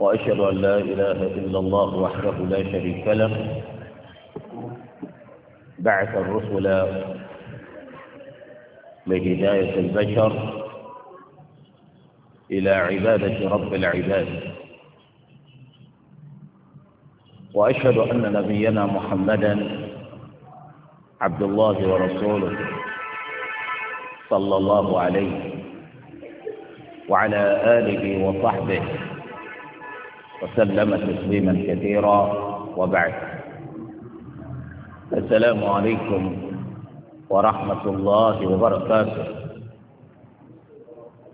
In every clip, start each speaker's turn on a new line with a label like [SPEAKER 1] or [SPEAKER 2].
[SPEAKER 1] وأشهد أن لا إله إلا الله وحده لا شريك له بعث الرسل لهداية البشر إلى عبادة رب العباد وأشهد أن نبينا محمدا عبد الله ورسوله صلى الله عليه وعلى آله وصحبه وسلم تسليما كثيرا وبعد السلام عليكم ورحمة الله وبركاته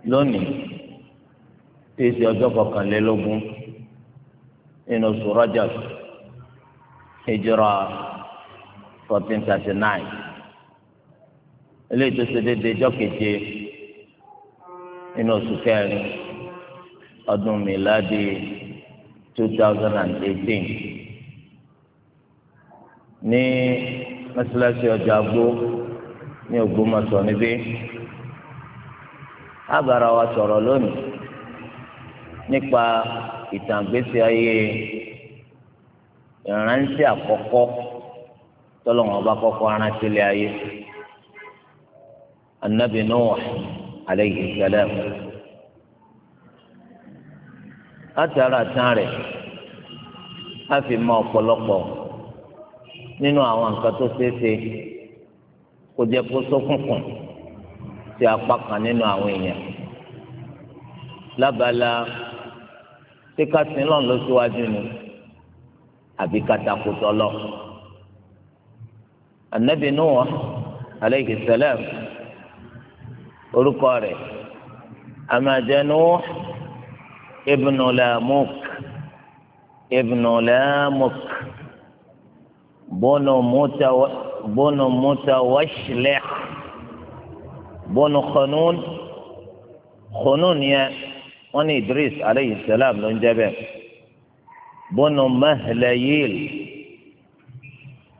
[SPEAKER 1] lónìí tí í ṣe ọjọ́ kọkànlélógún nínú oṣù Rajab hijra fourteen thirty nine eléyìí tó ṣe déédéé ọjọ́ keje nínú oṣù kẹrin ọdún mìládìí two thousand and eighteen ní mọ́sálásí ọjà agbó ní Ògbómọ̀ṣọ́ níbí àbára wa sọ̀rọ̀ lónìí nípa ìtàgbésí ayé ìrántí àkọ́kọ́ tọ́lọ́wọ́n bá kọ́kọ́ rántí lé ayé anabi Nuh alayhi salam láti ara tán rẹ̀ á fi mọ ọ̀pọ̀lọpọ̀ nínú àwọn nǹkan tó ṣeé ṣe kó jẹ́ kó ṣókùnkùn sí apá kan nínú àwọn èèyàn lábala ṣé ká sin síwájú ni àbí ká takò anabi nuwa aleyhi salam orúkọ rẹ̀ amajẹ nuwa. ابن لاموك ابن لاموك بن متو بن متوشلح بن خنون خنون يا وني ادريس عليه السلام لون جابر بن مهلايل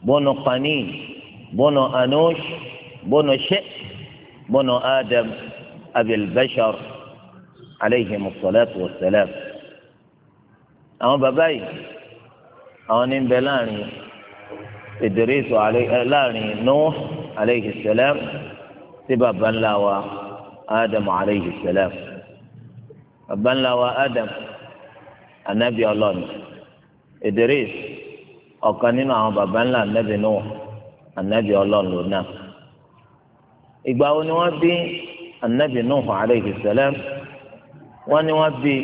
[SPEAKER 1] بن قنين بن انوش بن شئ بن ادم ابي البشر aleyhi musalatu wasalam àwọn bàbá yìí àwọn ní bẹ láàrin Idris eh, láàrin Nuh aleyhi salam sí bàbá ńlá wa Adam aleyhi salam bàbá ńlá wa Adam anabi ọlọ́ni Idris ọ̀kan nínú àwọn bàbá ńlá anabi Nuh anabi ọlọ́ni lónà ìgbà wo ni wọ́n bí anabi Nuh aleyhi salam wọ́n ní wọ́n bí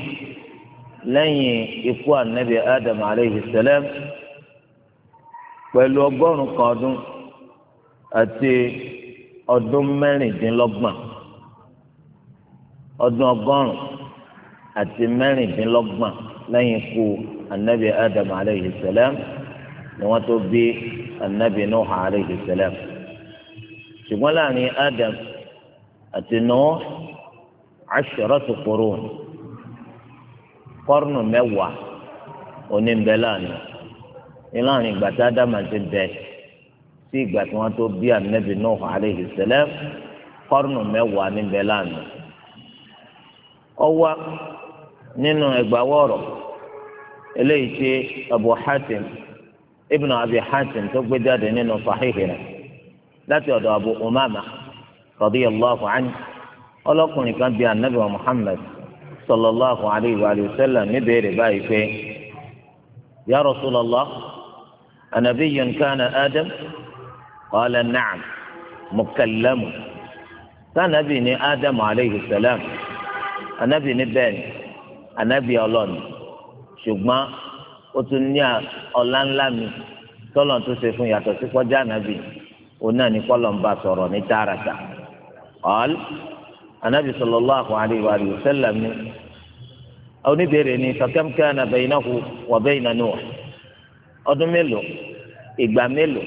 [SPEAKER 1] lẹ́yìn ikú ànábì adam aleyhi sẹlẹm pẹ̀lú ọgọ́rùn kan ọdún àti ọdún mẹ́rìndínlọ́gbọ̀n ọdún ọgọ́rùn àti mẹ́rìndínlọ́gbọ̀n lẹ́yìn ikú ànábì adam aleyhi sẹlẹm ni wọ́n tó bí ànábì nuh aleyhi sẹlẹm láàrin adam àti nuh. asharatu qurun kọ́rùnù mẹ́wàá oníbẹ̀láàánú ìlànà ìgbà tá a dá màá ti bẹ̀ sí ìgbà tí kornu mewa bí anabi Nuh alayhi salam kọ́rùnù Abu Hatim ibn Abi Hatim tó gbé jáde nínú sahihi Abu Umama ọlọ́kùnrin kan bíi anabi wa muhammed sallallahu alayhi wa sallam níbẹ̀rẹ̀ báyìí pé ya rasulallah anabiyyun kana adam qala na'am mukallamu sanabi ni adam alayhi salam anabi ni bẹ́ẹ̀ ni anabi ọlọ́ni ṣùgbọ́n ó tún ní ọlá ńlá mi tọ́lọ̀ tó ṣe fún yàtọ̀ sí kọjá anabi òun náà ni kọ́lọ̀ ń bá sọ̀rọ̀ ní tààràtà ọ̀l anabi sallallahu alayhi wa sallam ni oníbèrè ni fakam kana baynahu wa bayna Nuh ọdún mélòó ìgbà mélòó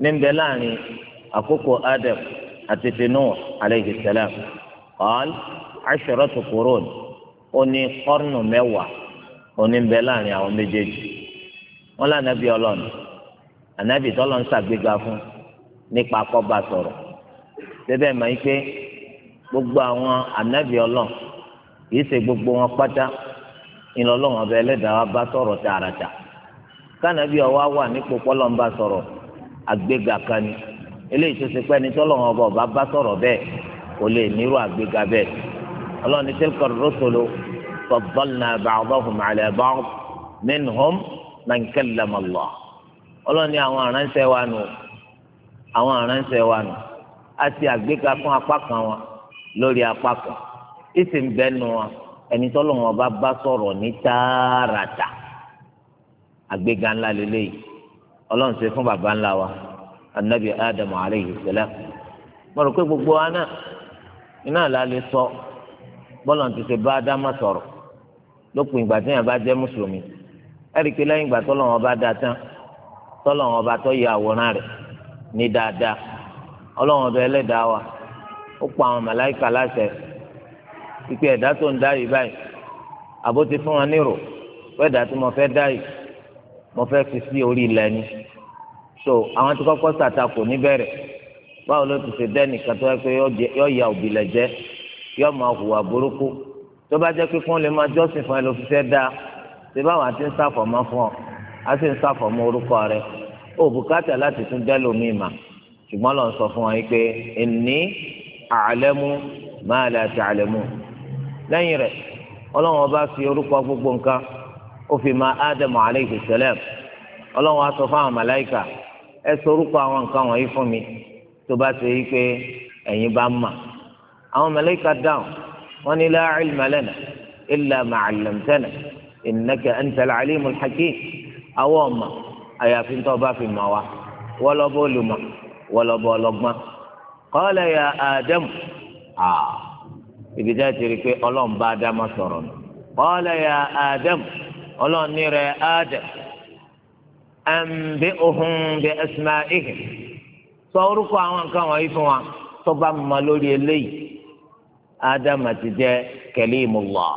[SPEAKER 1] ní ń bẹ láàrin àkókò Adam àti ti Nuh alayhi salam qaal asharatu qurun ó ní kọ́rùnù mẹ́wàá ó ní ń bẹ láàrin àwọn méjèèjì wọn lé anabi ọlọ́run anabi tọ́lọ́ ń ṣàgbéga fún nípa akọ́ba sọ̀rọ̀ bẹ́ẹ̀ bẹ́ẹ̀ máa ń pé gbogbo àwọn ànábì ọlọ́n kìí ṣe gbogbo wọn pátá ìlọlọ́wọ́n ọba ẹlẹ́dàá wa bá sọ̀rọ̀ tààràtà kánàbí ọwọ́ wà nípò pọ́lọ́mbà sọ̀rọ̀ àgbéga kan ni eléyìí tó ṣe pé ẹni tọ́lọ́wọ́n ọba ọba bá sọ̀rọ̀ bẹ́ẹ̀ kò lè nírú àgbéga bẹ́ẹ̀ ọlọ́run ní tilka rusulu faddalna ba'dahum ala ba'd minhum man kallama ní àwọn aránṣẹ́ wa nù àwọn aránṣẹ́ wa nù á àgbéga fún apá kan wọn lórí apá kan ìsì ẹni tọ́lọ̀ wọn bá bá sọ̀rọ̀ ní tààràtà àgbéga ńlá lélẹ́yìí ọlọ́run ṣe fún bàbá ńlá wa anabi adamu aleyhi salam mo rò pé gbogbo wa náà iná àlá lè sọ bọ́lá ti ṣe bá ádámà sọ̀rọ̀ lópin ìgbà tí yẹn bá jẹ́ mùsùlùmí ẹ̀rí pé lẹ́yìn ìgbà tọ́lọ̀ wọn bá da tán tọ́lọ̀ wọn bá tọ́ yẹ àwòrán rẹ̀ ní dáadáa ọlọ́run ọba ẹlẹ́dàá wa ó pa àwọn màláìka láṣẹ ìpè ẹ̀dá tó ń dá yìí báyìí àbó ti fún wọn nírò pé ẹ̀dá tí mo fẹ́ dá yìí mo fẹ́ fi sí orí ilẹ̀ ni so àwọn tí kọ́kọ́ ṣàtakò níbẹ̀rẹ̀ báwo ló ti ṣe dẹ́nìkan tó yẹ pé yọ ya òbílẹ̀ jẹ́ yọ máa hùwà burúkú tó bá jẹ́ pé kí wọ́n lè máa jọ́sìn fún ẹ ló fi fẹ́ dá ṣe báwọn àti ń ṣàfọ̀mọ́ fún ọ á sì ń ṣàfọ̀mọ́ orúkọ rẹ ó láti tún dẹ́lòmíì mà ṣùgbọ́n lọ́n sọ fún wọn yìí pé ẹni àlẹ́mú máa lè àti àlẹ́mú lẹ́yìn rẹ̀ ọlọ́run ọba fi orúkọ gbogbo nǹkan ó fi ma ádámù aleyhi sẹlẹm ọlọ́run á sọ fún àwọn màláìkà ẹ sọ orúkọ àwọn nǹkan wọ̀nyí fún mi tó bá ṣe yí pé ẹ̀yin bá ń mà àwọn màláìkà dáhùn wọn ní la ilma lana illa ma allamtana innaka antal alimul àwọn ọmọ àyàfi tó bá fi mà wá wọ́lọ́bọ̀ olùmọ̀ wọ́lọ́bọ̀ ọlọ́gbọ́n qala ya ádámù à ibi tá a ti rí i pé ọlọ́run bá ádámù sọ̀rọ̀ nù qala ya ádámù ọlọ́run ní rẹ̀ ádámù anbi'uhum bi asma'ihim sọ orúkọ àwọn nǹkan wọ̀nyí fún wa tó bá mọ lórí eléyìí ádámù ti jẹ́ kalimullah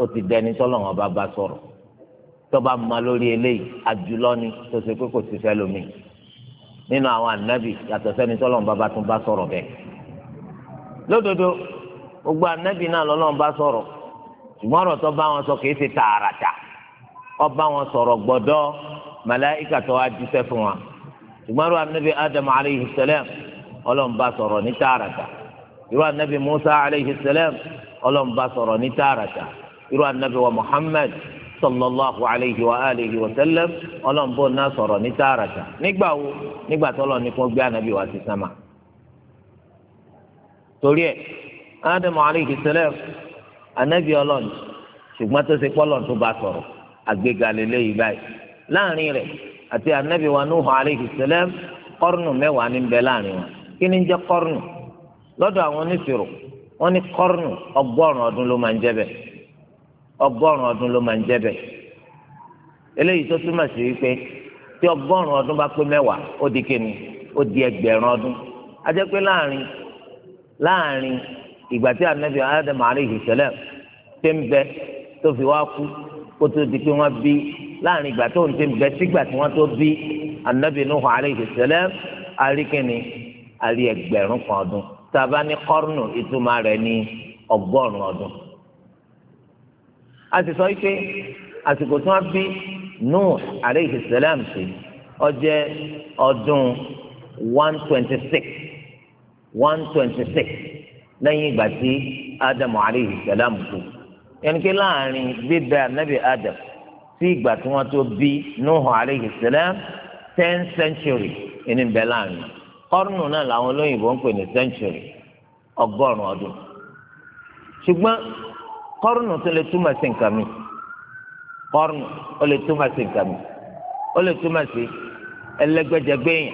[SPEAKER 1] ó ti dẹni tọ́lọ́run bá bá sọ̀rọ̀ tó bá mọ lórí eléyìí àjùlọ ni tó ṣe pé kò sí fẹ́ lómi nínú àwọn ànábì yàtọ̀ sẹ́ni tọ́lọ́run bá bá tún bá sọ̀rọ̀ bẹ́ẹ̀ lódodo gbogbo ànábì náà lọ́lọ́run bá sọ̀rọ̀ ṣùgbọ́n ọ̀rọ̀ tó bá wọn sọ kìí ṣe tààràtà ó bá wọn sọ̀rọ̀ gbọ́dọ̀ màláìkà tó wá jíṣẹ́ fún wa ṣùgbọ́n ọ̀rọ̀ ànábì Adam aleyhi sẹlẹm Ọlọ́run bá sọ̀rọ̀ ní tààràtà irú ànábì Musa aleyhi sẹlẹm Ọlọ́run bá sọ̀rọ̀ ní tààràtà irú Muhammad sallallahu alayhi wa alihi wa sallam ọlọ́nbó náà sọ̀rọ̀ ní tààràtà nígbà wo nígbà tó lọ ní kó gbé ànábì wá sí sámà. torí ẹ ádámù alayhi salam ànábì ọlọ́ọ̀ni ṣùgbọ́n tó ṣe pọ́lọ́ọ̀n tó bá sọ̀rọ̀ àgbéga lélẹ́yìí báyìí láàrin rẹ̀ àti ànábì wa nuhu alayhi salam kọ́rùnù mẹ́wàá ní bẹ láàrin wọn kí ni jẹ́ kọ́rùnù lọ́dọ̀ àwọn oníṣirò wọ́n ní kọ́rùnù ọgọ́rùn ọdún ló máa ń jẹ́ bẹ́ẹ̀ ọgọ́rùn ọdún ló máa ń jẹ́ bẹ́ẹ̀ eléyìí tó túmọ̀ sí wípé tí ọgọ́rùn ọdún bá pé mẹ́wàá ó di kíni ó di ẹgbẹ̀rún ọdún a jẹ́ pé láàrin láàrin ìgbà tí anabi adam alayhi salam ti ń bẹ tó fi wá kú kó tó di pé wọ́n bí láàrin ìgbà tó ń ti ń bẹ sígbà tí wọ́n tó bí anabi nuhu alayhi salam arikini ari ẹgbẹ̀rún kan ọdún tá a bá ní ìtumọ̀ rẹ̀ ní ọgọ́rùn ọdún a sì sọ pé àsìkò tí wọ́n bí Nuh aleyhi salam sí ó jẹ́ ọdún one twenty six one twenty six lẹ́yìn ìgbà tí Ádámù aleyhi salam kú yẹn ké láàrin bíbẹ anabi Ádámù sí ìgbà tí wọ́n tó bí Nuh aleyhi salam ten century ẹni bẹ láàrin kọ́rùnù náà làwọn olóyìnbó ń pè ní century ọgọ́rùn-ún ọdún ṣùgbọ́n kọ́rùnù tó lè túmọ̀ sí nǹkan mi kọ́rùnù ó lè túmọ̀ sí nǹkan mi ó lè túmọ̀ sí ẹlẹ́gbẹ́jẹgbẹ́yìn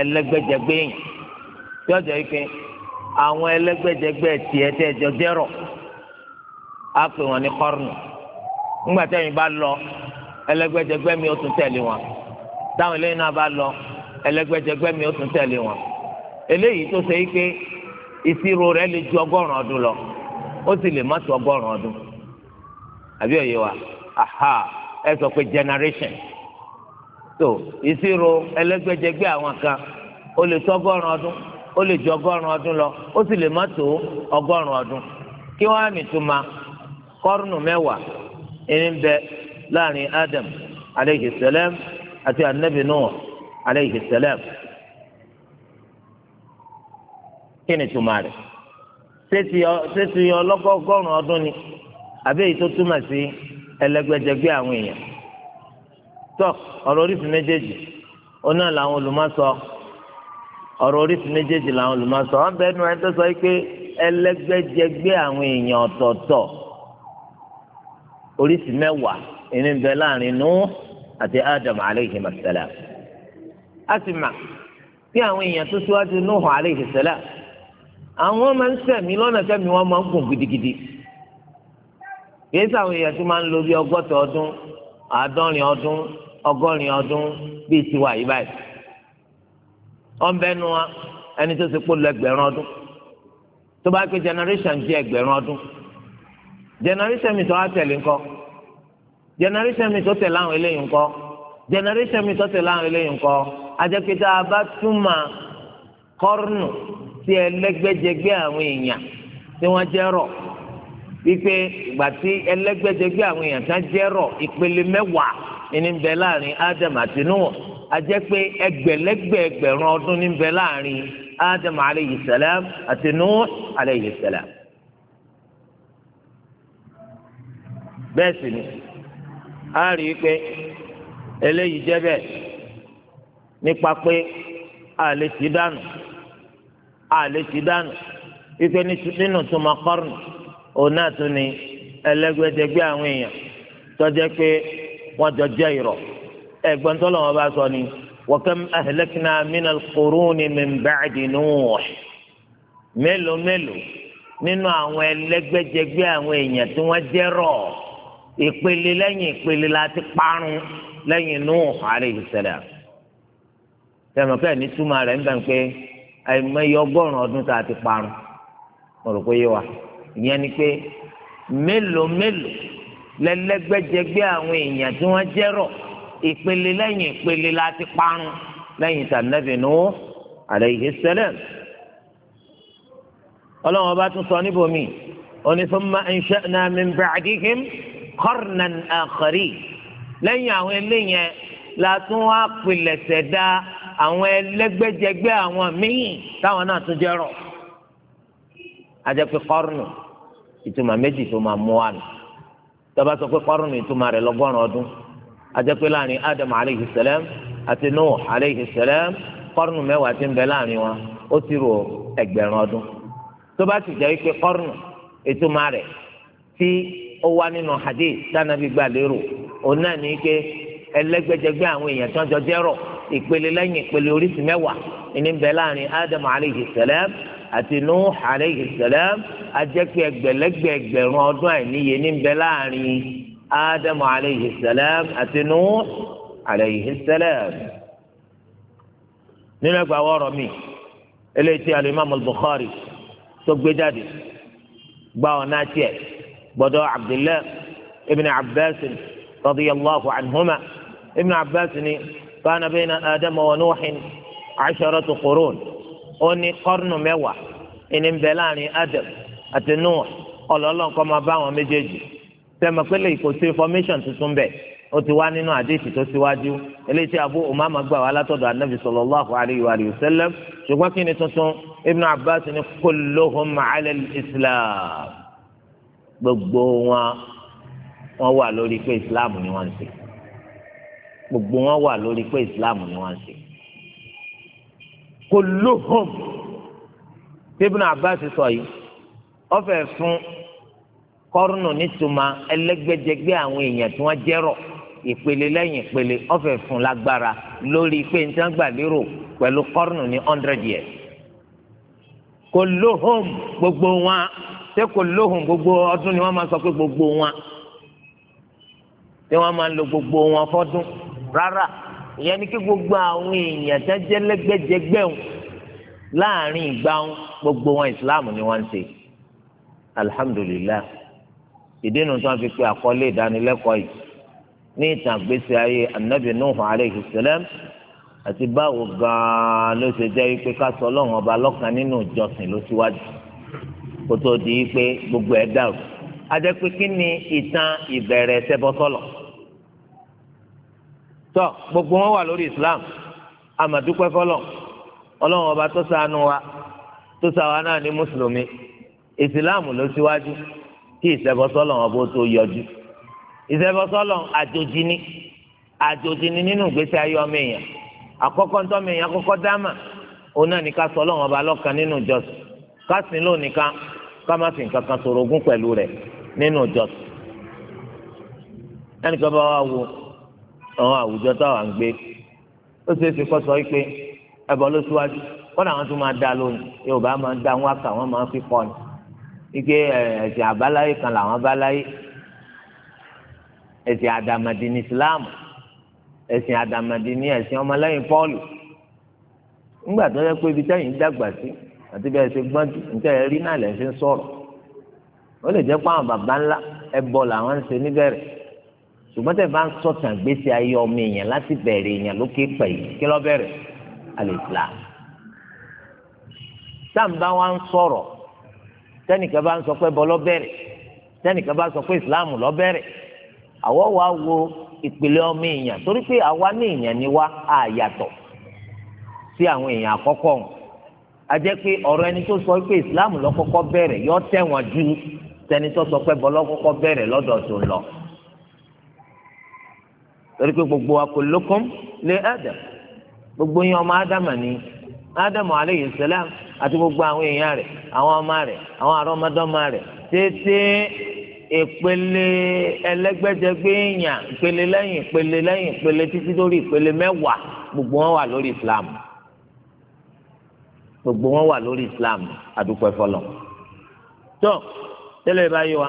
[SPEAKER 1] ẹlẹ́gbẹ́jẹgbẹ́yìn tí yìí pé àwọn ẹlẹ́gbẹ́jẹgbẹ́ á pè ní ńgbà bá lọ mi ó tún wọn táwọn eléyìí náà bá lọ mi ó tún tẹ̀lé wọn eléyìí tó ṣe ó sì lè má tó ọgọ́rùn ọdún àbí wa aha ẹ sọ pé generation so ìṣirò ẹlẹgbẹjẹgbẹ àwọn kan ó lè tó ọgọ́rùn ọdún ó lè ju ọgọ́rùn ọdún lọ ó sì lè má tó ọgọ́rùn ọdún kí wọn á nìtúmọ̀ kọrùnù mẹ́wàá ẹni ń bẹ láàrin Adam aleyhi àti anabi Nuh ni túmọ̀ rẹ̀. ṣètì ọlọ́gọ́gọ́rùn ọdún ni àbí èyí tó túmọ̀ sí ẹlẹ́gbẹ́jẹgbẹ́ àwọn èèyàn tó ọ̀rọ̀ oríṣi méjèèjì oná làwọn olùmọ̀sọ ọ̀rọ̀ oríṣi méjèèjì làwọn olùmọ̀sọ wọn bẹ́ẹ̀ nu ẹni sọ pé ẹlẹ́gbẹ́jẹgbẹ́ àwọn èèyàn ọ̀tọ̀ọ̀tọ̀ orisi mẹ́wàá ìní bẹ láàrin nù àti Adam aleyhi masalam a sì mà àwọn èèyàn tó àwọn máa ń sẹ̀mí lọ́nà sẹ́mi wọn máa ń gùn gidigidi kìí sàwọn èèyàn tí máa ń lo bí ọgọ́ta ọdún àádọ́rin ọdún ọgọ́rin ọdún bíi tiwa yìí báyìí ọ̀nbẹ́nu wa ẹni tó ti kó lọ ẹgbẹ̀rún ọdún tó bá pé generation jẹ́ ẹgbẹ̀rún ọdún generation mi tó wá tẹ̀lé ńkọ́ generation mi tó tẹ̀lé àwọn eléyìí ńkọ́ generation mi tó tẹ̀lé àwọn eléyìí ńkọ́ ajẹ́pẹ́tà bá kọ́rùnù sí ẹlẹ́gbẹ́jẹgbẹ́ àwọn èèyàn tí wọ́n jẹ́ rọ̀ wípé ìgbà tí ẹlẹ́gbẹ́jẹgbẹ́ àwọn èèyàn tí wọ́n jẹ́ rọ̀ ìpele mẹ́wàá ní bẹ láàrin Adam àti Nuh ajẹ́ pé ẹgbẹ̀lẹ́gbẹ̀ ẹgbẹ̀rún ọdún ní bẹ láàrin Adam aleyhi salam àti Nuh aleyhi salam. bẹ́ẹ̀ sì ni a rí i pé eléyìí jẹ́ bẹ́ẹ̀ nípa pé a lè ti dànù àlè ti dànù ife nínú tuma kọrùn òun náà tún ni ẹlẹgbẹdẹgbẹ àwọn èèyàn tọjẹ pé wọn jọ jẹ ìrọ ẹgbọn tó lọ́wọ́ bá sọ ni wọkẹm ahlẹkìnà mínà kúrúnì mẹmbàdì nùwọ mélòó mélòó nínú àwọn ẹlẹgbẹdẹgbẹ àwọn èèyàn tí wọn jẹ rọ ìpele lẹ́yìn ìpele la parun lẹ́yìn nùwọ àlè ìṣẹ̀lẹ̀ tẹmọkẹ ní túmọ̀ rẹ̀ ń bẹ pé àìmọye ọgọ́rùn ọdún tá a ti parun mo rò pé yé wa ìyẹn ni pé mélòó mélòó lẹlẹgbẹjẹgbẹ àwọn èèyàn tí wọ́n jẹrọ ìpele lẹ́yìn ìpele la ti parun lẹ́yìn tànàbì nù alayhi salam Ọlọ́run ọba tún sọ níbòmí ó ní thumma ansha'na min ba'dihim qarnan akharin lẹ́yìn àwọn eléyẹn la tún wá pilẹ̀sẹ̀ dá àwọn ẹlẹ́gbẹ́jẹgbẹ́ àwọn míì táwọn náà tún jẹrọ ajẹpẹ kọrùnù ìtumọ̀ méjì tó máa mú wa nù tọba sọ pé kọrùnù ìtumọ̀ rẹ̀ lọ́gọ́rùn ọdún ajẹpẹ láàrin Adam aleyhi sẹlẹm àti Nuh aleyhi sẹlẹm kọrùnù mẹ́wàá ti ń bẹ láàrin wọn ó ti rò ẹgbẹ̀rún ọdún tọba sì jẹ́ pé kọrùnù ìtumọ̀ rẹ̀ tí ó wá nínú hadith tánàbí gbàlérò òun náà ní ike ẹlẹ́gbẹ́jẹgbẹ́ àwọn èèyàn tó ń jọ jẹrọ. ìpele lẹ́yìn ìpele oríṣi mẹ́wàá ẹni bẹ́ẹ̀ láàrin ádámù aleyhi sẹlẹm àti nuh aleyhi sẹlẹm ajẹ́pẹ́ ẹgbẹ̀lẹ́gbẹ̀ ẹgbẹ̀rún ọdún àìníye ẹni bẹ́ẹ̀ láàrin ádámù aleyhi sẹlẹm àti nuh aleyhi sẹlẹm. nínú ẹgbàá wọ́ọ̀rọ̀ mi eléyìí tí alimami bukhari tó gbé jáde gba ọ̀nà tiẹ̀ gbọ́dọ̀ abdullahi ibn abbas radiyallahu anhuma ibn abbas ni. كان بين آدم ونوح عشرة قرون أني قرن موا إن بلاني آدم أتنوح قال الله كما باو مجيجي تما كل يكون information تسمبه ó ti wá nínú àdéhìí tó síwájú eléyìí tí abu umama gbà wá látọ̀dọ̀ anabi sallallahu alayhi wa sallam ṣùgbọ́n kí ni tuntun ibn abbas ni kulluhum ala islam gbogbo wọn wọn wà lórí pé islam ni wọn ń ṣe gbogbo wọn wà lórí pé islam ni wọ́n ṣe kulluhum Ibn Abbas sọ yìí ọfẹ fún kọrùnù nítumọ̀ ẹlẹ́gbẹ́jẹgbẹ́ àwọn èèyàn tí wọ́n jẹrọ ìpele lẹ́yìn ìpele ọfẹ fún lágbára lórí pé nǹkan gbàlérò pẹ̀lú kọrùnù ní hundred years kulluhum gbogbo wọn ṣé kulluhum gbogbo ọdún ni wọ́n máa sọ pé gbogbo wọn tí wọ́n máa ń lo gbogbo wọn fọdún rárá ìyẹn ni kí gbogbo àwọn èèyàn tó jẹ́ lẹ́gbẹ́jẹgbẹ́hùn láàrin ìgbàhùn gbogbo wọn islam ni wọ́n ń ṣe alhamdulilah ìdí nu tí wọ́n fi pe àkọlé ìdánilẹ́kọ̀ọ́ yìí ní ìtàn gbèsè ayé anabi nuhu aleyhi salam àti báwo gan-an ló ṣe jẹ́ wípé ká sọ ọlọ́run ọba lọ́kan nínú ìjọsìn ló síwájú kó tó di wípé gbogbo ẹ̀ dàrú a jẹ́ pé kí ni ìtàn ìbẹ̀rẹ̀ ṣẹbọ sọ̀lọ̀ tọ́ gbogbo wọn wà lórí islam àmàdúpẹ́ fọlọ́ ọlọ́run ọba tó ṣàánú wa tó ṣàwa náà ní mùsùlùmí islam ló síwájú kí ìṣẹ́bọsọ́lọ̀ ọba tó yọjú ìṣẹ́bọsọ́lọ̀ àjòjì ni àjòjì ni nínú ìgbésí ayé ọmọ èèyàn àkọ́kọ́ ń tọ́mọ èèyàn kọ́kọ́ dáàmà òun náà ní ká sọ ọlọ́run ọba lọ́kan nínú ìjọsìn ká sìn lónìí ká má fi nǹkan kan ṣorogún pẹ̀lú rẹ̀ nínú ìjọsìn ẹnìkan àwọn àwùjọ táwa ń gbé ó ṣeé ṣe kọ́ sọ pé ẹbọ ló síwájú kọ́nà àwọn tó máa dá lónìí yorùbá máa ń dá wọn kà wọ́n máa ń fi kọ́ ni ike ẹ̀sìn àbáláyé kan làwọn abáláyé ẹ̀sìn àdàmàdì ní islam ẹ̀sìn àdàmàdì ní ẹ̀sìn ọmọlẹ́yìn pọ́ọ̀lù ńgbà tó yẹ pé ibi tẹ́yìn dàgbà sí àti bẹ́ẹ̀ ṣe gbọ́njú níta ẹ̀rí náà lẹ́sìn sọ̀rọ̀ ó lè jẹ́ pé àwọn baba ńlá ẹbọ làwọn ń ṣe níbẹ̀rẹ̀ ṣùgbọ́n tẹ̀ bá ń sọ̀tàn gbèsè ayé ọmọ èèyàn láti bẹ̀rẹ̀ èèyàn lókè pẹ̀ yìí kí ló bẹ̀rẹ̀ al-Islam sáǹbá wa ń sọ̀rọ̀ tẹ́nìkan bá ń sọ pé bọ́ ló bẹ̀rẹ̀ tẹ́nìkan bá sọ pé Islam ló bẹ̀rẹ̀ àwọ̀ wa wo ìpìlẹ̀ ọmọ èèyàn torí pé àwa ní èèyàn ni wa á yàtọ̀ sí àwọn èèyàn àkọ́kọ́ wọn a jẹ́ pé ọ̀rọ̀ ẹni tó sọ pé Islam ló kọ́kọ́ bẹ̀rẹ̀ yó tẹ̀wọ̀n ju tẹni tó sọ pé bọ́ ló kọ́kọ́ bẹ̀rẹ̀ lọ́dọ̀ tó ń lọ torí pé gbogbo wa kullukum li Adam gbogbo yín ọmọ ádámà ni ádámù aleyhi sẹlẹm àti gbogbo àwọn èèyàn rẹ̀ àwọn ọmọ rẹ̀ àwọn àrọmọdọ́mọ rẹ̀ tètè ìpele ẹlẹ́gbẹ́jẹgbẹ́ èèyàn ìpele lẹ́yìn ìpele lẹ́yìn ìpele títí lórí ìpele mẹ́wàá gbogbo wọn wà lórí islam gbogbo wọn wà lórí islam àdúpẹ́ fọlọ́ tó tẹ́lẹ̀ báyìí wa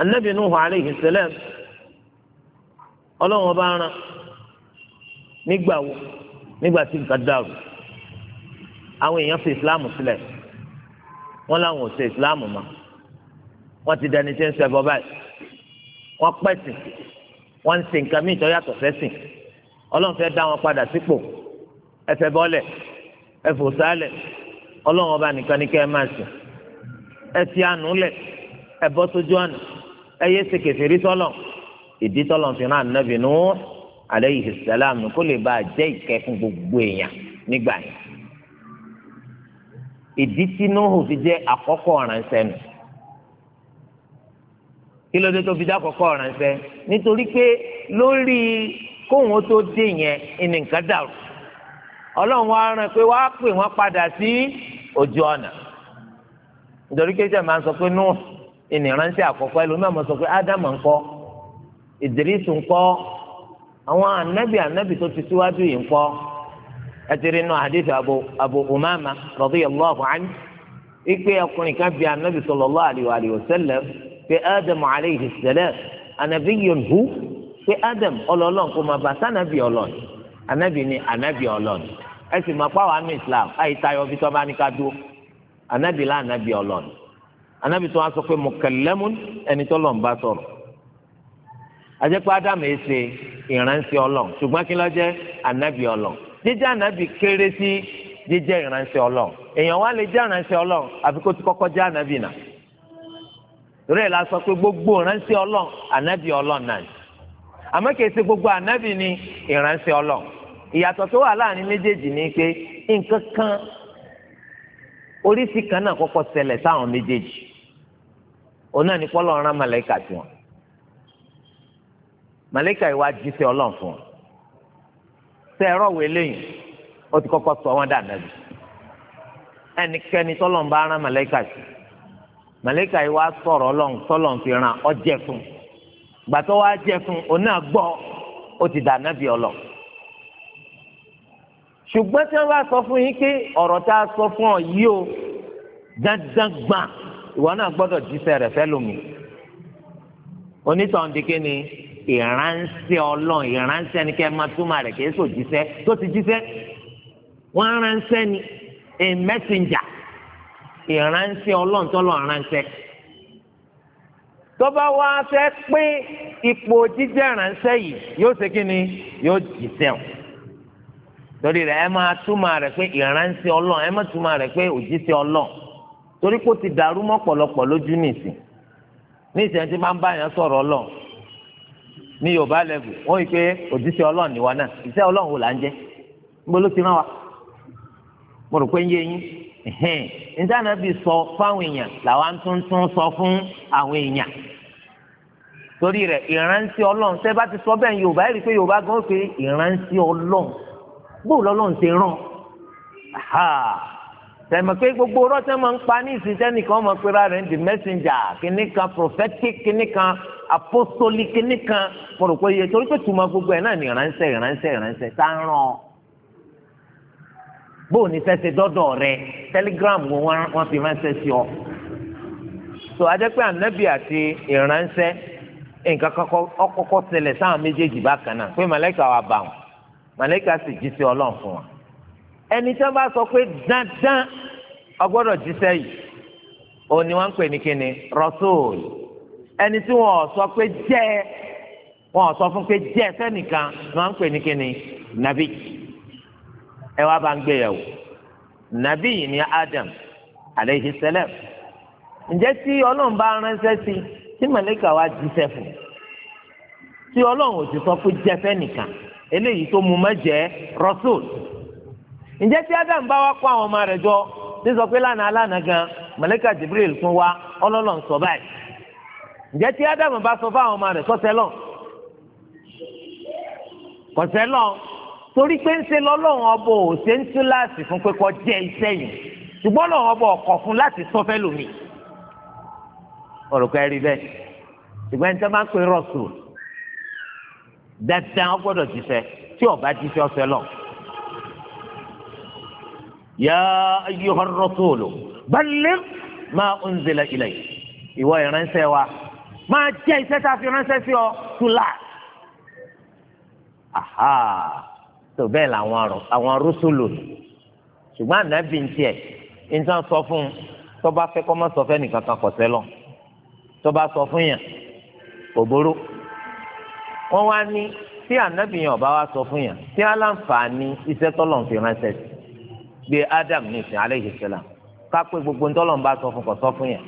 [SPEAKER 1] anabi nuhu aleyhi sẹlẹm ọlọ́run ọba rán nígbà wo nígbà tí nǹkan dàrú àwọn èèyàn fi islam sílẹ̀ wọ́n láwọn ò ṣe islam mọ́ wọ́n ti dẹni tí ń ṣe bọ́ báyìí wọ́n pẹ̀sìn wọ́n ń ṣe nǹkan míì tó yàtọ̀ fẹ́sìn ọlọ́run fẹ́ dá wọn padà sípò ẹ fẹ́ bọ́lẹ̀ ẹ fò sálẹ̀ ọlọ́run ọba nìkan ní kẹ́ ẹ máa sìn ẹ ti àánú lẹ̀ ẹ bọ́ sójú ọ̀nà ẹ yé ṣe kèfèrí sọ́lọ́run ìdí tọ́lọ̀ fi rán ànábì nù alayhi salam kó lè bá a jẹ́ ìkẹ́ fún gbogbo èèyàn nígbà yẹn ìdí tí nóhù fi jẹ́ àkọ́kọ́ ọ̀ránṣẹ́ nù kí ló dé tó fi jẹ́ àkọ́kọ́ ọ̀ránṣẹ́ nítorí pé lórí kóhùn ó tó dé yẹn ìní nǹkan dàrú ọlọ́run wa rán pé wàá pè wọ́n padà sí ojú ọ̀nà nítorí kéjọ́ máa sọ pé nóhù ìní ránṣẹ́ àkọ́kọ́ ẹlòmíràn máa sọ pé ádámù ńkọ́ ìdírísù ńkọ́ àwọn anabi anabi tó ti síwájú yìí ńkọ́ ẹtìrì nù hadith abu abu umama radiyallahu anhu ikpe ọkùnrin kan bi anabi sallallahu alayhi wa sallam pé adam alayhi salam anabi yẹn hu pé adam ọlọlọ nkó ma bàtà anabi ọlọni anabi ni anabi ọlọni ẹsì máa pa wàhánu islam àyè tayọ bí tọ́ba ní ká dúró anabi la anabi ọlọni anabi tó wá sọ pé mukallamun ẹni tó lọ́n bá àjẹpẹ́ ádámù yìí ṣe ìránṣẹ́ ọlọ́run ṣùgbọ́n kí ló jẹ́ ànábì ọlọ́run jíjẹ́ ànábì kéré sí jíjẹ́ ìránṣẹ́ ọlọ́run èèyàn wá lè jẹ́ ìránṣẹ́ ọlọ́run àfi kó ti kọ́kọ́ jẹ́ ànábì náà torí ẹ̀ la sọ pé gbogbo ìránṣẹ́ ọlọ́run ànábì ọlọ́run náà àmọ́ kìí ṣe gbogbo ànábì ni ìránṣẹ́ ọlọ́run ìyàtọ̀ tó wà láàrin méjèèjì ni pé nǹkan kan oríṣi kan náà kọ́kọ́ ṣẹlẹ̀ sáwọn méjèèjì òun náà ní pọ́lọ́ ọ̀rán màlẹ́kà tiwọn màlẹ́kà ìwà jíṣẹ́ ọlọ́run fún ọ tẹ ẹ̀rọ wo eléyìí ó ti kọ́kọ́ sọ wọ́n dànù ẹ̀bí ẹnikẹ́ni tọ́lọ̀ ń bá rán màlẹ́kà sí màlẹ́kà ìwà sọ̀rọ̀ ọlọ́run tọ́lọ̀ ń fi ràn ọ jẹ fún gbàtọ́ wa jẹ fún òun náà gbọ́ ó ti dànù ẹ̀bí ọlọ́run ṣùgbọ́n tí wọ́n bá sọ fún yín pé ọ̀rọ̀ tá a sọ fún ọ yìí o dandan gbà ìwọ náà gbọ́dọ̀ jíṣẹ́ rẹ̀ fẹ́ lómi onítàn dike ni ìránṣẹ́ ọlọ́run ìránṣẹ́ ni kẹ́ ẹ máa túmọ̀ rẹ̀ kì sò jíṣẹ́ tó ti jíṣẹ́ wọ́n ránṣẹ́ ni a messenger ìránṣẹ́ ọlọ́run tọ́lọ́ ránṣẹ́ tọ́ba wa fẹ́ pé ipò jíjẹ́ ránṣẹ́ yìí yóò ṣe kí ni yóò jíṣẹ́ ẹ máa túmọ̀ pé ìránṣẹ́ ti dàrú mọ́ pọ̀lọpọ̀ lójú nìsín ní tí ń ní yorùbá lẹ́gùn wọ́n yìí pé òjíṣẹ́ ọlọ́run ni wa náà iṣẹ́ ọlọ́run wò là ń jẹ́ níbo ló ti rán wa mo rò pé ń yé yín nítaná bí sọ fáwọn èèyàn làwa ń tún tún sọ fún àwọn èèyàn torí rẹ̀ ìránṣẹ́ ọlọ́run tẹ́ bá ti sọ bẹ́ẹ̀ yorùbá yìí pé yorùbá gan pé ìránṣẹ́ ọlọ́run bóòlù ọlọ́run ti rán tẹmọ pé gbogbo rọtẹ máa ń pa ní ìsinsẹni kan máa pera rẹ̀ di messenger kìnnì kan prophetic kìnnì kan apostolic kìnnì kan pọ̀rọ̀pọ̀ iye torí pé tùmọ̀ gbogbo ẹ̀ náà ní ìránṣẹ́ ìránṣẹ́ ìránṣẹ́ tá ń rán bó o ní fẹ́ ṣe dọ́dọ̀ rẹ telegram wo wọ́n fi ránṣẹ́ sí ọ. tó a jẹ́ pé ànábì àti ìránṣẹ́ nǹkan kọ́kọ́ ṣẹlẹ̀ sáwọn méjèèjì bákan náà pé màlẹ́kà wà bá wọn màlẹ́kà sì jí sí ọlọ́run fún wọn ẹni tí wọ́n bá sọ pé dandan ọgbọ́dọ̀ jíṣẹ́ yìí òun ni wọ́n ń pè ní kíni rasul ẹni tí wọ́n sọ pé jẹ́ wọ́n sọ fún pé jẹ́ sẹ́nìkan ni ń ni adam aleyhi sẹlẹm ǹjẹ́ tí ọlọ́run bá ránṣẹ́ sí tí màlẹ́kà wá jíṣẹ́ fún tí ọlọ́run ò ti sọ pé jẹ́ sẹ́nìkan eléyìí tó mú mẹ́jẹ ǹjẹ́ tí Ádámù bá wá kó àwọn ọmọ rẹ̀ jọ ní sọ pé lánàá alánàá gan màlàíkà Jibril tún wá ọlọ́lọ́ ń sọ báyìí ǹjẹ́ tí Ádámù bá sọ fún àwọn ọmọ rẹ̀ sọ́sẹ́lọ̀ kọ̀sẹ́lọ̀ torí pé ń ṣe lọ́lọ́run ọbọ̀ ò ṣe ń tún láàsì fún pé kọ́ jẹ́ iṣẹ́ yìí ṣùgbọ́n lọ́run ọbọ̀ ọ̀kọ̀ fún láti sọ fẹ́ lómi ọ̀rùka ẹ̀rí bẹ́ẹ̀ ṣùgbọ́n ẹni tó máa ń pè rọ̀ṣù dandan ó jíṣẹ́ tí ó jíṣẹ́ ọ̀sẹ̀ lọ́wọ́ يا أيها الرسول بلغ ما أنزل إليك ìwọ ìránṣẹ́ wa máa jẹ iṣẹ́ tá a fi ránṣẹ́ sí ọ tula aha tó bẹ́ẹ̀ làwọn ọ̀rọ̀ àwọn rúṣùlù ṣùgbọ́n ànábì ń tiẹ̀ ń tán sọ fún un tó bá fẹ́ kó má sọ fẹ́ nìkan kan kọsẹ̀ lọ tó bá sọ fún yàn kò burú wọn wá ní tí ànábì yàn ọba wa sọ fún yàn tí aláǹfààní iṣẹ́ tọlọ ń sí gbé Adam ní ìsìn alayhi salam kápẹ́ gbogbo ntọ́lọ́n bá sọ fún kò sọ fún yẹn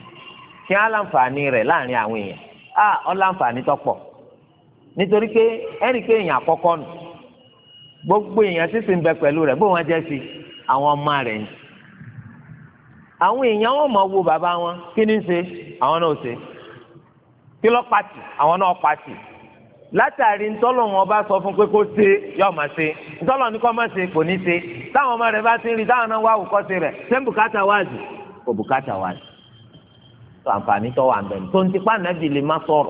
[SPEAKER 1] kí á láǹfààní rẹ̀ láàrin àwọn èèyàn á ọ láǹfààní tọ́pọ̀ nítorí pé ẹ̀rí pé èèyàn àkọ́kọ́ nù gbogbo èèyàn sì sì ń bẹ pẹ̀lú rẹ̀ bó wọn jẹ́ sí àwọn ọmọ rẹ̀ ni àwọn èèyàn wọn máa wo bàbá wọn kí ni ń ṣe àwọn náà ṣe kí lọ́ọ́ pàtì àwọn náà pàtì látàrí ntọ́lọ̀ wọn bá sọ fún pé kó ṣe yọ ọ̀ma ṣe ntọ́lọ̀ ní kọ́ má ṣe kò ní ṣe táwọn ọmọ rẹ̀ bá ti ń rí táwọn náà wá òkọ́ ṣe rẹ̀ ṣé ń bùkátà wá sí kò bùkátà wá sí. tó àǹfààní tó wà nbẹ̀ tó ń ti pa nàbì lè má sọ̀rọ̀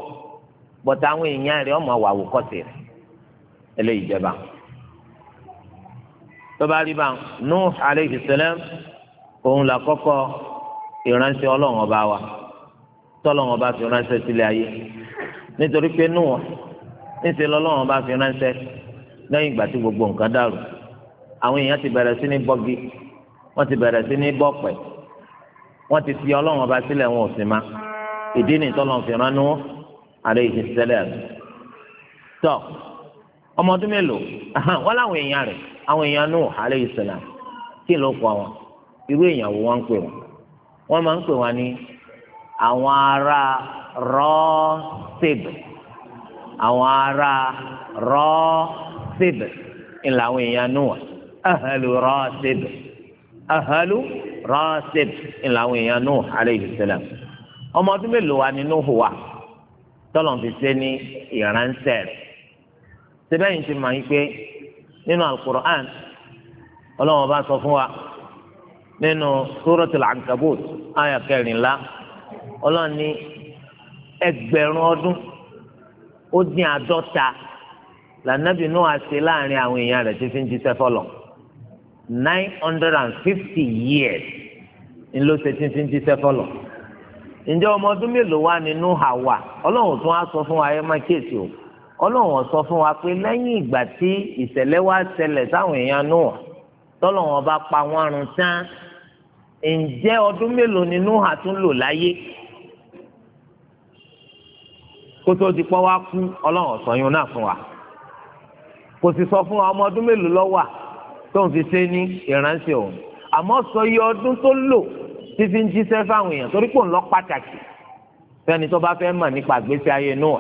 [SPEAKER 1] bọ̀tà àwọn èèyàn rẹ̀ ọmọ wà òkọ́ ṣe rẹ̀ eléyìí jẹba. tó bá rí bá Nuh alayhi salam òun là kọ́kọ́ ìránṣẹ́ ọlọ́run ọba wa tọ́lọ́run ọba fi ránṣẹ́ sílẹ̀ ayé nítorí pé Nuh níṣẹ́ lọ́lọ́run bá fi ránṣẹ́ lẹ́yìn ìgbà tí gbogbo nǹkan dàrú àwọn èèyàn ti bẹ̀rẹ̀ sí ní bọ́gi wọ́n ti bẹ̀rẹ̀ sí ní bọ́pẹ̀ wọ́n ti fi ọlọ́run ọba sílẹ̀ wọn ò sì má ìdí ni tọ́lọ́ fi ránú alayhi salam tọ́ ọmọ ọdún mélòó wọ́n láwọn èèyàn rẹ̀ àwọn èèyàn nù alayhi salam kí ló kọ́ wọn irú èèyàn wo wọ́n ń pè wọ́n wọ́n máa ń pè wọ́n ní àwọn ará rọ́ọ̀sẹ̀bù àwọn ará Rasib ńlá àwọn èèyàn Nuwa ahalu Rasib ahalu Rasib ńlá àwọn èèyàn Nuwa aleyhi salam ọmọ ọdún mélòó wa ni Nuhu wa tọ́lọ̀ fi ṣe ní ìránṣẹ́ rẹ̀ síbẹ̀ yìí ti mọ̀ yín pé nínú alukur'an ọlọ́wọ́n bá sọ fún wa nínú suratul ankabut ayà kẹrìnlá ẹgbẹ̀rún ọdún ó dín àádọ́ta lànàbì Nuhu àṣẹ láàrin àwọn èèyàn rẹ̀ tí fi ń jíṣẹ́ fọlọ̀ nine hundred and fifty years ńlọ ṣe tí fi ń jíṣẹ́ fọlọ̀ ǹjẹ́ ọmọ ọdún mélòó wà nínú àwa ọlọ́run tún á sọ fún wa ẹ má kíyèsí o ọlọ́run sọ fún wa pé lẹ́yìn ìgbà tí ìṣẹ̀lẹ̀ wa ṣẹlẹ̀ sáwọn èèyàn Nuhu tọ́lọ́run bá pa wọ́n run tán ǹjẹ́ ọdún mélòó ni Nuhu láyé kó tó di pọ́ wá kú ọlọ́run ọ̀sọ́yún náà fún wa kò sì sọ fún wa ọmọ ọdún mélòó ló wà tó ń fi ṣe ní ìránṣẹ́ òun àmọ́ sọ iye ọdún tó lò tí fi ń jíṣẹ́ fáwọn èèyàn torí pò ń lọ pàtàkì fẹ́ni tó bá fẹ́ mọ̀ nípa àgbésí ayé náà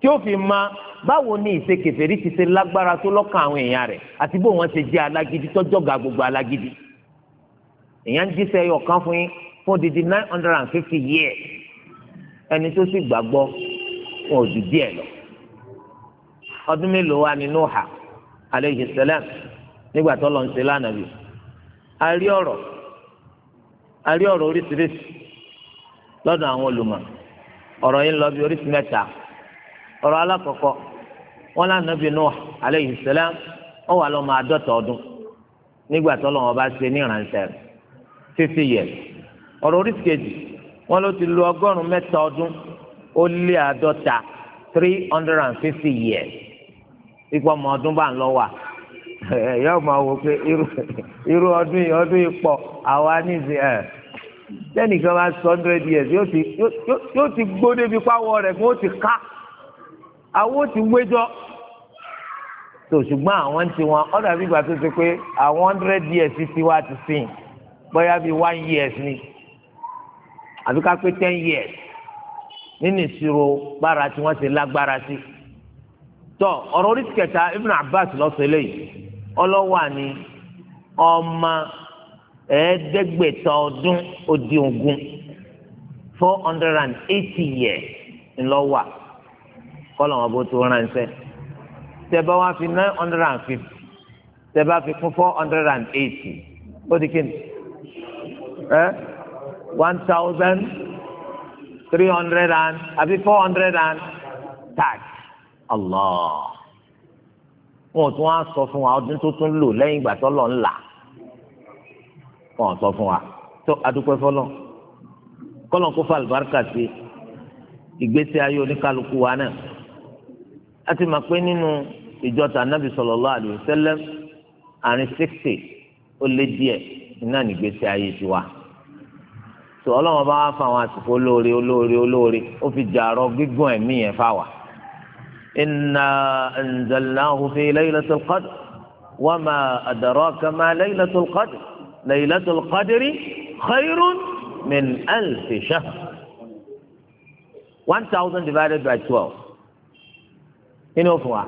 [SPEAKER 1] tí ó fi ma báwo ni ìṣekèfèrí ti ṣe lágbára tó lọ́kàn àwọn èèyàn rẹ̀ àti bó wọn ṣe jẹ́ alágídí tọ́jọ́ ga gbogbo alágídí èèyàn jíṣẹ́ ọ̀kan fún yín fún odidi nine hundred and fifty years ẹni tó sì gbàgbọ́ wọn díẹ̀ lọ ọdún mélòó wa ni nuha aleyhi salam nígbà tó lọ ń ṣe lánàá bi a rí ọ̀rọ̀ a rí ọ̀rọ̀ oríṣiríṣi lọ́dọ̀ àwọn olùmọ̀ ọ̀rọ̀ yìí ń lọ bí oríṣi mẹ́ta ọ̀rọ̀ alákọ̀ọ́kọ́ wọn lánàá bi nuha salam ó wà lọ́mọ àádọ́ta ọdún nígbà tó lọ́wọ́ bá ṣe ní ìrànṣẹ́ fifty years ọ̀rọ̀ ó lé àádọ́ta three hundred and fifty years ipò ọmọ ọdún bá ń lọ wà yóò máa wò pé irú ọdún yìí ọdún yìí pọ̀ àwa níṣẹ́ ẹ̀ lẹ́nìkan bá sọ hundred years yóò ti ti gbó débi pàwọ́ rẹ̀ kó o ti ká àwọn ti wéjọ́ tó ṣùgbọ́n àwọn ti wọn ọ̀dà bí ìgbà tó ṣe pé àwọn hundred years ti wá ti sìn bóyá bíi one years ni àbí ká pé ten years nínú ìṣirò gbára tí wọ́n ti lágbára sí. tọ́ ọ̀rọ̀ orí kẹta Ibn Abbas lọ́sọ̀ eléyìí ọlọ́wà ni ọmọ ẹ̀ẹ́dẹ́gbẹ̀ta ọdún ó dín four hundred and eighty years ńlọ́wà kọ́lọ̀ wọn bó tó ránṣẹ́ tẹ́bá wá fi nine hundred and fifty tẹ́bá fi kún four hundred and eighty ó di kí ni one thousand three hundred and àbí four hundred and thirty allah wọn ò tún wá sọ fún wa ọdún tó tún lò lẹ́yìn ìgbà tó lọ ńlá wọn ò sọ fún wa tó adúpẹ́ fọlọ́ kọ́lọ̀ kó fa àlùbáríkà sí ìgbésí ayé oníkálukú wa náà a ti mọ̀ pé nínú ìjọta anábì sallallahu alaihi wasallam àárín sixty ó lé díẹ̀ iná nígbésí ayé tiwa. tó ọlọ́wọ́n bá wá fa àwọn àsìkò olóore olóore olóore ó fi jàrọ gígùn ẹ̀mí yẹn fáwa. inna anzalnahu fi laylatul qadr wa ma adraka ma laylatul qadr laylatul qadri khayrun min alfi shahr. one thousand divided by twelve. kí ni ó fún wa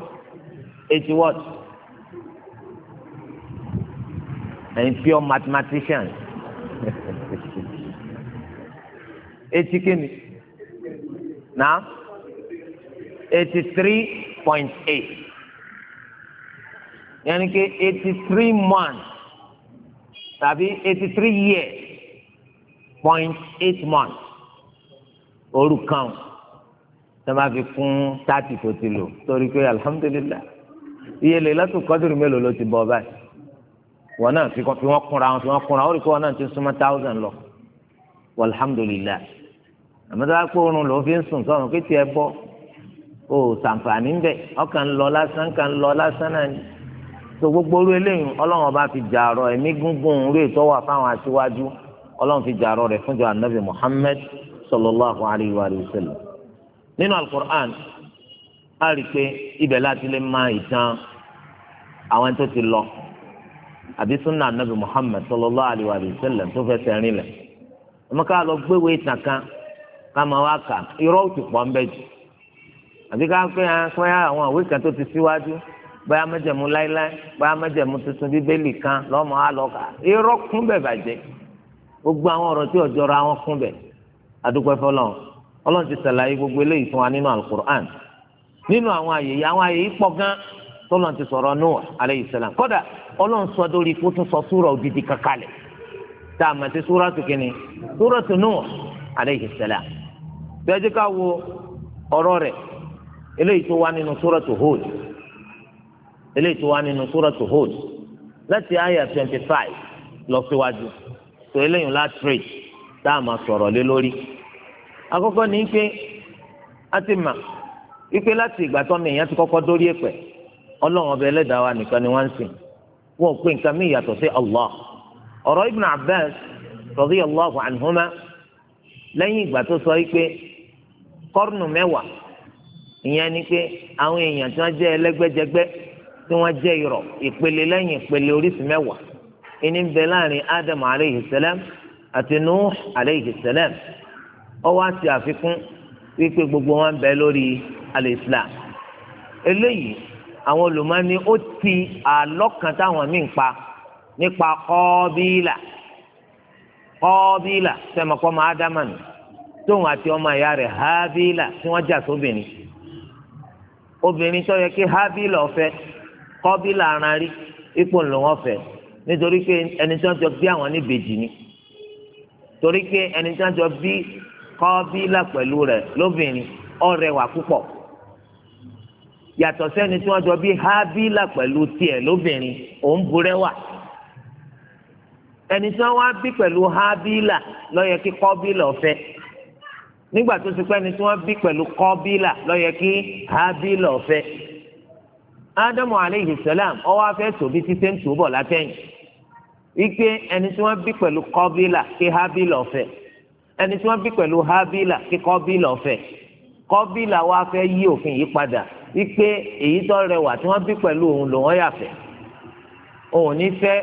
[SPEAKER 1] eighty what and pure mathematician. eighty kìíní náà eighty three point eight yẹnni pé eighty three months tàbí eighty three years point eight months òru kan tó máa fi kún thirty tó ti lò torí pé alihamudulilayi iye lè lọ́tò kọ́dùrú mélòó ló ti bọ̀ báyìí wọn náà fi wọn kúnra wọn fi wọn kúnra ó rí i pé wọn náà ti súnmọ́ thousand lọ alhamdulilayi àmọ́tá pé oorun ló fi ń sùn sọ̀rọ̀ pé tiẹ̀ bọ́ o sàǹfààní ń bẹ̀ ọkàn lọ lásán kàn lọ lásán náà ni tó gbogbo orú eléyìí ọlọ́run ọba fi jàrọ̀ ẹ̀mí gúngún orí ètò wà fáwọn aṣíwájú ọlọ́run fi jàrọ̀ rẹ̀ fúnjọ anabi muhammed sallallahu alayhi wa sallam nínú alukur'an a rí i pé ibẹ̀ láti lè máa ìtàn àwọn tó ti lọ àbí sunna anabi muhammed sallallahu alayhi wa sallam tó fẹsẹ̀ rinlẹ̀ ọmọ ká lọ gbéwèé ìtàn kan ká máa wá kà irọ́ òtù pọ̀ ń bẹ jù àbí ká pé pé àwọn àwé kan tó ti síwájú bóyá mẹ́jẹ̀mú láíláí bóyá mẹ́jẹ̀mú tuntun bíbélì kan lọ́mọ àlọ́kà irọ́ kún bẹ̀ bàjẹ́ gbogbo àwọn ọ̀rọ̀ tí ọ̀jọ́ ra wọn kún bẹ̀ adúpẹ́ fọlọ́n ọlọ́run ti sàlàyé gbogbo eléyìí fún wa nínú alukur'an nínú àwọn àyè yìí àwọn àyè yìí pọ̀ gan tọ́lọ́run ti sọ̀rọ̀ Nuh alayhi salam ọlọ́run sọ dórí kó tún sọ súrà òdìdí kankalẹ̀ tá a mọ̀ sí súrà tó kíni súrà tó Nuh alayhi bẹ́ẹ̀ ká wo ọrọ rẹ eléyìí tó wá nínú suratu hold eléyìí tó wá nínú suratu Hud láti àyà twenty five lọ síwájú tó eléyìí láti tá a máa sọ̀rọ̀ lé lórí. àkọ́kọ́ ni pé a ti mà láti ìgbà èèyàn ti kọ́kọ́ dórí ọlọ́run ọba ẹlẹ́dàá wa nìkan ni wọ́n ń sìn wọn ò pé nǹkan Allah ọ̀rọ̀ Ibn Abbas sọ kọ́rùnù mẹ́wàá ìyẹn ni pé àwọn èèyàn tí wọ́n jẹ́ ẹlẹ́gbẹ́jẹgbẹ́ tí wọ́n jẹ́ irọ́ ìpele lẹ́yìn ìpele oríṣi mẹ́wàá ìní ń bẹ láàrin ádámù aleyhi sẹlẹm àti nuh aleyhi sẹlẹm ọwọ́ àti àfikún wípé gbogbo wọn bẹ lórí al eléyìí àwọn olùmọ́ni ó ti àlọ́kàn táwọn míì pa nípa kọ́ọ́bílà kọ́ọ́bílà sẹ́mọ̀kọ́ mọ́ ádámù nù tóun àti ọmọ ìyá rẹ̀ hábílà tí wọ́n jà sóbìnrin obìnrin tó yẹ kí hábílà ọ̀fẹ́ kọ́bílà aran rí ipò ńlò wọn fẹ́ nítorí pé ẹni tí wọ́n jọ bí àwọn níbejì ni torí pé ẹni tí wọ́n jọ bí kọ́bílà pẹ̀lú rẹ̀ lóbìnrin ọ̀rẹ́wà púpọ̀ yàtọ̀ sẹ́ni tí wọ́n jọ bí hábílà pẹ̀lú tiẹ̀ lóbìnrin òun burẹ́wà ẹni tí wọ́n wá bí pẹ̀lú hábílà ló kí kọ́bílà ọ̀fẹ́ nígbà tó ti pẹ́ ni tí wọ́n bí pẹ̀lú kọ́bílà lọ́yẹ kí hábílà ọ̀fẹ́ ádámù aleyhi salam ọwọ́ afẹ́ tòbí títí ń tòbọ̀ látẹ̀yìn wípé ẹni tí wọ́n bí pẹ̀lú kọ́bílà kí hábílà ọ̀fẹ́ ẹni tí wọ́n bí pẹ̀lú hábílà kí kọ́bílà ọ̀fẹ́ kọ́bílà wa fẹ́ yí òfin yìí padà wípé èyí tó rẹwà tí wọ́n bí pẹ̀lú òun ló wọ́n yàfẹ́ òun ní fẹ́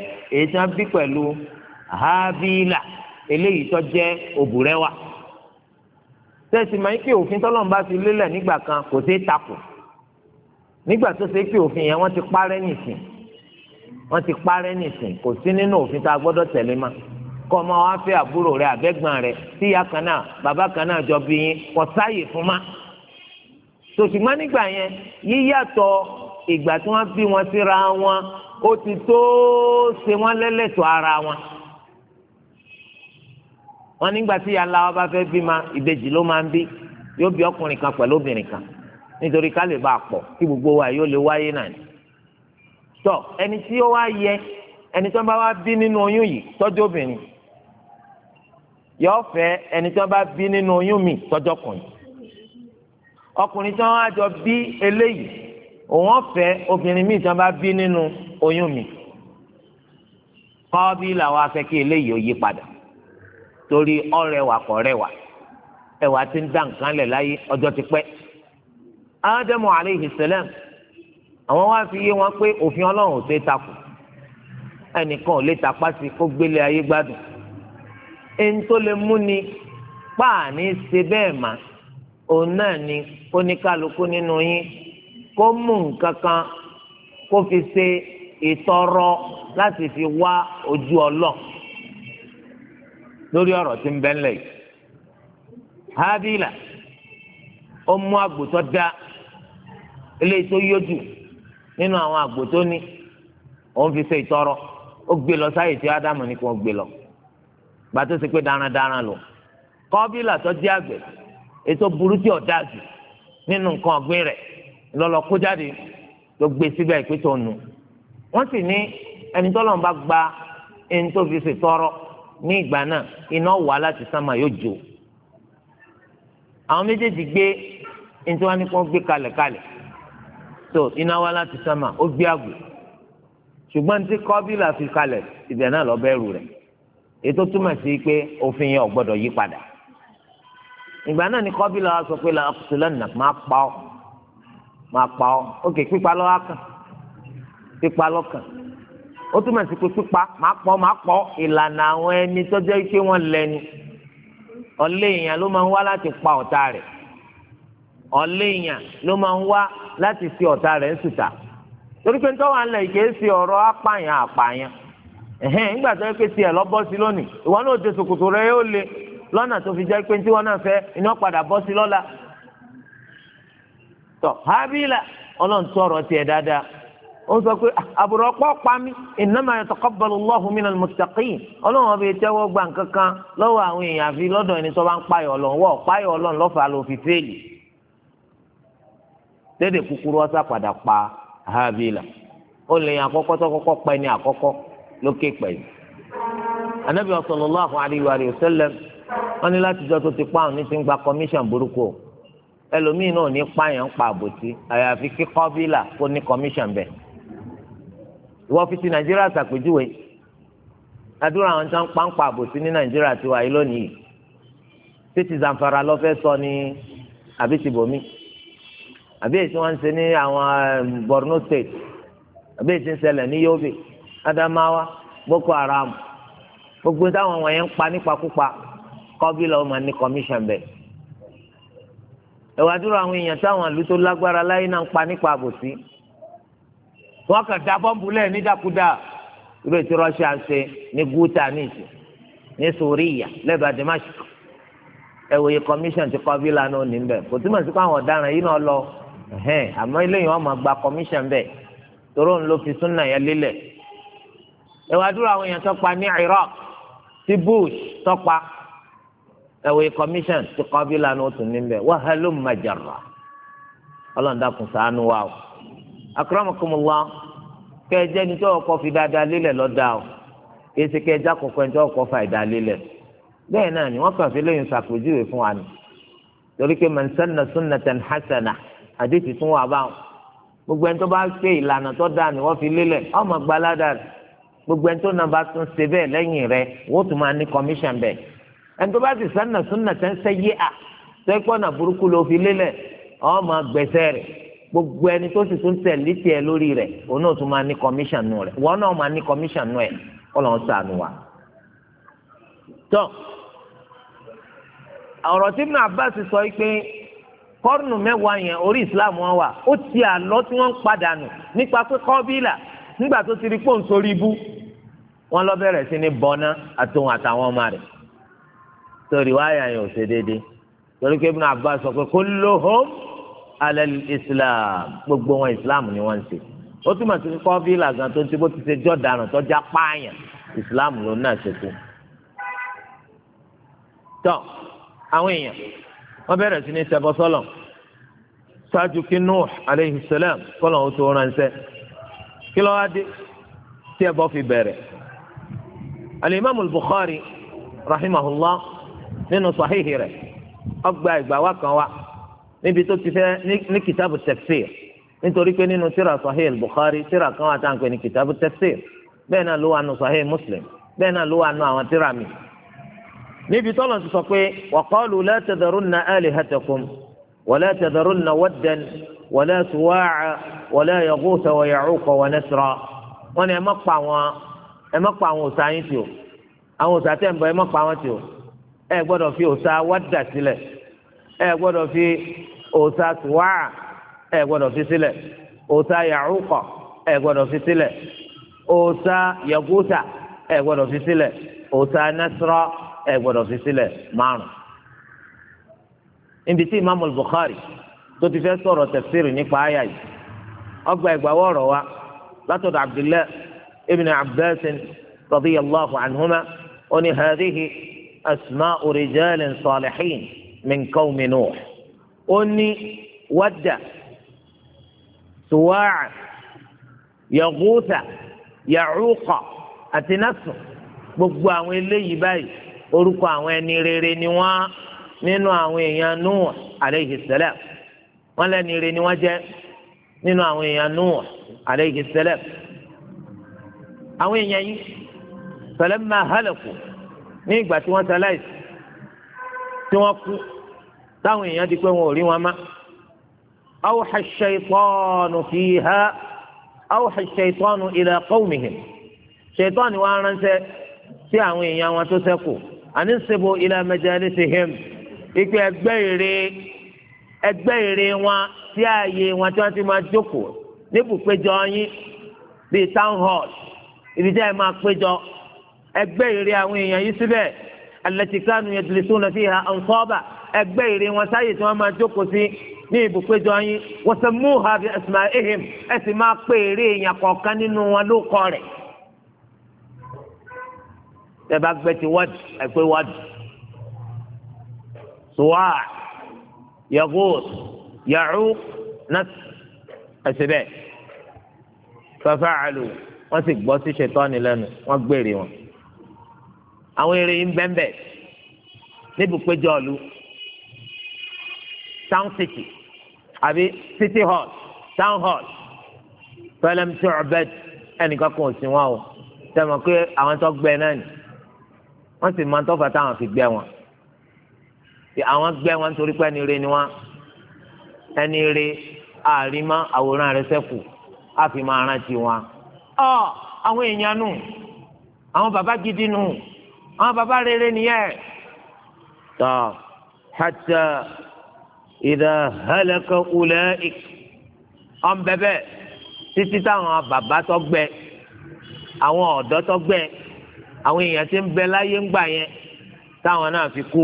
[SPEAKER 1] tẹ́sí máa ń pè òfin tọ́lọ́run bá ti lélẹ̀ nígbà kan kò sí takò nígbà tó ṣe pé òfin yẹn wọ́n ti parẹ́ nìsín wọ́n ti parẹ́ nìsín kò sí nínú òfin tá a gbọ́dọ̀ tẹ̀lé ma kọ́ ọmọ wa fẹ́ àbúrò rẹ àbẹ́gbọ́n rẹ tíya kan náà bàbá kan náà jọ bí yín kò sáàyè fún ma tòṣùgbọ́n nígbà yẹn yíyàtọ̀ ìgbà tí wọ́n bí wọn síra wọn ó ti tó ṣe wọ́n lẹ́lẹ́tọ̀ ara wọn wọn nígbà tí yàrá wa bá fẹ́ bí ma ìbejì ló máa ń bí yóò bí ọkùnrin kan pẹ̀lú obìnrin kan nítorí ká lè bá a pọ̀ kí gbogbo wa yóò lè wáyé náà ni. tọ ẹni tí ó wá yẹ ẹni tó bá wá bí nínú oyún yìí tọ́jú obìnrin yóò fẹ́ ẹni tó bá bí nínú oyún mi tọ́jú ọkùnrin ọkùnrin tí wọn jọ bí eléyìí òun ọ̀fẹ́ obìnrin míì tí bá bí nínú oyún mi kọ́ bí làwọn afẹ́ kí eléyìí ó yí padà torí ọ̀rẹ́wà kọ̀rẹ́wà ẹwà ti ń dá nǹkan lẹ̀ láyé ọjọ́ ti pẹ́. ádámù aleyhi sẹlẹm àwọn wá fi yé wọn pé òfin ọlọ́run ò ṣe é takò ẹnìkan ò lè tapá sí kó gbélé ayé gbádùn. ẹni tó lè mú ni páàní ṣe bẹ́ẹ̀ mà òun náà ni kóníkálukú nínú yín kó mú nǹkan kan kó fi ṣe ìtọrọ láti fi wá ojú ọlọ́run lórí ọ̀rọ̀ tí ń bẹ ńlẹ̀ yìí hábìlà ó mú àgbò tó dá eléyìí tó yójú nínú àwọn àgbò tó ní òun fi ṣe ìtọrọ ó gbé lọ sáyè tí ádámù ní kí wọ́n gbé lọ gbàtó ṣe pé darandaran lò kọ́bílà tó jẹ́ àgbẹ̀ ètò burú tí ọ̀dà jù nínú nǹkan ọ̀gbìn rẹ̀ lọ́lọ́ kó jáde tó gbé síbẹ̀ pé tó nù wọ́n sì ní ẹni tó lọ́n bá gba ẹni tó fi ṣètọrọ ní ìgbà náà iná wà láti sánmà yóò jó àwọn méjèèjì gbé ní tí wọ́n ní gbé kalẹ̀ kalẹ̀ so iná wá láti sánmà ó gbé àgbò ṣùgbọ́n tí kọ́bílà fi kalẹ̀ ibẹ̀ náà lọ bẹ̀rù rẹ̀ ètò túmọ̀ sí pé òfin yẹn ò gbọ́dọ̀ yí padà ìgbà náà ni kọ́bílà wa sọ pé la ọ̀kùtùlẹ́nà máa pa ọ́ máa pa ọ́ òkè pípa lọ́wọ́ kàn pípa lọ́kàn ó túmọ̀ sí pé pípa máa pọ̀ máa pọ̀ ìlànà àwọn ẹni tó jẹ́ lẹ́nu ló wá láti pa ọ̀tá rẹ̀ ọ̀lẹ́ ló máa wá láti fi ọ̀tá rẹ̀ ń torí pé tọ́wọ́ yìí ọ̀rọ̀ ẹ̀hẹ́n nígbà tó yẹ pé tiẹ̀ lọ bọ́ sí lónìí ìwọ rẹ yóò le lọ́nà tó fi jẹ́ pé tí wọ́n náà fẹ́ iná padà bọ́ sí lọ́la ó ń sọ pé àbùrọ̀ ọ̀pọ̀ pa mí innama yataqabbalu Allahu minal muttaqin ọlọ́run ọbẹ̀ tẹ́wọ́ gba nǹkan kan lọ́wọ́ àwọn èèyàn àfi lọ́dọ̀ ẹni tó bá ń páyọ̀ ọlọ́run wọ́ páyọ̀ ọlọ́run lọ́fà ló fi fẹ́ẹ̀lì dédé kúkúrú ọ̀sà padà pa Hábílà ó lè yàn àkọ́kọ́ tó kọ́kọ́ pa ẹni àkọ́kọ́ lókè pẹ̀lú Ànábì sallallahu alaihi wa sallam wọ́n ní láti jọ tó ẹlòmíín náà ní pààyàn pa àbòtí àyàfi kí Hábílà kó ní commission bẹ́ẹ̀ ìwọ fi ti nàìjíríà ṣàpèjúwe àdúrà àwọn tán pàǹpà àbòsí ní nàìjíríà ti wáyé lónìí ṣé ti Zamfara lọ fẹ́ sọ ni àbí ti bòmí àbí èyí tí wọ́n ń ṣe ní àwọn um, Borno state àbí èyí tí ń ṣẹlẹ̀ ní Yobe Adamawa Boko Haram gbogbo táwọn wọ̀nyẹn ń pa nípakúpa kọ́bí lọ́wọ́ máa ní commission bẹ́ẹ̀ ẹ̀wà àdúrà àwọn èèyàn táwọn ìlú tó lágbára láyé náà ń pa nípa àbòsí wọ́n kàn da bọ́ǹbù lẹ̀ nídàkúdà irú ètò Russia ń ṣe ní Ghouta níìsì ní Sòríyà lẹ́bàá Damascus ẹ wòye commission ti kọ́ bí lánàá òní bẹ́ẹ̀ kò túmọ̀ sí pé àwọn ọ̀daràn yìí náà lọ àmọ́ eléyìí wọ́n máa gba commission bẹ́ẹ̀ toró ń lo fi súnà yẹn lélẹ̀ ẹ wàá dúró àwọn èèyàn tọ́pa ní Iraq ti Bush tọ́pa ẹ wòye commission ti kọ́ bí lánàá òtún ní bẹ́ẹ̀ wàhálà ó máa jàrà ọlọ́run dákun ṣàánú wa o akramakumullah kẹjẹ ní tí ọkọ fi dáadáa lélẹ̀ lọdà o èsì kẹjẹ àkọ́kọ́ ní tí ọkọ fa ìdá lélẹ̀ bẹ́ẹ̀ náà ni wọn kàn fi lóyún ṣàpèjúwe fún wa ni torí pé man sanna hasana àdìsí tún wà báwọn gbogbo ẹni tó bá ṣe ìlànà tó dáa ni wọn fi lélẹ̀ ọmọ gbalada gbogbo ẹni tó náà bá tún ṣe bẹ́ẹ̀ lẹ́yìn rẹ̀ wọn tún máa ní commission bẹ́ẹ̀ ẹni tó bá sì sanna sunnatan sayyi'a tó ẹkọ náà burúkú ló fi lélẹ̀ ọmọ gbẹsẹ rẹ̀ gbogbo ẹni tó sì tún tẹ̀lé tiẹ̀ lórí rẹ̀ òun náà tún máa ní kọmíṣàn nù rẹ̀ wọn náà máa ní kọmíṣàn nù ẹ̀ Ọlọ́run ṣàánú wa. tọ́ ọ̀rọ̀ tí Ibn Abbas sọ pé kọ́ọ̀nù mẹ́wàá yẹn orí Islam wọn wà ó ti àlọ́ tí wọ́n ń padà nù nípa pé kọ́bílà nígbà tó ti rí pò sórí ibú wọn lọ bẹ̀rẹ̀ sí ní bọ́ná àtòun àtàwọn ọmọ rẹ̀ torí wáyà yẹn ò ṣe déédéé torí pé Ibn Abbas sọ pé kulluhum alẹ́ islam gbogbo wọn islam ni wọ́n ń ṣe ó túmọ̀ sí kọ́ bí làgàn tó ń ṣe bó ti ṣe jọ̀dàràn tó já pààyàn islam ló náà ṣe fún. tọ́ àwọn èèyàn wọ́n bẹ̀rẹ̀ sí ní ṣẹbọ sọ́lọ̀ ṣáájú kí nuh aleyhi salam ó tó ránṣẹ́ kí ló wá dé tí ẹbọ fi bẹ̀rẹ̀. alimami bukhari rahimahullah nínú sahihi rẹ̀ ó ìgbà wa kan wa níbi tó ti fẹ́ ní kìtàbù tafsir nítorí pé nínú tírà sahih bukhari tírà kan wà tá à ń pè ní kìtàbù tafsir bẹ́ẹ̀ náà ló wà nù sahih muslim bẹ́ẹ̀ náà ló wà nù àwọn tírà mi. níbi tọ́lọ̀ ti sọ pé wa qalu la tadharunna alihatakum wa la tadharunna waddan wa la suwa'a wa la yaghutha wa ya'uqa wọ́n ní ẹ má pa àwọn ẹ má pa àwọn ẹ gbọ́dọ̀ fi òòṣà tùwá ẹ gbọ́dọ̀ fi sílẹ̀ òòṣà yàrúkọ ẹ gbọ́dọ̀ fi sílẹ̀ òòṣà yàgúta ẹ gbọ́dọ̀ fi sílẹ̀ òòṣà nasra ẹ gbọ́dọ̀ fi sílẹ̀ márùn. ibi tí imaamu bukhari tó ti fẹ́ sọ̀rọ̀ tafsiri nípa àyà yìí ọgbà ìgbàwọ̀ ọ̀rọ̀ wa látọ̀dọ̀ abdullahi ibn abbas radiyallahu anhuma oní hadihi asma'u rijalin من قوم نوح أني ودع Wadda Suwa'a Yaghutha Ya'uqa àti Nasr gbogbo àwọn eléyìí báyìí orúkọ àwọn ẹni rere ni wọ́n nínú àwọn èèyàn Nuh alayhi salam wọ́n lẹ́ni rere ni wọ́n jẹ́ nínú àwọn èèyàn Nuh alayhi àwọn èèyàn yìí falamma halaku ní ìgbà tí wọ́n ṣaláìsí. tí wọ́n kú táwọn èèyàn di pé wọn ò rí wọn má. awha ash-shaytanu fiha awha ash-shaytanu ila qawmihim wa ránṣẹ́ sí àwọn èèyàn wọn tó ṣẹ́kù àní ṣebo ila majalisihim ẹgbẹ́ ẹgbẹ́ wọn sí ààyè wọn tí ti máa ibi tí ẹ máa péjọ ẹgbẹ́ àwọn èèyàn yìí التي كانوا يجلسون فيها أنصابا أكبر وسيد وما جقسي ní ibùpéjọ yín wasammuha bi asma'ihim ẹ sì máa pé eré èèyàn kọ̀ọ̀kan nínú wọn ló kọ rẹ̀. tẹ bá gbẹ ti wọ́ọ̀dù ẹ pé wọ́ọ̀dù. suwa yaghus ya'uq nasr ẹsẹ bẹ́ẹ̀ fafa'alu wọ́n sì gbọ́ sí ṣètọ́ni lẹ́nu wọ́n gbèrè wọn àwọn eré yìí ń bẹ́ńbẹ́ níbi péjọ ọ̀lú town city àbí city hall town hall fẹlẹm tí ọbẹt ẹnìkan kan ò sí wọn o tẹmọ pé àwọn tó gbẹ náà ni wọn sì máa ń tọfà táwọn fi gbẹ wọn àwọn gbẹ wọn nítorí pé ẹni rè ni wọn ẹni rè àrímọ àwòrán rẹ ṣẹ́kù á fi máa rántí wọn. ọ àwọn èèyàn nù àwọn bàbá gidi nù àwọn bàbá rere nìyẹn tọ́ hatta idha halaka ulaik ọ̀nbẹ́bẹ́ títí táwọn bàbá tó gbẹ àwọn ọ̀dọ́ tó gbẹ àwọn èèyàn tí ń bẹ láyé ń gbà yẹn táwọn náà fi kú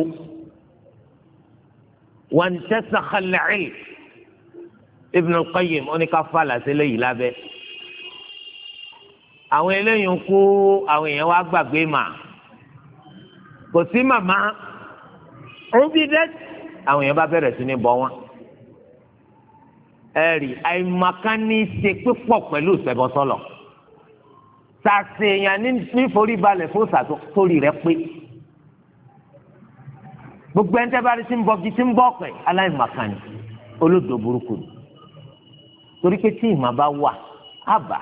[SPEAKER 1] wọn tẹsán xalẹ́ẹ̀ Ibn al-Qayyim oníkàfà làṣẹlẹ̀ yìí lábẹ́ àwọn eléyìí ń kú àwọn èèyàn wá gbàgbé mà kò sí màmá obìnrin àwọn èèyàn bá bẹ̀rẹ̀ sí ní bọ́ wọn. ẹ̀rì àìmọ̀kan ní í ṣe pípọ̀ pẹ̀lú ìṣẹ̀bọ̀sọ̀lọ̀ sàṣèyàn níforí balẹ̀ fún sàtórí rẹ pé gbogbo ẹni tẹ́ bá rí sí ń bọ́ gidi ń bọ́ ọ̀pẹ̀ aláìmọ̀kan ni olódò burúkú ni torí pé tí ìmọ̀ bá wà á bà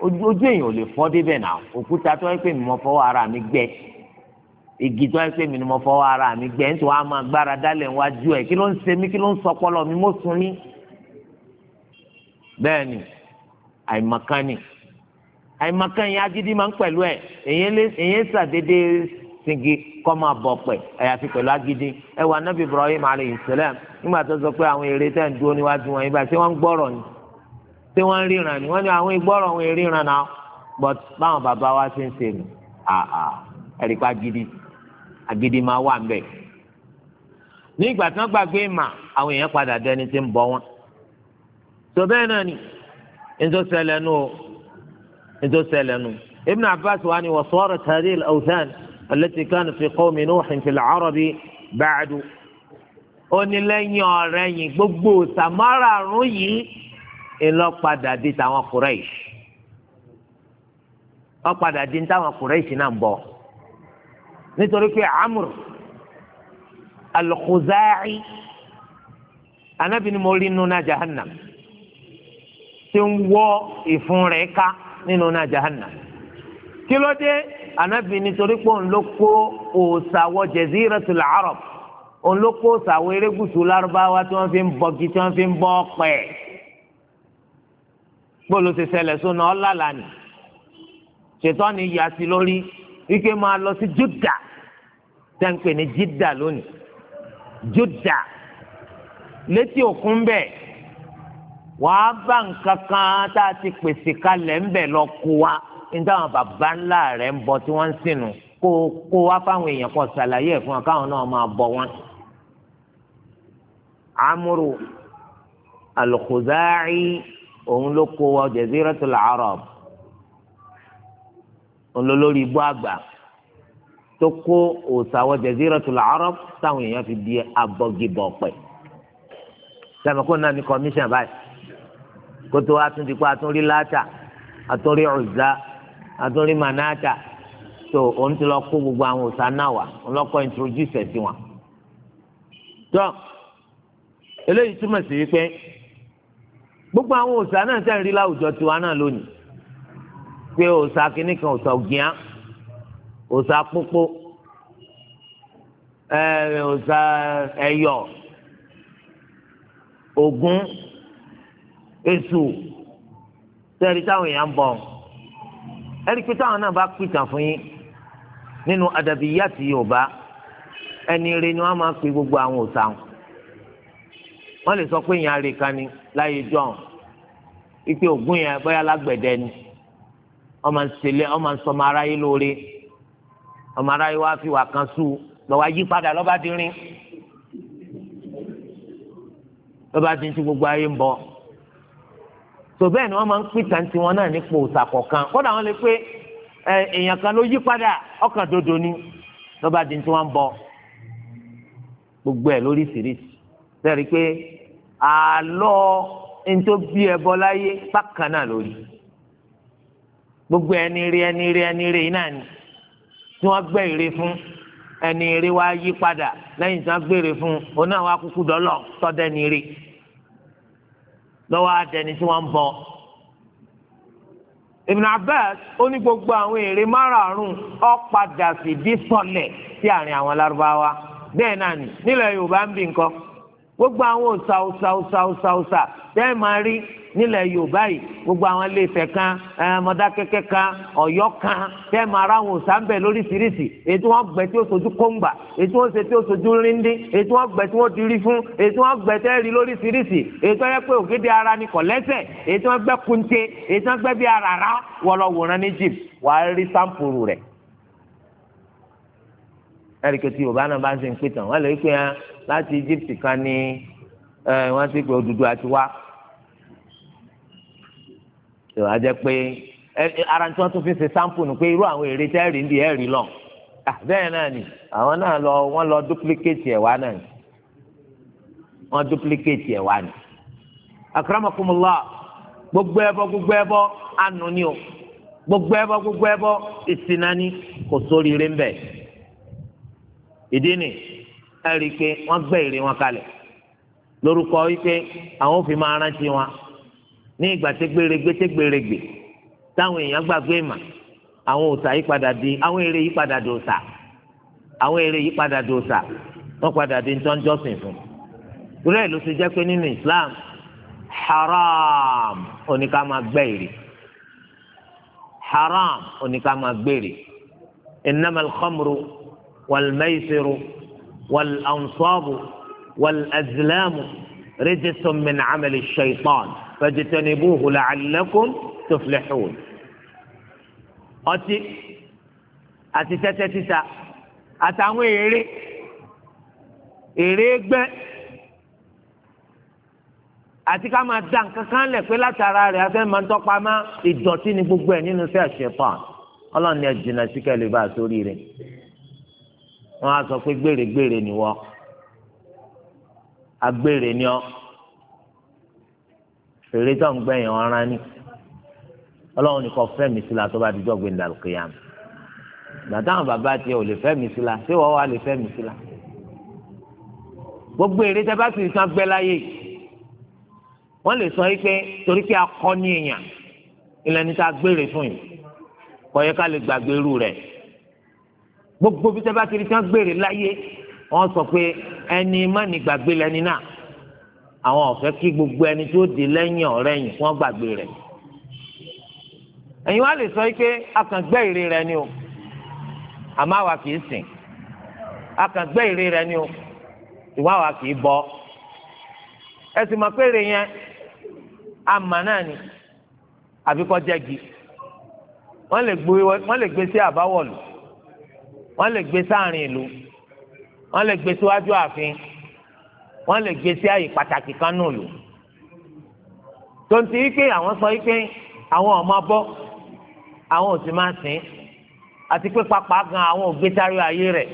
[SPEAKER 1] ojú èèyàn ò lè fọ́ débẹ̀ náà òkúta tó yẹ pé ìmọ̀ fọwọ́ ara mi gbẹ igi tó ẹsẹ mi ni mo fọwọ́ ara mi gbẹ ń tó a máa gbára dálẹ̀ wájú ẹ̀ kí ló ń ṣe mí kí ló ń sọpọlọ mi mo sùn ní. bẹ́ẹ̀ ni àìmọ̀kan ni àìmọ̀kan yẹn agídí máa ń pẹ̀lú ẹ̀ èyí ṣàdédé singi kọ́ máa bọ̀ pẹ̀ àyàfi pẹ̀lú agídí ẹ wà nábì Ibrahim alayhi salam nígbà tó sọ pé àwọn ère tẹ̀ ń dúró níwájú wọn ibà ṣé wọ́n ń gbọ́rọ̀ ni ṣé wọ́n ń ríran ni wọ́n ní àwọn ìgbọ́rọ̀ wọn ìríran náà but báwọn bàbá wa ṣe ń ṣe nù àà ẹ̀rí agídí máa wà ń bẹ ní ìgbà tí wọ́n gbàgbé ìmà àwọn èèyàn padà dẹni tí ń bọ wọn tó bẹ́ẹ̀ náà ni ntòsẹlẹ nù ntòsẹlẹ nù Ibn Abbas wa ni wọ́n sọ̀rọ̀ tàdí ọ̀sán التي كانت في قوم نوح في العرب بعد ó ní lẹ́yìn ọ̀rẹ́ yìí gbogbo sàmárààrún yìí ìlọ́padà di tàwọn Quraysh ọ̀padà di táwọn Quraysh náà ń bọ̀ nítorí pé amr al-Khuzai anabi ni mo rí inú náà jahannam tí ń wọ ìfun rẹ̀ ká nínú náà jahannam kí ló dé anabi nítorí pé òun ló kó òòsàwọ jaziratul arab òun ló kó òòsàwọ erégùsù lárúbáwá tí wọ́n fi ń bọgi tí wọ́n fi ń bọ ọpẹ gbọ́dọ̀ ti ṣẹlẹ̀ sóná ọ̀làlà ni lórí ike máa lọ sí Juda tẹ́ǹpẹ̀ ní Jidda lónìí Juda létí òkun bẹ́ẹ̀ wàá bá nǹkan kan tá a ti pèsè kalẹ̀ ń bẹ̀ lọ kó wa níta àwọn bàbá ńlá rẹ̀ ń bọ tí wọ́n ń sìnù kó kó wa fáwọn èèyàn kan ṣàlàyé ẹ̀ fún wa káwọn náà máa bọ wọn. amúrò al òun ló kó wa Jaziratul Arab olólórí ibú àgbà tó kó òsàwọ̀ Jaziratul Arab táwọn èèyàn fi di abọ́gibọ̀ pẹ̀ sàmìkó náà ní kọmíṣàn báyìí kótó atúndìpọ̀ atúnrí láàtà atúnrí Uzza atúnrí manata tó òun ti lọ kó gbogbo àwọn òsà náà wà òun lọ́kọ́ introduce ẹ̀ sí wọn. tó eléyìí túmọ̀ sí wípé gbogbo àwọn òsà náà sẹ́yìn rí láwùjọ tiwa náà lónìí pé òòṣà kìíní kan òòṣà ògìá òòṣà pópó òòṣà ẹyọ ògún èṣù sẹ́ẹ̀rí táwọn èèyàn ń bọ̀ ẹ̀rí pé táwọn náà bá pìtàn fún yín nínú adàbíyá ti Yorùbá ẹni rẹ ni wọ́n máa pe gbogbo àwọn òòṣà wọn wọ́n lè sọ pé ìyàn rè kan ni láyé john ipe ògún yẹn bóyá lágbẹ̀dẹ ni ọmọ nsele ọmọ nsọmọ aráyé lóore ọmọ aráyé wá fi wà kan sùn lọ́wọ́ ayí padà lọ́ba ti rìn lọ́ba ti ń ti gbogbo ayé ń bọ̀ tó bẹ́ẹ̀ ni wọ́n máa ń pín tàǹtí wọn náà nípò òsàkọ̀ kan kódà wọ́n lè pé èèyàn kan ló yí padà ọkàn dodo ni lọ́ba ti ti wọ́n ń gbogbo ẹ̀ lórí sírìsì bẹ́ẹ̀ rí pé àlọ́ ntó bí ẹ bọ́ láyé bákan lórí. gbogbo ẹni rí ẹni rí ẹni rí ni tí wọ́n gbẹ́ ìre fún ẹni rí wá yí padà lẹ́yìn tí wọ́n fún òun náà wá kúkú dọ́lọ̀ tọ́dẹ́ni rí tí wọ́n ń Ibn Abbas gbogbo àwọn èrè márààrún ó padà sọlẹ̀ sí àárín àwọn Lárúbáwá bẹ́ẹ̀ náà ni nílẹ̀ Yorùbá ń bì gbogbo àwọn òsà òsà òsà òsà òsà nílẹ̀ yorùbá yìí gbogbo àwọn iléeṣẹ́ kan mọ̀dákẹ́kẹ́ kan ọ̀yọ́ kan tẹ́ máa ra àwọn òsánbẹ̀ lóríṣiríṣi ètò wọn gbẹ tí ó sojú kóńgbà ètò wọn ṣe tí ó sojú ríndín ètò wọn gbẹ tí wọn ti rí fún ètò wọn gbẹ tẹ́ rí lóríṣiríṣi ètò yẹ pé ògidì ara ni kọ̀lẹ́sẹ̀ ètò wọn gbẹ kunte ètò wọn gbẹ bí arara wọlọ́wòrán ní jìm wàá rí sáǹpùrù rẹ̀ ẹ̀ríkẹ́ tí yorùbá náà bá ń ṣe ń pè tán wọ́n láti Egypt kan ní wọ́n ti pè Odùduwà ti wá tó a jẹ pé ara tí wọn tún fi ṣe sampo nu pé irú àwọn èrè tẹ́ rí ndí ẹ̀ rí lọ ah, bẹ́ẹ̀ náà ni àwọn náà lọ wọ́n lọ duplicate ẹ̀ wá náà ni duplicate ẹ̀ wá ni. akramakumullah gbogbo ẹbọ gbogbo ẹbọ anu ni o gbogbo ẹbọ gbogbo ẹbọ ìsinani kò sóríire ń bẹ ìdí ni ẹ rí i pé wọ́n gbé èrè wọn kalẹ̀ lórúkọ wípé àwọn ò máa rántí wọn ní ìgbà tẹgbèrègbè tẹgbèrègbè táwọn èèyàn gbàgbé mà àwọn òòṣà yìí padà di àwọn ère yìí padà di òòṣà àwọn ère yìí padà di òòṣà wọ́n padà di ntọ́njọ́sìn fún torí ẹ̀ ló ti jẹ́ pé nínú Islam haram oníkà máa gbẹ́ ère haram oníkà máa gbẹ́ ère innamal khamru wal maisiru wal ansabu wal fajtanibuhu la'allakum tuflihun ọtí àti tẹ́tẹ́ títa àtàwọn èrè èrè gbẹ́ àti ká máa dá nǹkan kan lẹ̀ pé látara rẹ̀ afẹ́ máa ń tọ́pa má ìdọ̀tí ni gbogbo ẹ̀ nínú sí àṣepọ̀n ọlọ́run ni ẹ̀jìnà sí kẹ́lẹ́ bá a sórí rẹ̀ wọ́n á sọ pé gbèrègbèrè ni wọ́n agbèrè ni ọ́ èrè tó ń gbẹ̀yìn ọ̀ràn ni ọlọ́run nìkan fẹ́mi sí la tó bá dijọ́ gbé ndàlù kéèyàn gbàtàwọn bàbá tiẹ̀ ò lè fẹ́mi sí la ṣé wọ́n wá lè fẹ́mi sí la gbogbo èrè tẹ́ bá sì san gbẹ́ láyé wọ́n lè sọ pé torí pé akọni èèyàn ìlànà tá a gbére fún yìí kò yẹ ká lè gbàgbé irú rẹ̀ gbogbo bí tẹ́ bá ti rí sàn gbére láyé wọ́n sọ pé ẹni má ní gbàgbé lẹni náà àwọn ọ̀fẹ́ kí gbogbo ẹni tó di lẹ́yìn ọ̀rẹ́ yìí wọ́n gbàgbé rẹ̀ ẹ̀yin wá lè sọ pé akàngbẹ́ ìrè rẹ ni o àmọ́ àwa kì í sìn akàngbẹ́ ìrè rẹ ni o ìwà àwa kì í bọ́ ẹ̀sìn mọ̀pẹ́rẹ yẹn àmà náà ni àfikọ́ jẹ́gi wọ́n lè gbé sí àbáwọ̀lù wọ́n lè gbé sáàrin ìlú wọ́n lè gbé síwájú ààfin. Si wọ́n lè gbé sí àyè pàtàkì kan nù lò tonti ike àwọn sọ ike àwọn ọmọ bọ àwọn ò sì máa sìn àti pé pápá gan àwọn ò gbé sáré ayé rẹ̀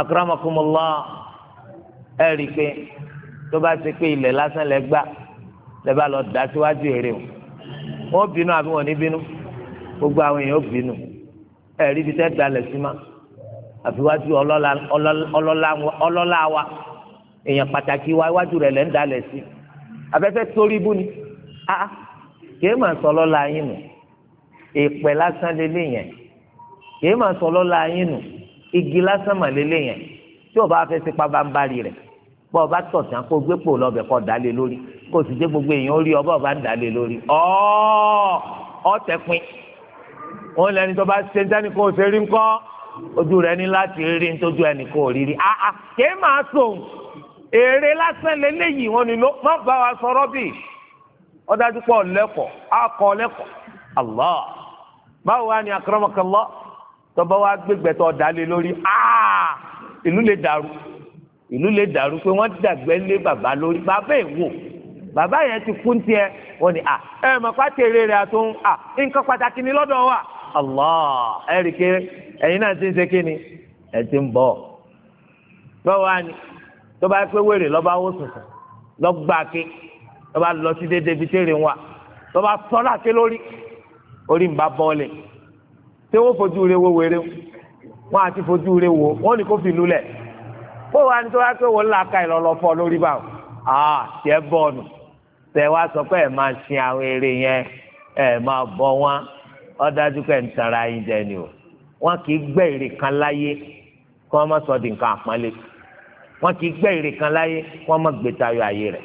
[SPEAKER 1] akramakumullah ẹ rí i pé tó bá ṣe pé ilẹ̀ lásán lẹ gbà lẹ bá lọ dá síwájú èrè o wọ́n bínú àbí wọ́n ní bínú gbogbo àwọn èèyàn bínú ẹ rí ibi tẹ́ dalẹ̀ sí ma àfiwájú ọlọ́lá wa èèyàn pàtàkì wa iwájú rẹ̀ lẹ́ ń dalẹ̀ sí abẹ́fẹ́ torí ibú ni a kìí mà sọ̀lọ́ la yín nù èèpẹ̀ lásán lélẹ̀ yẹn kìí mà sọ̀lọ́ la yín nù igi lásán mà lélẹ̀ yẹn tí o bá fẹ́ sípa bá ń bari bá tọ̀ tán kó gbé pò lọ́bẹ̀ kọ́ dalẹ̀ lórí kó o sì dé gbogbo èèyàn ó rí ọ bọ́ ọ bá ń dalẹ̀ lórí ọ́ ọ́ tẹ̀pin òun lẹni tó bá ṣe ń dání kó o ṣe rí ńkọ́. ojú rẹ ní láti rí nítorí ẹnìkan ò rírí àà ah, ah, kìí máa sòun èrè lásán yìí wọn ni lọ. má bá wa sọ̀rọ̀ bì lẹ́kọ̀ọ́ akọ lẹ́kọ̀ọ́ báwo wá ní lọ? tọ́ba wa lórí àà ah, ìlú lè dàrú ìlú lè dàrú pé wọ́n bàbá lórí bàbá ẹ̀ wò bàbá yẹn allah ẹ̀rí ké ẹ̀yin náà ti ń ṣe kí ni ẹ̀ ti ń bọ̀ báwa ni tó bá pé wèrè lọ́ba wó sùsùn lọ́gbà ké tó bá lọ sí déédéé bíi tèrè ń wà tó bá sọ́lá ké lórí orí ń bá bọ́ọ̀lẹ̀ tí wọ́n fojú rẹ̀ wo wèrè wọn àti fojú rẹ̀ wo wọn ni kò fi lulẹ̀ báwa ni tó bá pé wọ́n là ká ìlọ́lọ́ fọ́ lórí báwọn àà tiẹ̀ bọ́ọ̀nù tẹ̀ wá sọ pé ẹ̀ máa sin àwọn eré yẹn ẹ̀ máa bọ́ wọn ọdájú pé ń tara yín jẹ ni o wọn kì í gbẹ́ èrè kan láyé kí wọ́n má sọ di nǹkan àpọ́nlé wọn kì í gbẹ́ èrè kan láyé kí wọ́n má gbé tayọ ayé rẹ̀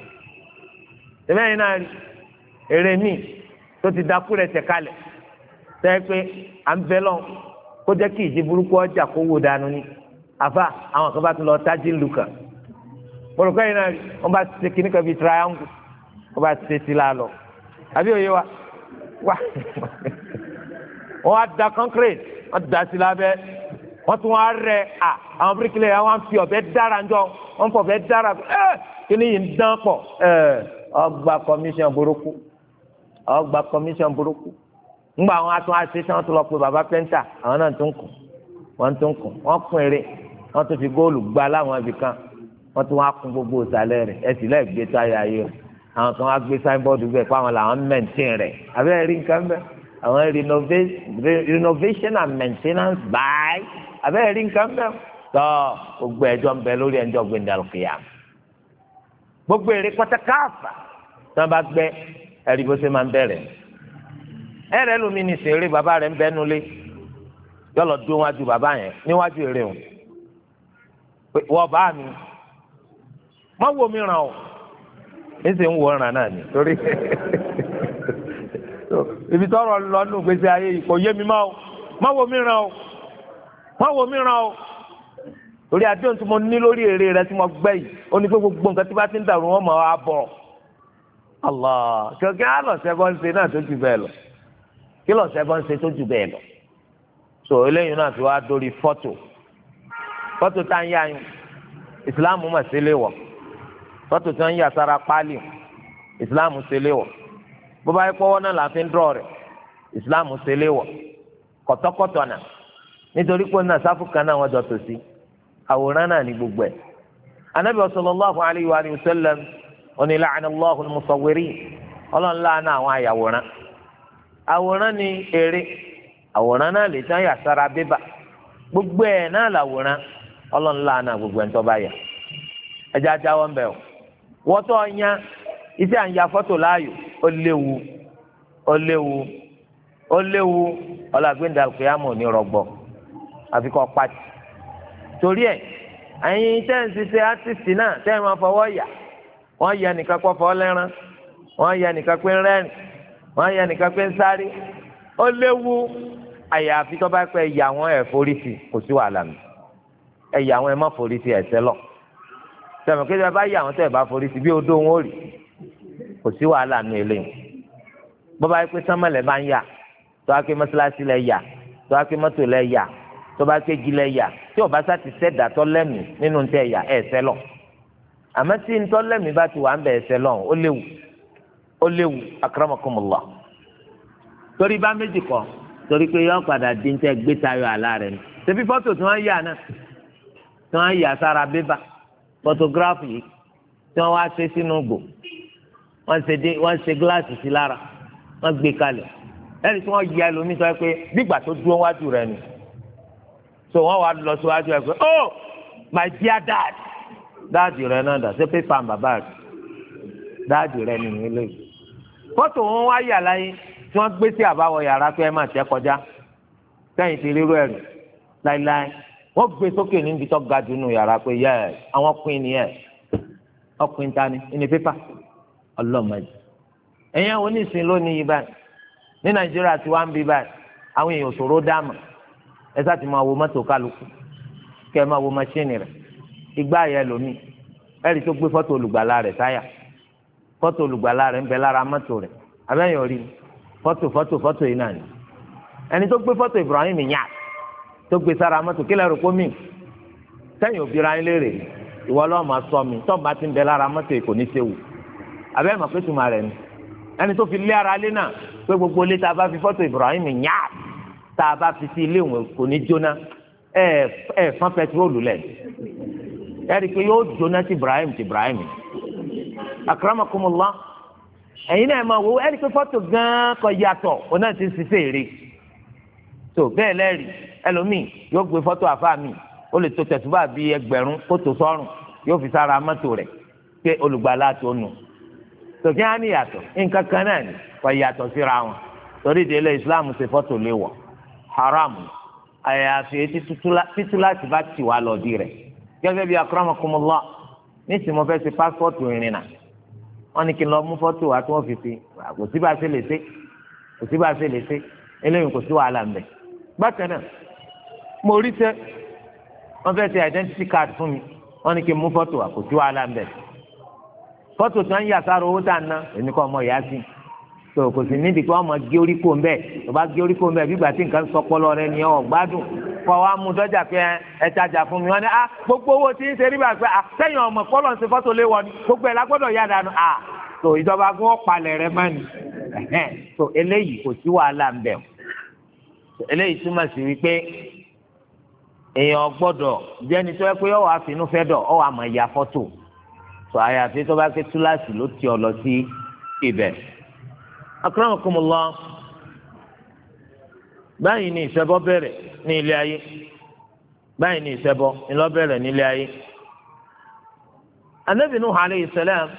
[SPEAKER 1] tẹ́lẹ̀ yìí náà rí èrè míì tó ti dákú rẹ̀ tẹ̀kalẹ̀ tẹ́ pé à ń bẹ́ lọ́n kó jẹ́ kí ìdí burúkú ọjà kó wò dànù ni àfa àwọn kan bá tún lọ tájí lù kàn pọ̀lọ́pọ̀ yìí náà rí wọ́n bá ti ṣe kíní kan bíi triangle wọ́n bá ti ṣe sí lọ àbí òye wa wá wọ́n á da concrete wọ́n da sí lábẹ́ wọ́n tún wá rẹ̀ à àwọn bíríkìlẹ̀ yà wọ́n fi ọ̀bẹ dára jọ wọ́n fọ ọ̀bẹ dára ẹ kíni yìí ń dán pọ̀ ẹ ọgbà commission burúkú ọgbà commission buruku. ńgbà wọn atún àti tí wọn tún lọ pé baba pẹ́ńtà àwọn náà tún kù wọn tún kù wọn kún eré wọn tún fi góòlù gba láwọn ibì kan wọn tún wá kún gbogbo ìsàlẹ̀ rẹ̀ ẹ sì lẹ́ẹ̀ gbé táyà yìí o àwọn kan wá gbé sáínbọ́ọ̀dù bẹ́ẹ̀ pé àwọn làwọn mẹ́ǹtìn rẹ̀ àbẹ́rẹ́ rí nǹkan bẹ́ẹ̀ àwọn renovation and maintenance by abẹ́rẹ́ rí nǹkan bẹ́ẹ̀ tọ́ gbogbo ẹjọ́ ń bẹ lórí ẹjọ́ gbẹndàlùkìyà gbogbo èrè pátákáàfà tí wọ́n bá gbẹ́ ẹ̀rí bó ṣe máa ń bẹ̀rẹ̀ ẹ̀rẹ́ lómi ní sèré bàbá rẹ̀ ń bẹ́nulé yọlọ dúró wájú bàbá yẹn níwájú èrè o wọ́n bá mi mọ́ wo mi ràn o ní sè ń wo ràn náà ni torí ibi tọrọ lọ nù gbèsè ayé ìkọ yé mi máa o má wo mi ràn o má wo mi ràn o orí adéhùn tí mo ní lórí èrè rẹ tí mo gbẹ yìí ó ní pé gbogbo nǹkan tí bá ti ń dàrú wọn mọ abọ Allah kẹkẹ àlọ sẹbọn ń ṣe náà tó jù bẹ́ẹ̀ lọ kí lọ sẹbọn ń ṣe tó jù bẹ́ẹ̀ lọ so eléyìí náà ti wá dórí fọ́tò fọ́tò tá ń yá yín ìsìláàmù mà sílé wọ fọ́tò tí wọn ń yà sára páálí ìsìláàmù sílé wọ. bó bá yẹ pọ́wọ́ náà fi ń rẹ̀ islam ṣe léwọ̀ kọ̀tọ́kọ̀tọ̀ náà nítorí pé náà sáfù kan náà wọ́n jọ tò sí àwòrán náà ní gbogbo ẹ̀ anabi alayhi wa sallam oní àwọn àyàwòrán àwòrán ni eré àwòrán náà lè tán yà sára bébà gbogbo ẹ̀ náà làwòrán ọlọ́run gbogbo ó léwu ó léwu ó léwu ọlọ́gbẹ́ndà kìámù ní rọgbọ àfi kọ́ pati torí ẹ̀ ẹ̀yin tẹ́ ń ṣiṣẹ́ átìsì náà tẹ́ ẹ̀ máa fọwọ́ yà wọ́n yà nìkan kọ́ fọ́ lẹ́ran wọ́n yà nìkan pé ń rẹ́rìn wọ́n yà nìkan pé ń sáré ó léwu àyàfi tó bá pẹ́ yà wọ́n ẹ̀ forí sí kò sí wàhálà mi ẹ̀ yà ẹ̀ má forí sí ẹ̀sẹ̀ lọ sọ̀rọ̀ kò sí wàhálà nù eléyìí bọ́ba yẹ pé sánmọ̀lẹ̀ bá ń yà tó a pé mọ́sálásí lẹ̀ yà tó a pé mọ́tò lẹ̀ yà tó bá pé gilẹ̀ yà tí ọba sá ti sẹ́dà tọ́lẹ́mì nínú tẹ̀ yà ẹ̀ sẹ́lọ̀ àmọ́ tí ntọ́lẹ́mì bá ti wà ń bẹ̀ ẹ̀ sẹ́lọ̀ ó léwu ó léwu akramakumullah torí bá méjì kọ torí pé yọ padà di ń tẹ gbé tayọ àlá rẹ ni ṣebí fọ́tò tí wọ́n yà náà tí wọ́n yà sára bébà fọ́tògráfì yìí tí wọ́n wá ṣe sínú gbòó wọ́n ṣe dé wọ́n ṣe gíláàsì sí lára wọ́n gbé kalẹ̀ ẹni tí wọ́n ya ẹlòmíín sọ pé bígbà tó dúró wájú rẹ̀ ni so wọ́n wá lọ síwájú ẹ̀ pé oh my dear dad dáàdì rẹ̀ náà dà sí pépà bàbá rẹ̀ dáàdì rẹ̀ nìyẹn lè fọ́tò wọn wá yà láyé tí wọ́n gbé sí àbáwọ̀ yàrá pé ẹ má tẹ́ kọjá sẹ́yìn ti rírú ẹ̀rù láíláí wọ́n gbé sókè níbi tó ga jù nù yàrá pé yẹ àwọn pin ni ẹ̀ ọkùnrin ta ni ẹni pépà ọlọ́mọdé ẹ̀yin àwọn onísìn lónìí yìí báyìí ní nàìjíríà tí wàá ń bí báyìí àwọn èèyàn òṣòro dáàmà ẹ sáà ti máa wo mọ́tò kálukú kẹ́ ẹ máa wo maṣíìnì rẹ̀ igbá yẹ lómi ẹ̀rí tó gbé fọ́tò olùgbàlà rẹ̀ táyà fọ́tò olùgbàlà rẹ̀ ń bẹ lára mọ́tò rẹ̀ abẹ́yẹn ò rí fọ́tò fọ́tò fọ́tò yìí náà ni ẹni tó gbé fọ́tò Ibrahim Niass tó gbé sára mọ́tò kílẹ̀ rò pómì sẹ́yìn òbí ra ilé rè ìwọ lọ́ọ́ máa sọ mi tọ́ọ̀ abẹ́ mọ̀ pé tùmọ̀ rẹ̀ ni ẹni tó fi lé ara lé náà pé gbogbo ilé tá a bá fi fọ́tò Ibrahim yá tá a bá fi sí ilé ìwọ̀n kò ní jóná ẹ ẹ fọ́n lẹ̀ ẹ pé yóò jóná ti Ibrahim ti Ibrahim akramakumullah ẹ̀yin náà máa wo ẹ rí i pé fọ́tò gan-an kò yàtọ̀ òun náà ti ń ṣiṣẹ́ èrè tó bẹ́ẹ̀ lẹ́rìí ẹlòmíì yóò gbé fọ́tò àfa mi ó lè tó tẹ̀síwá bíi ẹgbẹ̀rún kó tó sọ́rùn yóò fi sára mọ́tò rẹ̀ pé olùgbàlà tó nù tòkí á ní yàtọ̀ nǹkan kan náà ni kò yàtọ̀ síra wọn torí délé islam ṣe fọ́tò léwọ̀ haram àyàfi etí títú láti bá tì wá lọ di rẹ̀ gẹ́gẹ́ bí akramakumullah ní tí mo fẹ́ ṣe pásítọ̀tù ìrìnà wọn ni kí n lọ mú fọ́tò wa tí wọ́n fi ṣe kò sí bá a ṣe lè ṣe kò sí bá a ṣe lè ṣe eléyìí kò sí wàhálà ń bákan náà mo rí sẹ́ wọ́n fẹ́ ṣe identity card fún mi wọ́n ní kí n mú fọ́tò wa kò sí wàhálà ń fọ́tò tí wọ́n ń yà sára owó tá à ń ná èmi kọ́ ọmọ ìyá sí tó kò sì nídìí kí wọ́n mọ gé orí kò ń bẹ̀ tó bá gé orí kò ń bẹ̀ bí ìgbà tí nǹkan sọpọlọ rẹ ni ọ̀ gbádùn kọ́ wa mú dọ́jà pé ẹ tajà fún mi wọ́n ní ah gbogbo owó tí ń ṣe rí bàgbẹ́ ah sẹ́yìn ọmọ kọ́lọ̀ ń ṣe fọ́tò lé wọ ni gbogbo ẹ̀ lágbọ́dọ̀ yá dànù ah tó ìjọba fún ọ̀palẹ̀ rẹ mọ́ ni tó eléyìí kò sí wàhálà ń bẹ̀ eléyìí túmọ̀ sí wípé èèyàn gbọ́dọ̀ jẹ́ni tó yẹ pé ọwọ́ àfinúfẹ́dọ̀ ọwọ́ àmọ̀ ìyá fọ́tò sọ àyàfi tó bá ké túláàsì ló ti ọ lọ sí ibẹ̀. akramakumullah báyìí ni ìṣẹ́bọ bẹ̀rẹ̀ ní ilé ayé báyìí ni ìṣẹ́bọ ńlọ bẹ̀rẹ̀ ní ilé ayé. anabi nuhu alayhi salam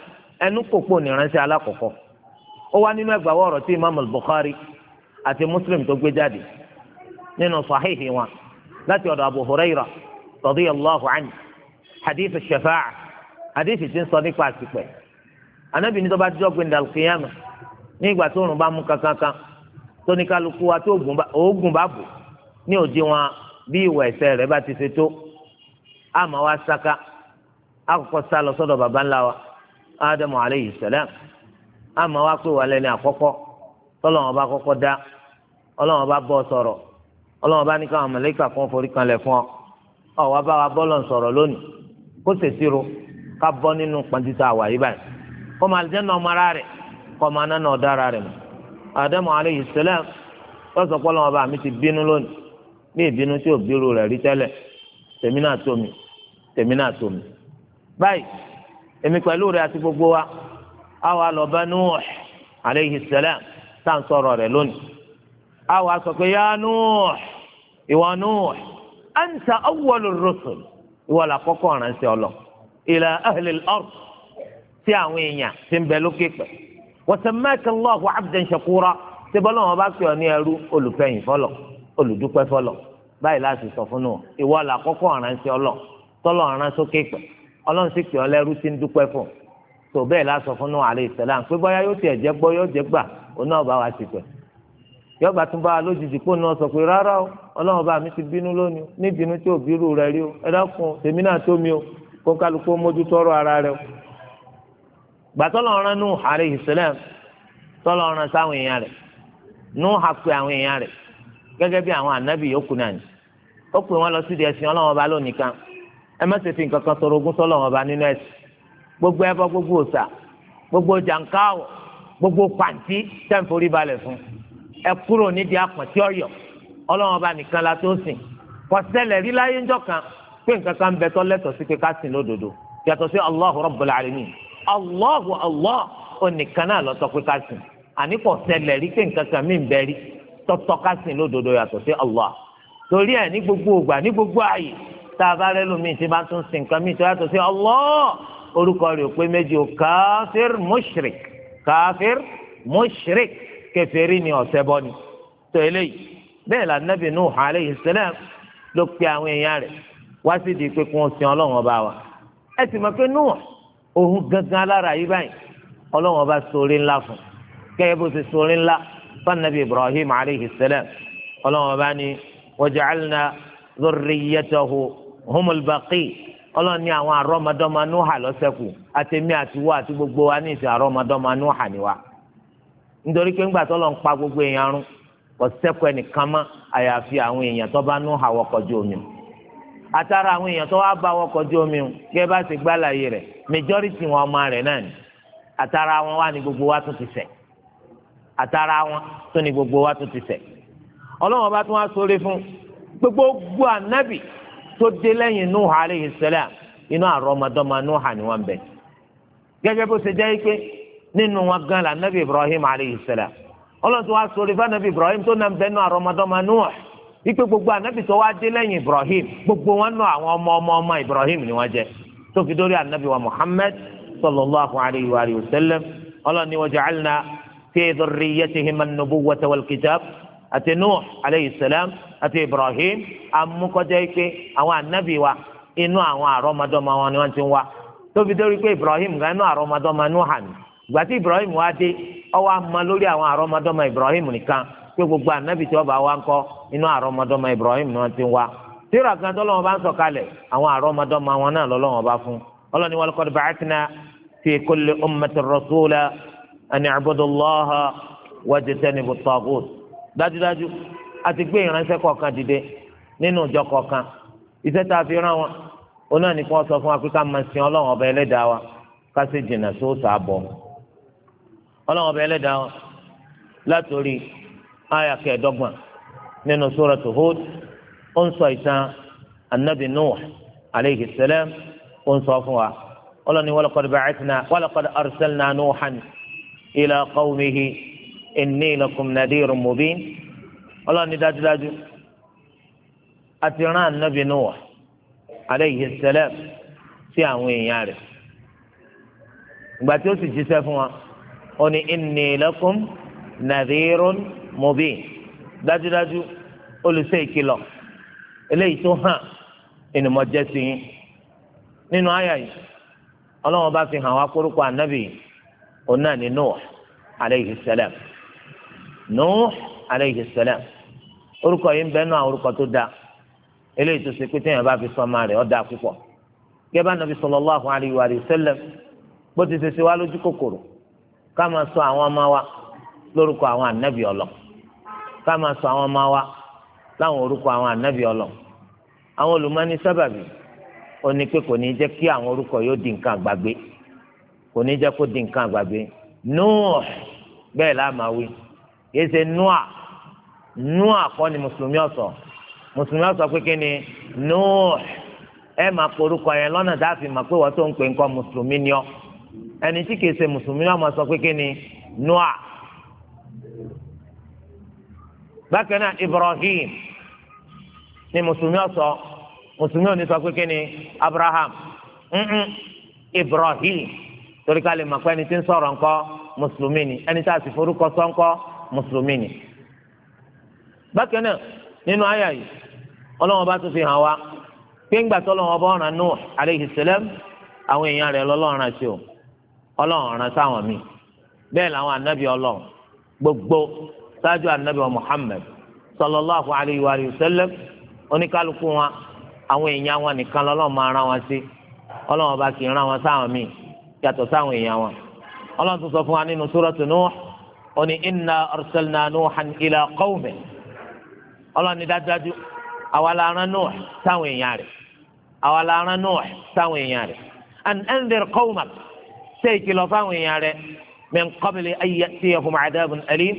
[SPEAKER 1] ẹnu kòkó nìránṣẹ́ alákọ̀ọ́kọ́ ó wá nínú ẹgbàá wọ̀rọ̀ tí imam al-bukhari àti muslim tó gbé jáde nínú sahihi wọn láti ọ̀dọ̀ abu hurairah radiyallahu anhu hadith shafaa àdéhìí ti ń sọ nípa àtìpẹ́ anábì ní tó bá tíjọ́ gbẹ̀ndà kìyàmù ní ìgbà tó òrùn bá mú kankankan tó ní kálukú wa tó òògùn bá bù ní òdi wọn bí ìwà ẹ̀ṣẹ̀ rẹ̀ bá ti ṣe tó àmọ́ wa saka àkọ́kọ́ sá lọ sọ́dọ̀ baba ńlá wa ádámù aleyhi sẹlẹm àmọ́ wa pé wà lẹ́ni àkọ́kọ́ tọ́lọ́wọ́n bá kọ́kọ́ dá ọlọ́wọ́n bá bọ́ sọ̀rọ̀ ọlọ́wọ́n bá ní káwọn mọ̀lẹ́kà kan forí kanlẹ̀ fún ọ ọ̀ wá bá wa bọ́lọ̀ sọ̀rọ̀ lónìí kó ṣèṣirò ka bọ nínú pàǹtítà wà yí báyìí kọ́mọ àlùjànnà ọmọ ara rẹ̀ kọ́mọ anáná ọ̀dọ́ ara rẹ̀ mọ́ Ádámù alayhi salam lọ́sọ̀ pọ́ lọ́wọ́ mi ti bínú lónìí ní ìbínú tí ò rẹ̀ rí tẹ́lẹ̀ tèmi náà tó mi tèmi náà tó mi báyìí èmi pẹ̀lú rẹ̀ àti gbogbo wa á wà lọ bá Nuh alayhi salam tá à ń sọ̀rọ̀ rẹ̀ lónìí á wà ìlà ahlil ọ̀rọ̀ sí àwọn èèyàn tí ń bẹ lókè pẹ̀ wasammaka Allahu abdan shakura tí bọ́lá wọn bá pè ọ́ ní ẹrú olùfẹ̀yìn fọlọ̀ olùdúpẹ́ fọlọ̀ báyìí láti sọ fún un ìwọ là kọ́kọ́ ọ̀ránṣẹ́ ọlọ tọ́lọ̀ ọ̀ránṣẹ́ òkè pẹ̀ ọlọ́run sì pè ọ́ lẹ́rú tí ń dúpẹ́ fún un tó bẹ́ẹ̀ la sọ fún un alayhi salam pé bọ́yá yóò tiẹ̀ jẹ́ gbọ́ yóò jẹ́ gbà òun náà bá wa ti pẹ̀ yọba tún bá wa lójijì pé òun náà sọ pé rárá o ọlọ́run bá mi ti bínú lónìí ní ìbínú tí ò bírú rẹ rí o ẹ dákun tèmi náà tó mi o kó kálukú mójútó ọ̀rọ̀ ara rẹ o gbàtọ́lọ́run Nuhu alayhi salam tọ́lọ́run sáwọn èèyàn rẹ̀ Nuhu pe àwọn èèyàn rẹ̀ gẹ́gẹ́ bí àwọn ànábì yòókù náà ni ó pè wọ́n lọ di ẹ̀sìn Ọlọ́run ọba lónìí kan ẹ má ṣe fi nǹkan kan sọ̀rọ̀ ogún ọba nínú gbogbo ẹbọ gbogbo gbogbo gbogbo pàǹtí tẹ́ǹforí balẹ̀ fún ẹ kúrò nídìí àpọ̀tí ọ̀yọ́ nìkan pé nǹkan kan bẹ tọ́lẹ́tọ̀ sí pé ká sìn lódodo yàtọ̀ sí Allahu Rabbul Alamin Allahu Allah onìkan náà lọ́tọ́ pé ká sìn àníkọ̀ sẹlẹ̀ rí pé nǹkan kan mí bẹ rí tọ́tọ́ ká sìn lódodo yàtọ̀ sí Allah torí ẹ̀ ní gbogbo ògbà ní gbogbo ààyè tá a bá rẹ́ lómi tí bá tún sìn nǹkan mí tó yàtọ̀ sí Allah orúkọ rẹ̀ pé méjì o káfíìr mushrik káfíìr mushrik kèfèrí ni ọ̀sẹ̀bọ ni tó eléyìí bẹ́ẹ̀ la Nabi alayhi salam ló pe àwọn èèyàn rẹ̀ wá sí di pé kí wọ́n sin ọlọ́run ọba wa ẹ sì mọ̀ pé níwọ̀n ohun gangan alára yìí báyìí ọlọ́run ọba sori ńlá fún gẹ́gẹ́ bó ti sori ńlá fanabi ibrahim salam ọlọ́run ọba ni waja'alna dhurriyyatahu humul baqi ọlọ́run ní àwọn àrọ́mọdọ́mọ anúhà lọ́sẹ̀kù àtẹ̀mí àtiwọ́ àti gbogbo wa ní ìsìn àrọ́mọdọ́mọ anúhà ni wa nítorí pé ńgbà tó lọ ń pa gbogbo èèyàn rún kò sẹ́kù ẹnìkan mọ́ àyàfi àwọn èèyàn tó bá àtàrà àwọn èèyàn tó wá bá wọn kọjú omi o gẹ́gẹ́ bá ti gbàlàyé rẹ̀ majority wọn ọmọ rẹ̀ náà ni àtàrà wọn wà ní gbogbo wa tún ti ṣẹ̀ àtàrà wọn tún ní gbogbo wa tún ti ṣẹ̀ ọlọ́wọ́n bá tún wá sórí fún gbogbo ànábì tó dé lẹ́yìn Nuh alayhi salam inú àrọ́mọdọ́mọ Nuh ni wọ́n bẹ̀ gẹ́gẹ́ bó ṣe jẹ́ pé nínú wọn gan la ànábì Ibrahim alayhi salam ọlọ́wọ́n tún wá sórí fún ànábì Ibrahim tó nà ń bẹ́ẹ̀ nù àrọ́mọdọ́mọ Nuh wípé gbogbo anabi tó wá dé lẹ́yìn ibrahim gbogbo wọn nù àwọn ọmọ ọmọ ọmọ ibrahim ni wọ́n jẹ́ tó dórí anabi wa muhammad sallallahu alayhi wa alihi wa sallam ọlọ́ni wa ja'alna fi dhurriyyatihim an-nubuwwata wal kitab àti nuh alayhi salam àti ibrahim amúkọjá pé àwọn anabi wa inú àwọn àrọ́mọdọ́mọ wọn ni wọ́n ti ń wá tó fi dórí pé ibrahim gan inú àrọ́mọdọ́mọ nuhan gbàtí ibrahim wá dé ó wá lórí àwọn àrọ́mọdọ́mọ ibrahim nìkan pé gbogbo ànábì tí wọ́n bá wá ń kọ́ inú Ibrahim náà ti wá tíra kan tọ́lọ́wọ́n bá ń sọ̀kalẹ̀ àwọn àrọ́mọdọ́mọ na náà lọ́lọ́wọ́n bá fún ọlọ́ni wa laqad ba'athna fi kulli ummatin rasula a fi rán wọn ó náà ní kí sọ fún wa pé máa aya kẹẹ̀dọ́gbọ̀n nínú suratu Hud ó ń sọ ìtàn anabi nuh aleyhi salam ó ń sọ fún wa ọlọ́ni walaqad ba'athna walaqad arsalna nuhan ila qawmihi inni lakum nadirun mubin ọlọ́ni dájúdájú àti rán anabi nuh aleyhi salam sí àwọn èèyàn rẹ̀ ìgbà ó sì jíṣẹ́ fún wa ó ní inni lakum nadirun mubin. mubin dájúdájú olùṣe ìkìlọ̀ eléyìí tó hàn ènìmọ̀ jẹ́ sí yín nínú àyà yìí ọlọ́wọ́n bá fi hàn wá kórúkọ ànábì òun náà ní Nuh alayhi orúkọ yìí ń bẹ nù orúkọ tó dáa eléyìí tó ṣe pé téèyàn bá fi sọmọ rẹ̀ sallallahu wa sallam bó ti ṣe kama sọ àwọn ọmọ wa láwọn orúkọ àwọn anabi ọlọ àwọn olùmọ́ni sábàbí ó pé kò ní jẹ́ kí àwọn orúkọ yóò di nǹkan àgbàgbé kò ní jẹ́ kó di nǹkan àgbàgbé bẹ́ẹ̀ la máa wí kọ́ ni mùsùlùmí ọ̀sọ̀ mùsùlùmí ọ̀sọ̀ pé ni ẹ máa porúkọ yẹn lọ́nà tá a fi mọ̀ pé wọ́n tó ń pè mùsùlùmí ni ni bákan náà Ibrahim ni mùsùlùmí ọsọ mùsùlùmí ò Abraham Ibrahim torí ká lè mọ̀ pé ẹni tí ń sọ̀rọ̀ kọsọ mùsùlùmí ni ẹni tí a sì forúkọ sọ mùsùlùmí ni. bákan náà nínú àyà yìí ọlọ́wọ́n bá tún fi hàn wá pé ńgbà tó lọ́wọ́ bá ọ̀ràn o gbogbo ṣáájú anabi wa muhammed sallallahu alayhi wa sallam oníkálukú wọn àwọn èèyàn wọn nìkan lọ́lọ́ máa rán wọn sí ọlọ́wọ́n bá kì í rán wọn sáwọn míì yàtọ̀ sáwọn èèyàn wọn ọlọ́wọ́n tó sọ fún wa nínú súrọ́tù Nuh oní inna arsalna Nuhan ila qawmi ọlọ́wọ́n ní dájúdájú àwa la rán Nuh sáwọn èèyàn rẹ̀ àwa la rán Nuh sáwọn èèyàn rẹ̀ an anzir qawmak ṣé ìkìlọ̀ fáwọn èèyàn rẹ̀ min qabli an ya'tiyahum adhabun alim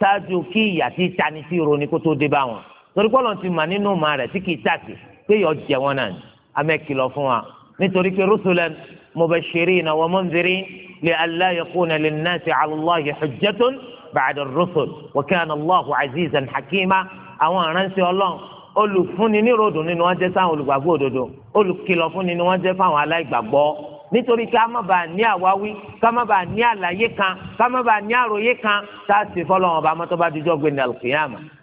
[SPEAKER 1] ṣáájú kí ìyà tí tani sí ro ni kó tó dé bá wọn torí pé Ọlọ́run ti mà nínú ma rẹ̀ tí kì í tàsí pé yọ jẹ wọn náà ni amẹ́kìlọ̀ fún wa nítorí pé rusulan mubashirina wa mundhirin li alla yakuna linnasi ala Allahi hujjatun ba'da ar-rusul wa kana Allahu azizan hakima àwọn aránṣẹ́ Ọlọ́run olùfúnni ní ròdùn nínú wọn jẹ́ sáwọn olùgbàgbọ́ òdodo olùkìlọ̀ fúnni ni wọ́n jẹ́ fáwọn aláìgbàgbọ́ nítorí ká má bàa ní àwáwí ká má bàa ní àlàyé kan ká má bàa ní àròyé kan tá a sì fọlọ́ wọn bá mọ́tò bá dijọ́ gbé ní alùpùpù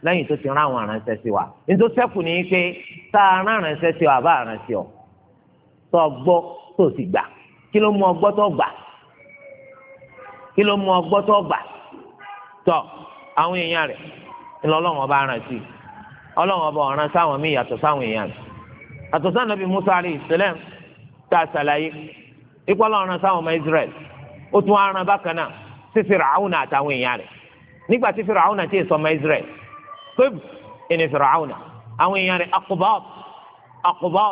[SPEAKER 1] lẹ́yìn tó ti rán àwọn aránṣẹ́ sí wa nítorí sẹ́kù ní pé tá a rán aránṣẹ́ sí wa bá aránṣẹ́ ọ tó o gbọ́ tó o sì gbà kí ló mú ọ gbọ́ tó o gbà kí ló mú ọ gbọ́ tó o gbà tó àwọn èèyàn rẹ̀ ńlọ́lọ́wọ́n bá aránṣẹ́ ọlọ́wọ́n bá ọ̀ràn sáwọn míì yàtọ̀ sáwọn èèyàn rẹ̀ àtọ̀sán nàbí Musa ìpọ́lọ́ ọ̀ràn sáwọn ọmọ Israel otu tún aràn bákan náà sí Fìràhùn àtàwọn èèyàn rẹ̀ nígbà tí Fìràhùn àti èso ọmọ Israel pé ẹni Fìràhùn àwọn èèyàn rẹ̀ akọ̀bọ̀ akọ̀bọ̀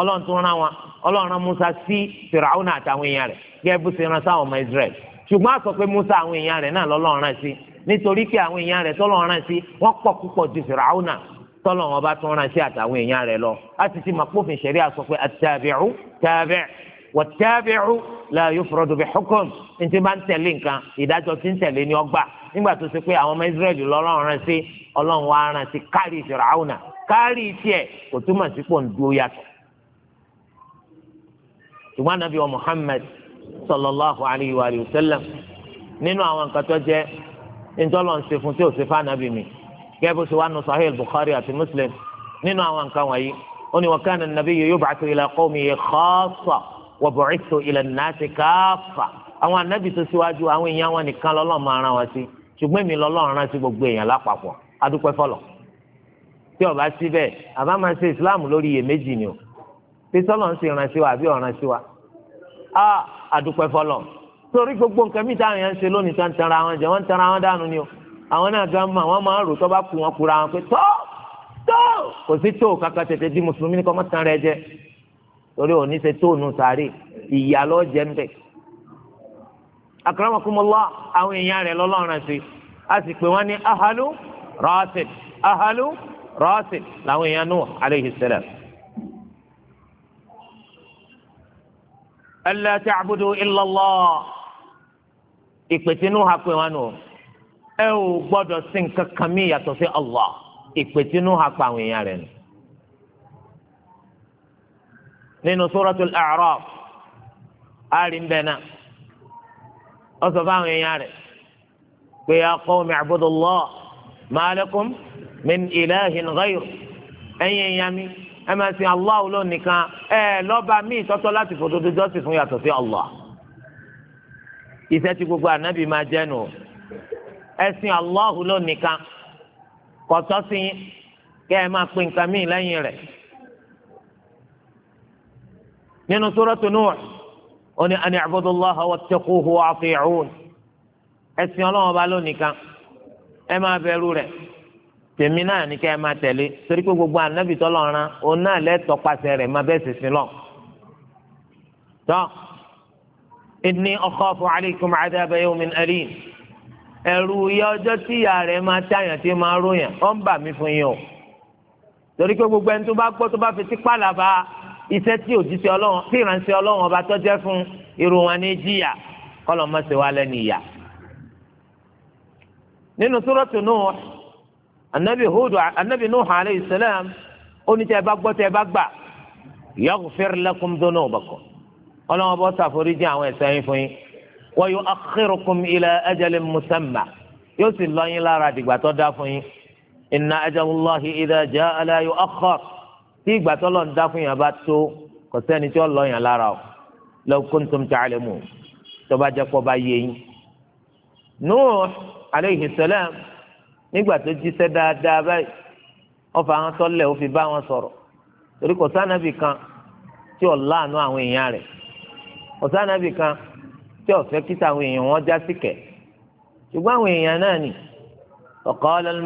[SPEAKER 1] ọlọ́run tún rán wọn ọlọ́run Musa sí Fìràhùn àtàwọn èèyàn rẹ̀ gẹ́gẹ́ bó ṣe rán sáwọn ọmọ Israel a sọ pé Musa àwọn èèyàn rẹ̀ náà lọ́lọ́run rán sí nítorí pé àwọn èèyàn rán sí wọ̀tẹ́bìrú la yóò fọ̀rọ̀dù bí hukum ní ti máa ń tẹ̀lé nǹkan ìdájọ́ ti ń tẹ̀lé ní ọgbà nígbà tó ṣe pé àwọn ọmọ Israẹli lọ́lọ́run rán sí ọlọ́run wa rán sí kárí Fíráúnà kárí tiẹ̀ kò túmọ̀ sí pò ń dúró yàtọ̀. ṣùgbọ́n nàbí wa Muhammad sallallahu alayhi wa sallam nínú àwọn nǹkan tó jẹ́ ntọ́lọ́ ń ṣe fún tí ò ṣe fánàbì mi gẹ́gẹ́ bó ṣe wà nù Bukhari àti Muslim nínú àwọn nǹkan wọ̀nyí ó ní wa kana an-nabiyyu yub'athu ila qawmihi khassa wa bu'ithu ila an-nasi kaffa àwọn anábì tó síwájú àwọn èèyàn wọn nìkan lọ́lọ́run máa rán wọn sí ṣùgbọ́n èmi lọ́lọ́run rán sí gbogbo èèyàn lápapọ̀ adúpẹ́ fọlọ̀ tí ọba síbẹ̀ àbá máa ṣe islam lórí iyèméjì ni o pé sọlọ ń ṣe ìrànṣẹ́ wa àbí ọ̀rànṣẹ́ wa a adúpẹ́ fọlọ̀ torí gbogbo nǹkan mi táwọn èèyàn ń ṣe lónìí tó ń tanra wọn jẹ wọn ń tanra wọn dànù ni o àwọn náà gan mọ àwọn máa ń rò tó bá kú wọn kura wọn pé tó tó kò sí tó kàkà tètè di mùsùlùmí ní kọ́ mọ́ torí òní ṣe tóònù sáré ìyá lọ jẹ ń bẹ akramakumullah àwọn èèyàn rẹ̀ lọ́lọ́run sí a sì pè wọn ní ahalu rasid ahalu rasid làwọn èèyàn nù aleyhi salam. alla ta'budu illa Allah ìpètínú ha pé wọn nù ẹ ò gbọ́dọ̀ sìn kankan mi yàtọ̀ sí Allah ìpètínú ha pa àwọn èèyàn rẹ̀ nù. nínú suratul A'raf àárín na ó sọ fáwọn èèyàn rẹ̀ pé lọ min ilahin ghayru ẹ̀yin èèyàn mi ẹ máa sin Allah lónìkan ẹ lọ́ba mi ìtọ́tọ́ láti fòdodo jọ́sìn fún yàtọ̀ sí Allah gbogbo ànábì máa jẹ́ nù ẹ sin Allah sí kẹ́ ẹ máa nínú sóràtò Nuh ó ní ani abudullaha wattaquhu wa ati'un ẹ̀sìn ọlọ́run ọba lónìí kan ẹ máa bẹ̀rù rẹ̀ tèmi náà ní ká ẹ máa tẹ̀lé torí pé gbogbo ànábì tọ́lọ́run òun náà lẹ́tọ̀ọ́ pàṣẹ rẹ̀ máa bẹ́ẹ̀ sísìn lọ. tọ́ inni akhafu alaykum adhaba yawmin alim ẹ̀rù ìyà ọjọ́ tí ìyà rẹ̀ máa táyàn tí máa róyàn ó ń bà mí fún yín o torí pé gbogbo ẹni tó bá gbọ́ tó bá fi tipa làbá iṣẹ́ tí òjíṣẹ́ ọlọ́run tí ìránṣẹ́ ọlọ́run ọba tọ́jẹ́ fún irun wọn ní jìyà kọ́lọ̀ mọ́ ṣe wá lẹ́nu ìyà. nínú súrọ́tù Nuh anabi Hud anabi Nuh alayhi salam ó ní bá gbọ́ tẹ́ bá gbà yaghfir lakum dhunubakum ọlọ́run ọba ṣàforíjì àwọn ẹ̀ṣẹ̀ yín fún yín wa yu'akhirukum ila ajalin musamma yóò sì lọ lára dìgbà tó dá fún yín inna ajalallahi idha jaa la yu'akhkhar tí ìgbà tó lọ ń dá fún yàn bá tó kò sẹ́ni tí ó lọ yàn lára o law kuntum ta'lamun tó bá jẹ́ kó bá yé yín. Nuh alayhi salam nígbà tó jíṣẹ́ dáadáa báyìí ọfà àwọn sọ́lẹ̀ ó fi bá wọn sọ̀rọ̀ torí kò sánàbì kan tí ò láàánú àwọn èèyàn rẹ̀ kò sánàbì kan tí ò fẹ́ kí táwọn èèyàn wọn já síkẹ̀ ṣùgbọ́n àwọn èèyàn náà ni wa qala al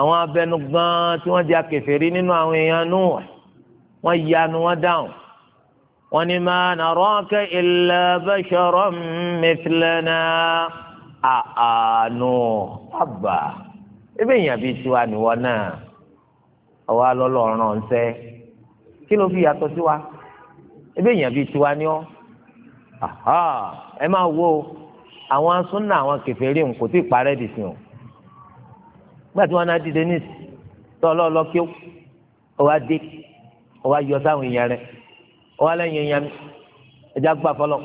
[SPEAKER 1] àwọn abẹnugan tí wọ́n di akèfèrí nínú àwọn èèyàn nù wọ́n yanu wọ́n dáhùn wọ́n ní ma naraka illa basharan mithlana àánú àbà ebe èèyàn bíi tiwa nìwọ náà àwa lọ́lọ́run ọ̀nsẹ́ kí ló fi yàtọ̀ sí wa ebe èèyàn bíi tiwa ni ọ́ ẹ máa wo àwọn súnà àwọn kèfèrí nkò tí ì parẹ́ dì sí wọn gbàtí wọn náà dìde ní ìsì tọlọ lọ kí ó wá dé ó sáwọn èèyàn rẹ ó wá lẹ́yìn èèyàn mi ẹjá gbà fọlọ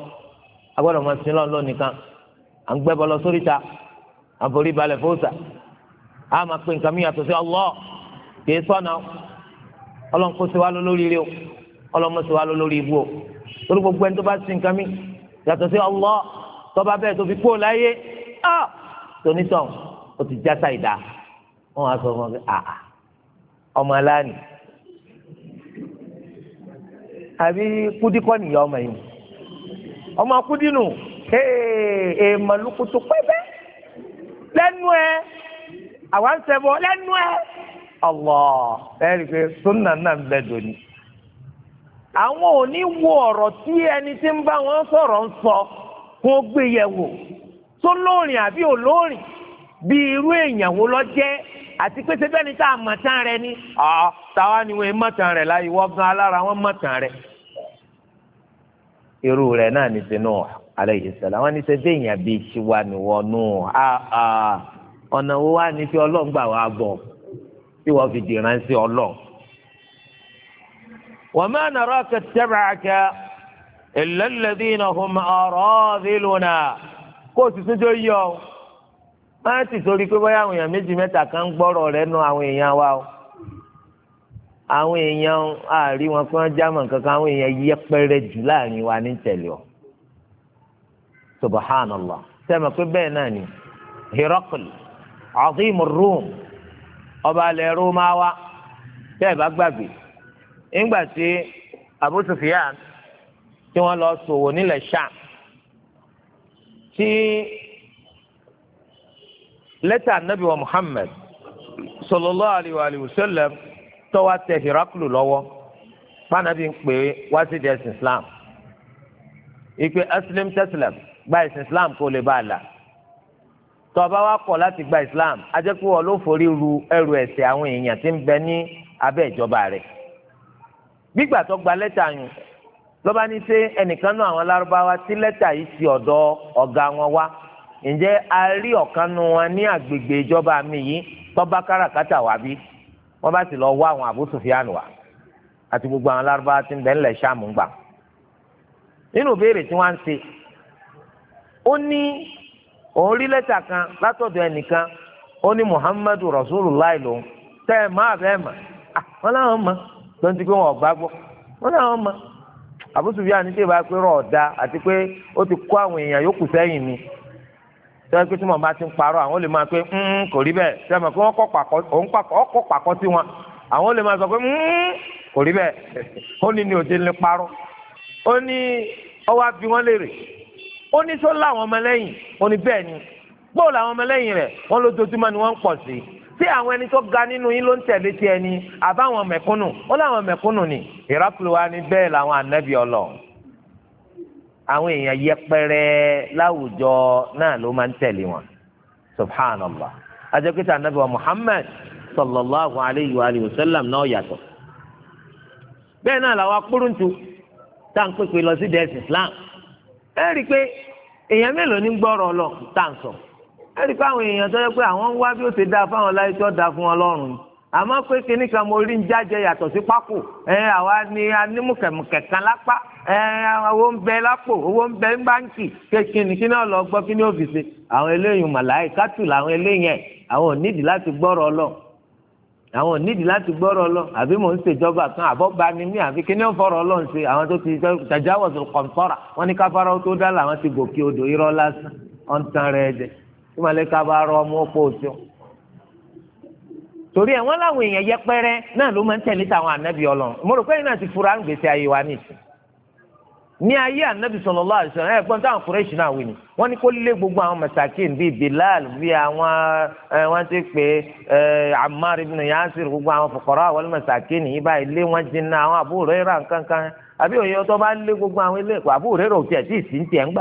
[SPEAKER 1] agbọ́dọ̀ máa sin lọlọ nìkan à ń gbẹbọ lọ sórí ta à ń forí balẹ̀ fóòsà a máa pe nǹkan mi yàtọ̀ sí ọlọ kìí sọnà ọlọ́nkó sí wa lórí rẹ o ọlọ́mọ sí wa lórí ibú o torí gbogbo ẹni tó bá sin nǹkan mi yàtọ̀ sí ọlọ tọba bẹ́ẹ̀ tó fi kú ọ láyé ah tonítàn o ti já sáì wọn á sọ fún ọ pé àà ọmọ aláàánì àbí kúdíkọ́ nìyá ọmọ yìí ọmọ kúdínù ee màlúkutù pẹ́pẹ́ lẹ́nu ẹ àwa ń sẹ́bọ̀ lẹ́nu ẹ Allah ẹ̀rí pé sunna náà ń bẹ dòní. àwọn ò ní wo ọ̀rọ̀ tí ẹni tí ń bá wọn sọ̀rọ̀ ń sọ kó gbé yẹ̀ wò tó lóòrìn àbí ò bí irú èèyàn wo lọ jẹ́ àti pé ṣe bẹ́ẹ̀ ni tá a mọ̀ tán rẹ ni ọ̀ táwa ni wọ́n mọ̀ tán rẹ láyé wọ́n gan alára wọ́n mọ̀ tán rẹ. irú rẹ̀ náà ní ti Nuh alayhi wọ́n ní ṣe bẹ́ẹ̀ bíi tiwa ni ọ̀nà wo wá ní fi ọlọ́run gbà wá bọ̀ tí wọ́n fi dì ránṣẹ́ ọlọ́run. wa ma naraka ittaba'aka illa alladhina hum aradhiluna kó o má ti torí pé bóyá àwọn èèyàn méjì mẹ́ta kan ń gbọ́rọ̀ rẹ̀ nu àwọn èèyàn wa o àwọn èèyàn àárí wọn fún jámọ̀ kankan àwọn èèyàn yẹpẹrẹ jù láàrin wa ní tẹ̀lé ọ subhanallah sẹ́mi pé bẹ́ẹ̀ náà ni Herakl azim Rome ọba alẹ́ Rómáwá bẹ́ẹ̀ bá gbàgbé nígbà tí Abu Sufyan tí wọ́n lọ ṣòwò nílẹ̀ Ṣáà tí lẹ́tà anabi wa muhammed sallallahu alayhi wa sallam tọ́wọ́ tẹ hirakulu lọ́wọ́ fanabi ń pè é wá sí di ẹ̀sìn islam ìpè aslim tẹsílẹm gba ẹ̀sìn islam kó lè bá a là tọba wa kọ̀ láti gba islam ajẹ́pẹ́ ló forí ru ẹrù ẹ̀ṣẹ̀ àwọn èèyàn tí ń bẹ ní abẹ́ ìjọba rẹ̀ gbígbà tó gba lẹ́tà yùn lọ́ba ní sẹ́ ẹnìkan náà àwọn lárúbáwá tí lẹ́tà yìí ti ọ̀dọ̀ ọ̀gá wọn wá ǹjẹ́ a rí ọ̀kan nu wọn ní agbègbè ìjọba mi yìí tọ́ba káràkátà wá bí wọ́n bá sì lọ wá àwọn àti gbogbo àwọn lárúbáwá tí ń bẹ nínú béèrè tí wọ́n ń ṣe ó ní òun rí lẹ́tà kan látọ̀dọ̀ ẹnìkan ó ní Muhammadu lòun tẹ́ ẹ̀ máa bẹ́ẹ̀ wọ́n láwọn mọ̀ tó ń ti pé wọn ti kó àwọn èèyàn sẹ́yìn mi sọ́yìn pé tí mo bá ti ń parọ́ àwọn lè máa pé kò rí bẹ́ẹ̀ sọ́yìn mọ̀ pé wọ́n kọ́ pàkọ́ sí wọn àwọn lè máa sọ pé kò rí bẹ́ẹ̀ ó ní ní òde ní parọ́ ó ní ọwọ́ àbí wọn léèrè ó ní sọ láwọn ọmọlẹ́yìn ó ní bẹ́ẹ̀ ni gbọ́ làwọn ọmọlẹ́yìn rẹ̀ wọ́n lójoojúmọ́ ni wọ́n ń pọ̀ sí i tí àwọn ẹni tó ga nínú yín ló ń tẹ̀lé tiẹ̀ ni àbáwọn mẹ̀kúnnù ó láwọn mẹ̀kúnnù ni ìrákùlù wa ni bẹ́ẹ̀ làwọn ànábì ọlọ́run àwọn èèyàn yẹpẹrẹ láwùjọ náà ló máa ń tẹ̀lé wọn subhanallah àjẹkítà anabi wa muhammad sallallahu alayhi wa sallam náà yàtọ̀ bẹ́ẹ̀ náà làwọn akpọ́rọ̀ǹtù tá à ń pèpè lọ sí dẹ́sí islam ẹ rí i pé èèyàn mélòó ní gbọ́rọ̀ lọ tá à ń sọ ẹ rí i pé àwọn èèyàn tó yẹ pé àwọn ń wá bí ó ṣe dáa fáwọn láyé tó dáa fún ọlọ́run àmọ́ pé kíní kan mo rí ń jájẹ yàtọ̀ sí pákó ẹ àwa ni anímùkẹ̀mùkẹ̀ kan lápá ẹ owó ń bẹ lápò owó ń bẹ ń báǹkì kékin kíní ọ̀lọ́ gbọ́ kíní òfìsè àwọn eléyìí màláì kátù làwọn eléyìí ẹ̀ àwọn ò nídìí láti gbọ́rọ̀ ọlọ́ àwọn ò nídìí láti gbọ́rọ̀ ọlọ́ àbí mò ń ṣèjọba kan àbọ̀ bá mi ní àfi kíní ọ̀fọ̀rọ̀ ọlọ́ ń ṣe àwọn tó ti tajáwọ̀sì kọ̀ǹtọ́rà wọn ní káfárọ́ tó torí ẹ wọn láwọn èèyàn yẹpẹrẹ náà ló máa ń tẹ̀lé táwọn ànábì Ọlọ́run mo rò pé iná ti fura gbèsè ayé wa nìsín ní ayé ànábì sallallahu alaihi wasallam ẹ̀gbọ́n táwọn kúrẹ́ṣì náà wí ni wọ́n lé gbogbo àwọn masakin bíi Bilal bíi àwọn wọ́n ti pè é Ammar ibn Yasir gbogbo àwọn fuqara wal masakin yìí báyìí lé wọ́n jìnnà àwọn Abu Hurairah kankan àbí òye tó bá lé gbogbo àwọn ilé ìpò Abu Hurairah òtí ẹ̀ tí ì sí ń tiẹ̀ ń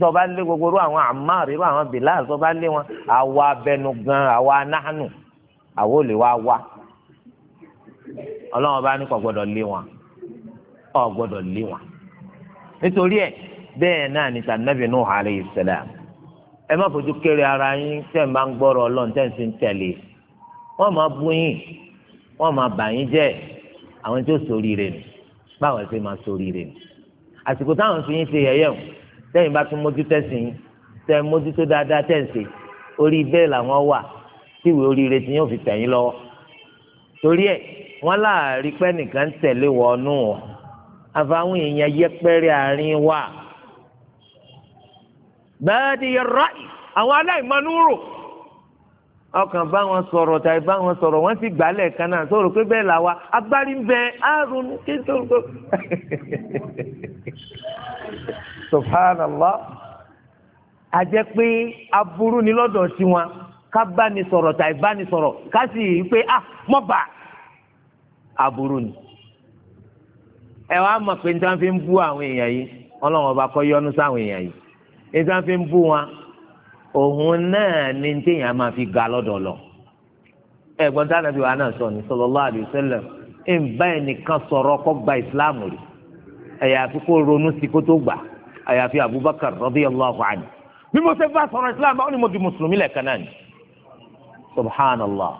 [SPEAKER 1] gbà lé gbogbo irú àwọn Ammar irú àwọn Bilal tó bá lé wọn àwa abẹnugan àwa nahanu àwọn ò lè wá wá ọlọ́run bá ní kò gbọ́dọ̀ lé wọn ò gbọ́dọ̀ lé wọn nítorí ẹ̀ bẹ́ẹ̀ náà ní sànàbì Nuh alayhi salam ẹ má fojú kéré ara yín tẹ́ ń bá ń gbọ́rọ̀ ọlọ́run tẹ́ ń sì ń tẹ̀lé wọ́n máa bú yín wọ́n máa bà yín jẹ́ àwọn tó ṣoríire nù báwọn ṣe máa ṣoríire nù àsìkò táwọn fi yín ṣe yẹ̀yẹ́ o tẹ́yìn bá tún mójútẹ́sìn yín tẹ́ mójútó dáadáa tẹ́ ń ṣe orí bẹ́ẹ̀ làwọn wà tíwèé oríire tí yóò fi tẹ̀yìn lọ́wọ́ torí ẹ̀ wọ́n láàrin pẹ́ nìkan tẹ̀lé wọnú ọ̀ àfàwọn èèyàn yẹpẹrẹ àárín wa bẹ́ẹ̀ ni yẹra àwọn aláìmọ́núrò ọkàn bá wọn sọ̀rọ̀ tàbí bá wọn sọ̀rọ̀ wọ́n sì gbálẹ̀ kan náà sọ̀rọ̀ pé bẹ́ẹ̀ làwa agbárí ń bẹ àrùn kí n tó ń gbọ́. subhanallah a jẹ́ pé aburú ni lọ́dọ̀ tiwọn ká bá ní sọ̀rọ̀ tàì bá ní sọ̀rọ̀ ká sì rí i pé ah mọ̀ bá aburú ni. ẹ wàá mọ̀ pé níta fi ń bú àwọn èèyàn yìí ọlọ́run ọba kọ́ yọnu sáwọn èèyàn yìí níta fi ń bú wọn òun náà ni téèyàn máa fi ga lọ́dọ̀ lọ. ẹ̀gbọ́n tí ànábì wa náà sọ ní sallallahu alaihi wasallam ń bá ẹnìkan sọ̀rọ̀ kó gba ìsìláàmù rí àyàfi kó ronú sí kó tó gbà àyàfi Abubakar radiyallahu anhu bí mo ṣe bá sọ̀rọ̀ ìsìláàmù báwo ni mo di mùsùlùmí lẹ́ẹ̀kan náà ni subhanallah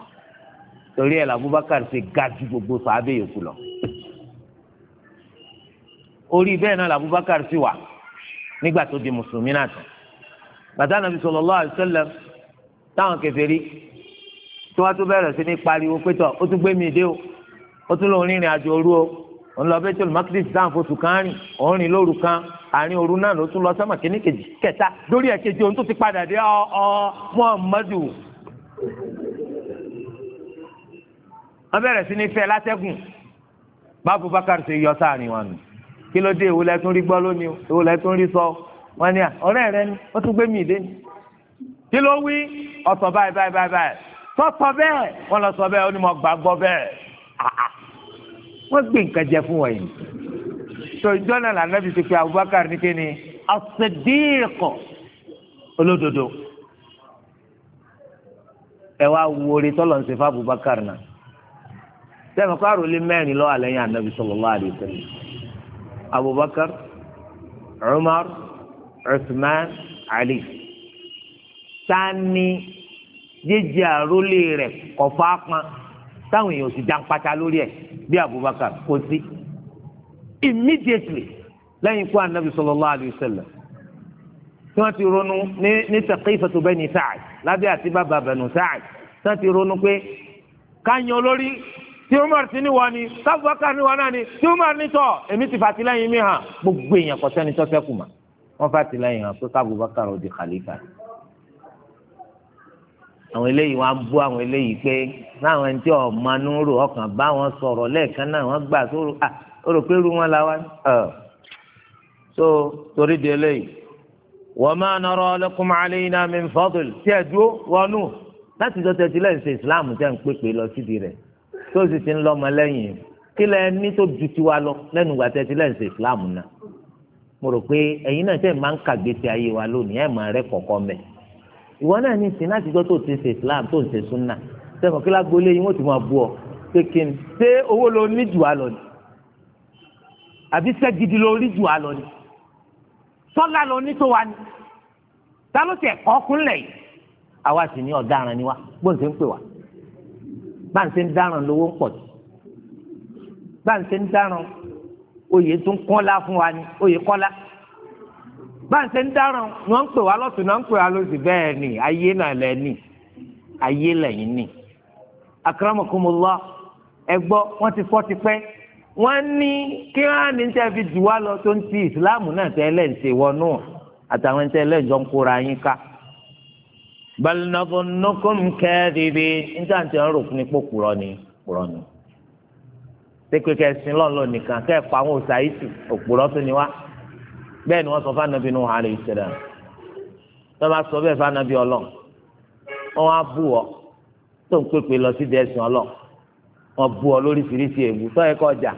[SPEAKER 1] torí ẹ̀ làbúbákàr ṣe ga ju gbogbo sàábẹ̀ yòókù lọ orí bẹ́ẹ̀ náà làbúbákàr ṣì wà nígbà tó di mùsùlùmí náà tán bàtà nàbí sallallahu alaihi wasallam táwọn kèfèrí tí wọ́n tún bẹ̀rẹ̀ sí ní pariwo pétọ ó tún gbé mi dé o ó tún lòun rìnrìn àjò òru o òun lọ bẹ́ẹ̀ tó lè mákìtì sí dáhùn fóṣù kan rìn òun rìn lóru kan àárín òru náà ló tún lọ sọmọ kíní kẹta lórí ẹ̀kejì òun tó ti padà dé ọ ọ Muhammadu wọ́n bẹ̀rẹ̀ sí ní fẹ́ látẹ́gùn bá Abubakar ṣe yọ sáàrin wọn nù kí ló dé ìwòlẹ́ tún rí gbọ́ lónìí ìwòlẹ́ tún rí sọ wọn ni à ọ̀rẹ́ rẹ ni ó tún gbé mi ìdé ni kí ló wí ọ̀sọ̀ báyìí báyìí báyìí báyìí sọ́sọ bẹ́ẹ̀ wọ́n lọ sọ bẹ́ẹ̀ ó ní mo gbàgbọ́ bẹ́ẹ̀ àà wọ́n gbé nǹkan jẹ fún wọ̀nyí tó ìjọ náà lànà fi ti pe Abubakar ní kíni as-Siddiq olódodo ẹ wá wo orí tọ́lọ̀ ń ṣe fún Abubakar náà sẹ́mi kó àròlé mẹ́rin lọ́wọ́ àlẹ́yìn anabi sallallahu alaihi wasallam Abubakar Umar Uthman Ali sani jíjẹ àròlé rẹ̀ kọ̀fọ́ apọn táwọn èèyàn sì jàǹpátá lórí ẹ̀ bí Abubakar kò sí immediately lẹ́yìn kó anabi sallallahu alaihi wasallam tí wọ́n ti ronú ní ní Saqifatu Bani Sa'd lábẹ́ àti bàbá Banu Sa'd tí wọ́n ti ronú pé káyọ̀ olórí tí Umar ti ní wọn ni káfíńkà ní wọn náà ni tí Umar ní tọ̀ èmi ti fàtìlẹ́yìn mi hàn gbogbo èèyàn kọ́ sẹ́ni tọ́sẹ́ kù mà wọ́n fàtìlẹ́yìn hàn pé kábùbákà rọ̀ di khalifa àwọn eléyìí wọn á bú àwọn eléyìí pé láwọn ẹni tí ọmọ nùrù ọkàn bá wọn sọ̀rọ̀ lẹ́ẹ̀kan náà wọ́n gbà sórò à ó rò pé irú wọn la wá. so torí di eléyìí wa ma nara lakum alayna min fadl tí ẹ dúró wọnú láti jọ tẹ̀sí lẹ́yìn ṣe islam tẹ́ ń pèpè lọ síbi rẹ̀ tó sì ti ń lọ́mọ lẹ́yìn kí lẹ ní tó ju tiwa lọ lẹ́nu ìgbà tẹ̀sí lẹ́yìn ṣe islam náà mo rò pé ẹ̀yin náà tẹ̀ máa ń kàgbésí ayé wa lónìí ẹ̀ máa rẹ́ kọ̀ọ̀kọ́ mẹ́ ìwọ náà ní sin láti jọ tó ti ṣe islam tó ń ṣe sunna sẹ́kọ̀ọ́ sọ́lá lọ ní tó wa ni ta ló tiẹ̀ kọ́ kúnlẹ̀ yìí àwa sì ní ọ̀daràn ni wa bó ń ṣe ń pè wá bá ń ṣe ń dáràn lówó ń pọ̀ jù bá ń ṣe ń dáràn oyè tún kọ́lá fún wa ni oyè kọ́lá bá ń ṣe ń dáràn ni wọ́n ń pè wá lọ́sùn náà ń pè wá lọ́sùn bẹ́ẹ̀ ni ayé náà lẹ́ ní ayé lẹ́yìn ní akramakumullah ẹ wọ́n ti fọ́ tipẹ́ wọ́n ní kí wọ́n á ní tẹ́ fi jù wá lọ tó ń ti ìsìláàmù náà tẹ́ lẹ́ ń ṣe wọnú àtàwọn tẹ́ lẹ́ ń jọ kóra yín ká. balùwẹ̀nàfọ̀nàkùn kẹ́ẹ̀dìbì níta ti ń rò fún ní pòkùrọ̀ ni pòkùrọ̀ ni. pépé kẹsìn lọ́nlọ́ nìkan kẹ́ẹ̀kọ́ àwọn òṣàìsì òpùrọ̀ tó ni wá. bẹ́ẹ̀ ni wọ́n sọ fáànàbí nù hàn lè ṣẹlẹ̀ tó bá sọ bẹ́ẹ̀ fáànàbí ọlọ́run wọ́n á bù ọ tó ń pépé lọ sí wọn bu ọ lóríṣiríṣi ègbù tó yẹ kọ ọjà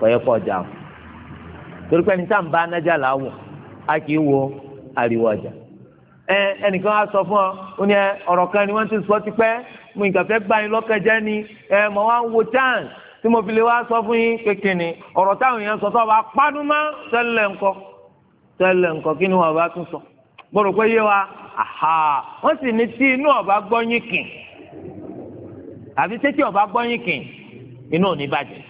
[SPEAKER 1] kọ yẹ kọ ọjà o torí pé ẹni tá à ń bá anájà làwọ a kì í wo ariwo ọjà ẹ ẹnìkan á sọ fún ọ ó ní ọ̀rọ̀ kan ni wọn ti sọ tipẹ́ mo nǹkan fẹ́ yín lọ́kàn ni ẹ mọ wá ń wo chance tí mo fi lè wá sọ fún yín kékeré ni ọ̀rọ̀ táwọn èèyàn sọ tó wàá pánú mọ́ tẹ́lẹ̀ ńkọ́ tẹ́lẹ̀ ńkọ́ kí ni wọn bá tún sọ gbọ́dọ̀ pé yé wa aha wọ́n sì ní tí inú ọba gbọ́ yín kìn àfi sétí ọba gbọ́yìn kìn inú òní bàjẹ́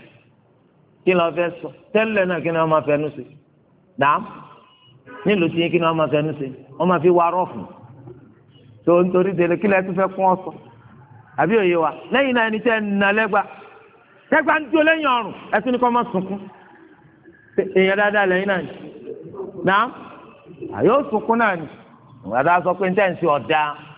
[SPEAKER 1] kí ni wọ́n fẹ́ sọ tẹ́lẹ̀ náà kí ni wọ́n máa fẹnu sí nílùú kí ni fi wá rọ́ọ̀fù tó nítorí délé kí lẹ́ẹ̀ fẹ́ kún ọ̀sọ̀ àbí òye wa lẹ́yìn náà ẹni tẹ́ ẹ nà lẹ́gba lẹ́gba ń dúró lẹ́yìn ọ̀rùn ẹtún ni kò máa sunkún èèyàn dáadáa lẹ́yìn náà ni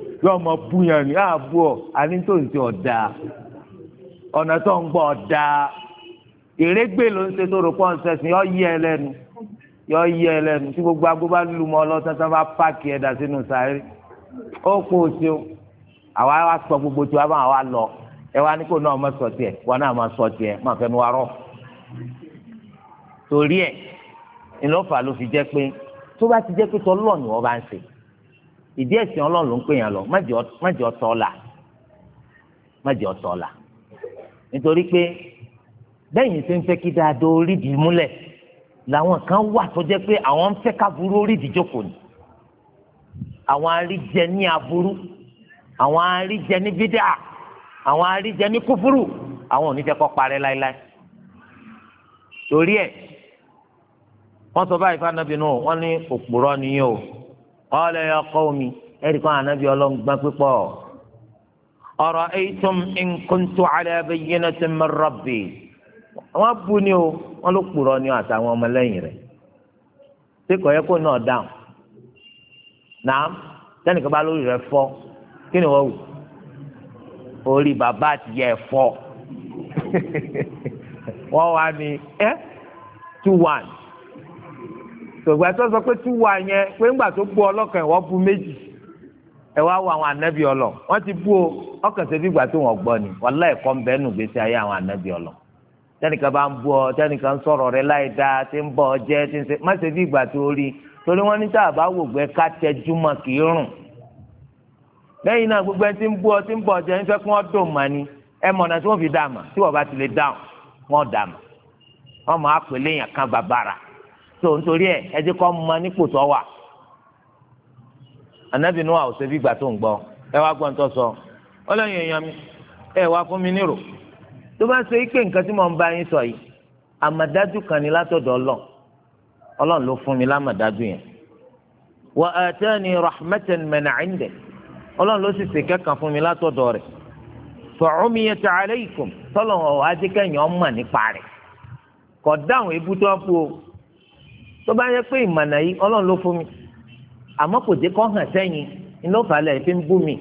[SPEAKER 1] yóò mọ búyàn ah, ní ààbò ọ àní tó ń ti ọ̀dà ọ̀nà tó ń gbọ́ ọ̀dà ìrégbè ló ń ṣe tó rò pọ́n sẹ́sìn yọ yí ẹ lẹ́nu yọ yí ẹ lẹ́nu tí gbogbo agbó lu mọ́ ọlọ́sán tó bá páàkì ẹ̀dà sínú sáré ó kó o ṣe o àwa wa sọ gbogbo tí wa bá wa lọ ẹ wá ní kó náà má sọ tiẹ̀ wọn náà má sọ tiẹ̀ má fẹnu wa rọ torí ẹ̀ ńlọ́fà ló fi jẹ́ pé tó bá ti jẹ́ pé tọ́lọ́ ni wọ́n bá ń ṣe ìdí ẹ̀sìn ọlọ́run ló ń pè yàn lọ májì ọ̀tọ̀ ọ̀la májì ọ̀tọ̀ ọ̀la nítorí pé bẹ́yìn ṣe ń fẹ́ kí dáadọ́ orídìí múlẹ̀ làwọn kan wà tó jẹ́ pé àwọn ń fẹ́ káburú orídìí jókòó ni àwọn aríjẹ ní aburú àwọn aríjẹ ní bídà àwọn aríjẹ ní kúfúrú àwọn ò ní jẹ́ kó parẹ́ láéláé torí ẹ̀ wọ́n sọ báyìí fún anábìínú wọn ní òpùrọ́ nìyẹn o qala ya qawmi ẹ̀rí kan ànábì ọlọ́run gbọ́n pípọ̀ ara'aytum in kuntu ala bayyinatin min rabbi wọ́n bu ni o wọ́n ló kpọ̀rọ̀ ni àtàwọn ọmọlẹ́yìn rẹ̀ ṣé kò yẹ kó náà dáhùn náà sẹ́nìkan bá lórí rẹ̀ fọ́ kí ni wọ́n wù orí bàbá àti yẹ fọ́ wọ́n wá ní ẹ́ two one sọgbà tó sọ pé tú wa yẹn pé ńgbà tó bu ọlọ́kàn ìwọ́ bu méjì ẹ wá wo àwọn ànábì ọlọ wọ́n ti bú o ọkàn ṣe bí ìgbà tó wọ́n gbọ́ ni wàlá ẹ̀kọ́ ń bẹ́ẹ̀ nù gbèsè ayé àwọn ànábì ọlọ tẹnìkan bá ń bú ọ tẹnìkan sọ̀rọ̀ rẹ láì dáa tí ń bọ̀ ọ jẹ́ tí ń ṣe má ṣe bí tó rí torí wọ́n ní tá a bá wò gbẹ ká tẹjúmọ́ kì í rùn lẹ́yìn náà gbogbo ẹni tí ń bú ọ tí ń bọ̀ ọ jẹ́ ń kí wọ́n dùn mọ́ ni ẹ mọ̀nà tí wọ́n fi dà tí wọ́n bá ti lè dáhùn wọ́n dà wọ́n máa pè léèyàn kan bàbàrà so nítorí ẹ ẹ jẹ́ kó mọ nípò tó wà anabi Nuhu àwòsàn bí gbà tó ń gbọ́ ẹ wá gbọ́ nítorí sọ ọlọ́yin èèyàn mi ẹ wá fún mi nírò tó bá ṣe pé nǹkan tí mo ń bá yín sọ yìí àmàdájú kan ni látọ̀dọ̀ ọlọ́ ọlọ́run ló fún mi lámàdájú yẹn rahmatan ọlọ́run ló sì ṣe kẹ́kàn fún mi látọ̀dọ̀ rẹ̀ tọ́lọ̀ tó bá yẹ pé ìmọ̀nà yìí ọlọ́run ló fún mi àmọ́ kò dé kọ́ hàn sẹ́yìn ńlọ́fàálẹ̀ fi ń bú mi.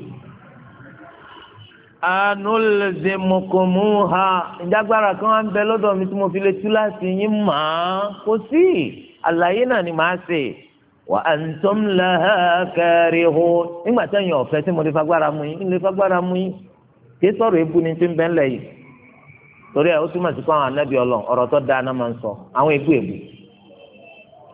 [SPEAKER 1] anulzimukumu ha ìjágbára kan ń bẹ lọ́dọ̀ mi tí mo fi lè tú láti yín mọ́ kò sí àlàyé náà ni màá ṣe wà á ń tọ́ ń lọ ha kẹrì hó nígbà sẹ́yìn ọ̀fẹ́ tí mo lè fagbára mu yín lè fagbára mu yín kí sọ̀rọ̀ ebu ni ti ń bẹ́ ń lẹ̀ yìí torí ẹ̀ ó túmọ̀ sí pé àwọn anábì ọ̀rọ̀ tó dáa náà máa ń sọ àwọn ebu ebu.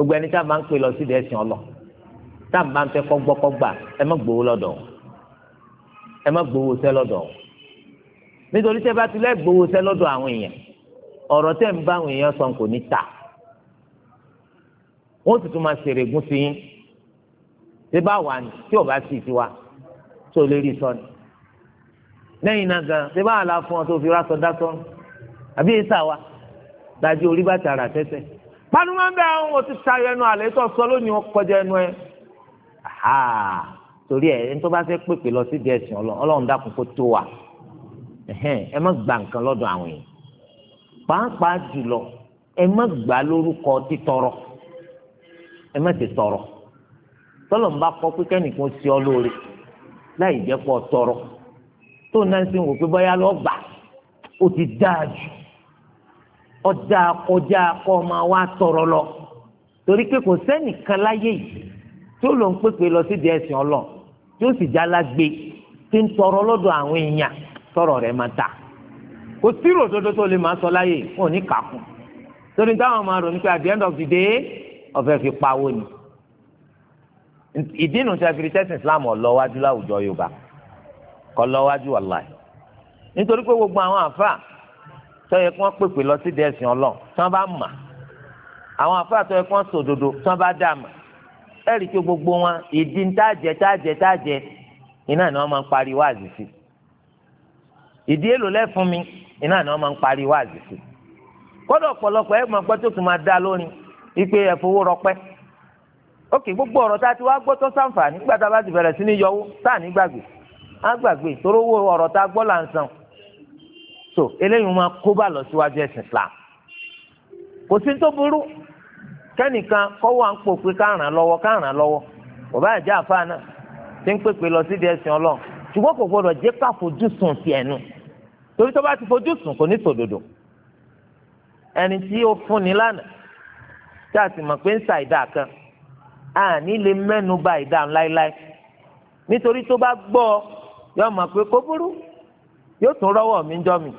[SPEAKER 1] gbogbo ẹni tá a máa ń pè lọ sí ìdẹ́sìn ọlọ tá a máa ń fẹ́ kọ́gbọ́kọ́gbà ẹ má gbowó lọ́dọ̀ ẹ má gbowó sẹ́ lọ́dọ̀ nítorí tẹ́ bá ti lẹ́ gbowó sẹ́ lọ́dọ̀ àwọn èèyàn ọ̀rọ̀ tẹ́ ń bá àwọn èèyàn sọ kò ní ta wọ́n sì tún máa ṣèrè gún sí yín tí bá wà ní tí ò sì ti wá tó lè rí sọ́ni lẹ́yìn náà gan tí bá wà láfún ọ tó fi rásọ dá sọ́run àbí èyí sà wa dájú orí bàtà rà tẹ́tẹ́ tani máa ń bẹ àwọn ohun ti ṣayọ ẹnu àlẹ tó sọ lónìí wọn kọjá ẹnu ẹ torí ẹ ẹni tó bá fẹ́ pèpè lọ sí díẹ̀ sìn Ọlọ́run dákun kó tó wa ẹ má gba nǹkan lọ́dọ̀ àwọn yìí pàápàá jùlọ ẹ má gbà lórúkọ títọrọ ẹ má ti tọrọ tọ́lọ̀ ń bá kọ́ pé kẹ́nìkan sí ọ lóore láì jẹ́ pọ̀ tọrọ tó náà sì ń wò pé bóyá lọ́ọ́ gbà ó ti dáa jù ọjà kọjá kọ́ máa wá tọrọ lọ torí pé kò sẹ́nìkan láyé yìí tí ó lọ ń pèpè lọ sí díẹ̀ sìn ọlọ tí ó sì já lágbe tí ń tọrọ lọ́dọ̀ àwọn èèyàn tọrọ rẹ̀ máa ta kò sí ròdodo tó lè máa sọ láyé wọn ò kàkún torí táwọn máa rò pé at the end of the day ọ̀fẹ́ fi pawó ni ìdí nu sẹ́fìrì tẹ́sán islam ọ̀lọ́wájú láwùjọ yorùbá kọ́ lọ́wájú wàláì nítorí pé gbogbo àwọn àfáà tọ́yẹ kí wọ́n pèpè lọ sí dẹ́sìn ọlọ́run tí wọ́n bá mà àwọn àfáà tọ́yẹ kí wọ́n sòdodo tí bá dà mà gbogbo wọn ìdí tájẹ tájẹ tájẹ iná ni wọ́n máa ń parí wáàzì sí ìdí èlò lẹ́fun mi iná ni wọ́n máa kọ́dọ̀ ọ̀pọ̀lọpọ̀ ẹ̀ máa gbọ́ tó tún máa dá gbogbo ọ̀rọ̀ tá a ti wá gbọ́ tó nígbà tá a so eléyìí máa kó bá lọ síwájú ẹ̀sìn Islam kò sí tó burú kẹ́nìkan kọ́wọ́ à ń pò pé káràn lọ́wọ́ káràn lọ́wọ́ bàbá àjẹ́ àfáà náà ti ń pèpè lọ sí ẹ̀sìn Ọlọ́run ṣùgbọ́n kò gbọdọ̀ jẹ́ ká fojú sùn sí ẹnu torí tó bá ti fojú sùn kò ní sòdodo ẹni tí ó fúnni lánàá tí a sì mọ̀ pé ń sa ìdá kan a ní lè mẹ́nu bà ìdá láéláé nítorí tó bá gbọ́ yọ mọ̀ pé kó burú yóò tún rọ́wọ́ mi jọ mi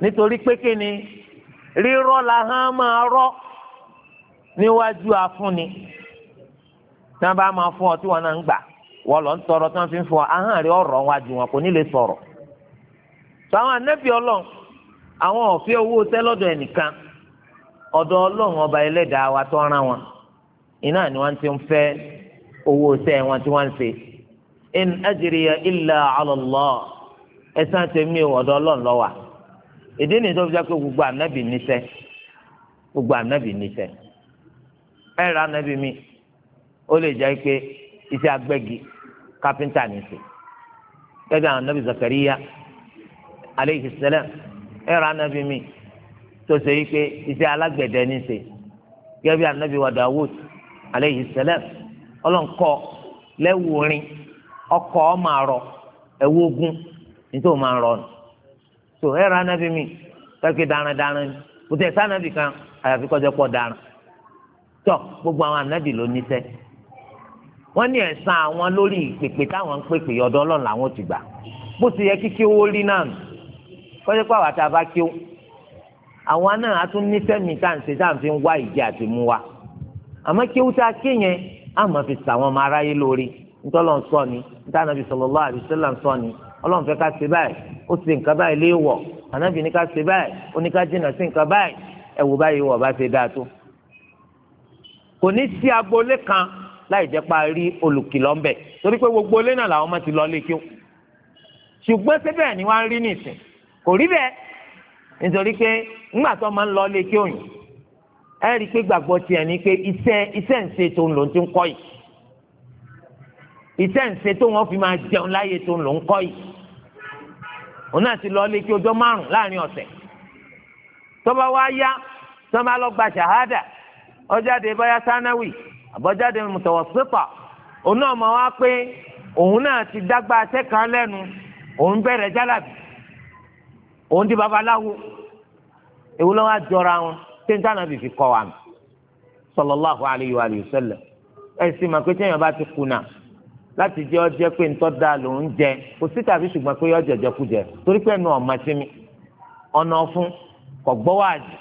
[SPEAKER 1] nítorí pé kí ni rịrọla la hàn máa rọ́ níwájú afúnni tí wọ́n ọ tí wọ́n náà ń gbà wọ́n lọ ń tọrọ tí wọ́n fi ń fún ọ ahọ́n wájú wọn kò ní lè tó ọba wa tó wọn iná ni ti ń owó sẹ́ wọn ala ẹ̀san tèmi ọ̀dọ̀ Ọlọ́run ló wà ìdí nìyí tó fi jẹ́ gbogbo ànábì níṣẹ́ gbogbo ànábì níṣẹ́ ẹ ra ànábì mi ó lè jẹ́ pé iṣẹ́ agbẹ́gi kápẹ́ńtà ní ṣe gẹ́gẹ́ àwọn ànábì Zakariya aleyhi ẹ ra ànábì mi tó ṣe pé nítorí o máa rọrùn tó ẹ ra anabi mi kẹ́kẹ́ darandaran ni kò tẹ̀ sí anabi kan àyàfi kọjá pọ̀ daran tọ́ gbogbo àwọn anabi ló níṣẹ́ wọ́n ní ẹ̀san àwọn lórí ìpèpè táwọn ń pèpè ọ̀dọ̀ ọlọ́run làwọn ti gbà bó ti yẹ kíkí owó rí náà nù kọ́jú pé àwọn àtàbá kí ó àwọn náà a tún níṣẹ́ mi tá à ń ṣe tá à ń fi wá ìdí àti mú wa àmọ́ kí ó tá kí yẹn á fi sàwọn ọmọ aráyé lórí ntọ́lọ́ sọ ọlọ́run fẹ́ ká ṣe báyìí ó ṣe nǹkan báyìí léèwọ̀ ànábì ní ká ṣe báyìí ó ní ká jìnnà sí nǹkan báyìí ẹ wò báyìí wọ̀ bá ṣe dáa tó. kò ní sí agboolé kan láì jẹ́ pa rí olùkìlọ̀ ńbẹ̀ torí pé gbogbo olé náà làwọn ọmọ ti lọ lé kí ó. ṣùgbọ́n síbẹ̀ ni wọ́n á rí nìsín kò rí bẹ́ẹ̀ nítorí pé ńgbà tó máa ń lọ lé kí òyìn ẹ rí i pé gbàgbọ́ tiẹ̀ ni pé iṣẹ́ iṣẹ́ ń ṣe tó ń lò ń ti ń kọ́ yìí iṣẹ́ ńṣe tó wọ́n fi máa jẹun láyé tó ń lò ń kọ́ yìí òun náà ti lọ lé kí ọjọ́ márùn láàrin ọ̀sẹ̀ tọ́ba wá yá tọ́ba lọ gba ṣàhádà ọjáde báyá sánáwì àbọ̀jáde mùtọ̀wọ̀sípà òun náà máa wá pé òun náà ti dágbà aṣẹ́ lẹ́nu òun bẹ̀rẹ̀ jálàbì òun di babaláwo èwo ló wá wọn tí n tànà bìbí kọ́ wa mi sallallahu alayhi wa sallam ẹ̀ sì mà pé láti jẹ́ ọjẹ́ pé ntọ́ da ló ń jẹ kò sí tàbí ṣùgbọ́n pé ọjọ́ jẹkújẹ torí pé ẹnu ọ̀ma sí mi ọ̀nà ọ̀fun kò gbọ́wọ́ àjì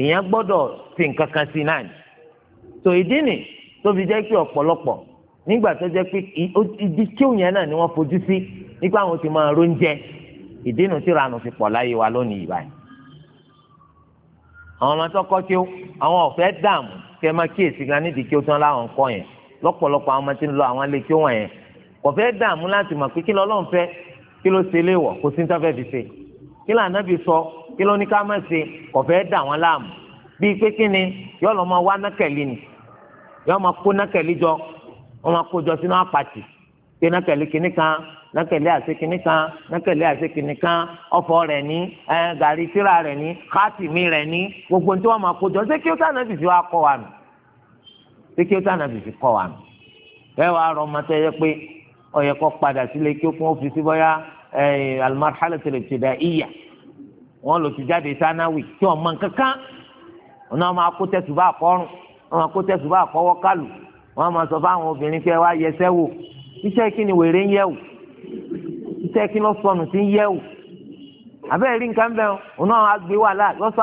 [SPEAKER 1] èèyàn gbọ́dọ̀ ti nǹkan kan sí náà ni tò ìdí nì tó fi jẹ́ pé ọ̀pọ̀lọpọ̀ nígbà tó jẹ́ pé ibi kíw yẹn náà ni wọ́n fojú sí nípa àwọn tí máa ró ń jẹ ìdí nù tí ranù fi pọ̀ láyé wa lónìí báyìí àwọn ọmọ tó kọ́ kíw àwọn ọ̀fẹ́ dààmú kẹ́ máa lọ́pọ̀lọpọ̀ àwọn ọmọ tí ń lọ àwọn alẹ́ kí wọ́n yẹn kò fẹ́ dààmú láti mọ̀ pé kí ló lọ́n fẹ́ kí ló ṣe léwọ̀ kò sí ní tọ́fẹ́ fi ṣe kí ló ànábì sọ kí ló ní ká má ṣe kò fẹ́ dà wọ́n láàmú bíi pé kí ni yọ lọ́ máa wá nákẹ́lì ni yọ máa kó nákẹ́lì jọ wọ́n máa kó jọ sínú àpàtì pé nákẹ́lì kìíní kan nákẹ́lì àṣẹ kìíní kan nákẹ́lì àṣẹ kìíní kan ọ̀fọ̀ rẹ̀ ní gàrí síra rẹ̀ ní kátìmí rẹ̀ ní gbogbo ní tí wọ́n máa kó jọ ṣé kí ó sànà fìfì wá kọ́ wa nù ṣé kí ó tànà fìfì kọ́ wa nù bẹ́ẹ̀ wàá rọ ọmọ tó yẹ pé ó yẹ padà sílé kí ó kún òfin sí bóyá alimarhala tẹlẹ ti da iya wọn lò ti jáde sanawi tí wọn mọ kankan wọn náà máa kó tẹsùbá àkọrùn wọn máa kó tẹsùbá àkọwọ kálù wọn máa sọ fáwọn obìnrin pé wá yẹsẹ wò iṣẹ́ kí ni wèrè ń yẹ̀ wò iṣẹ́ kí ló sọnù sí ń yẹ̀ wò abẹ́rẹ́ rí nǹkan bẹ́ẹ̀ wọn náà á gbé wàhálà yọ sọ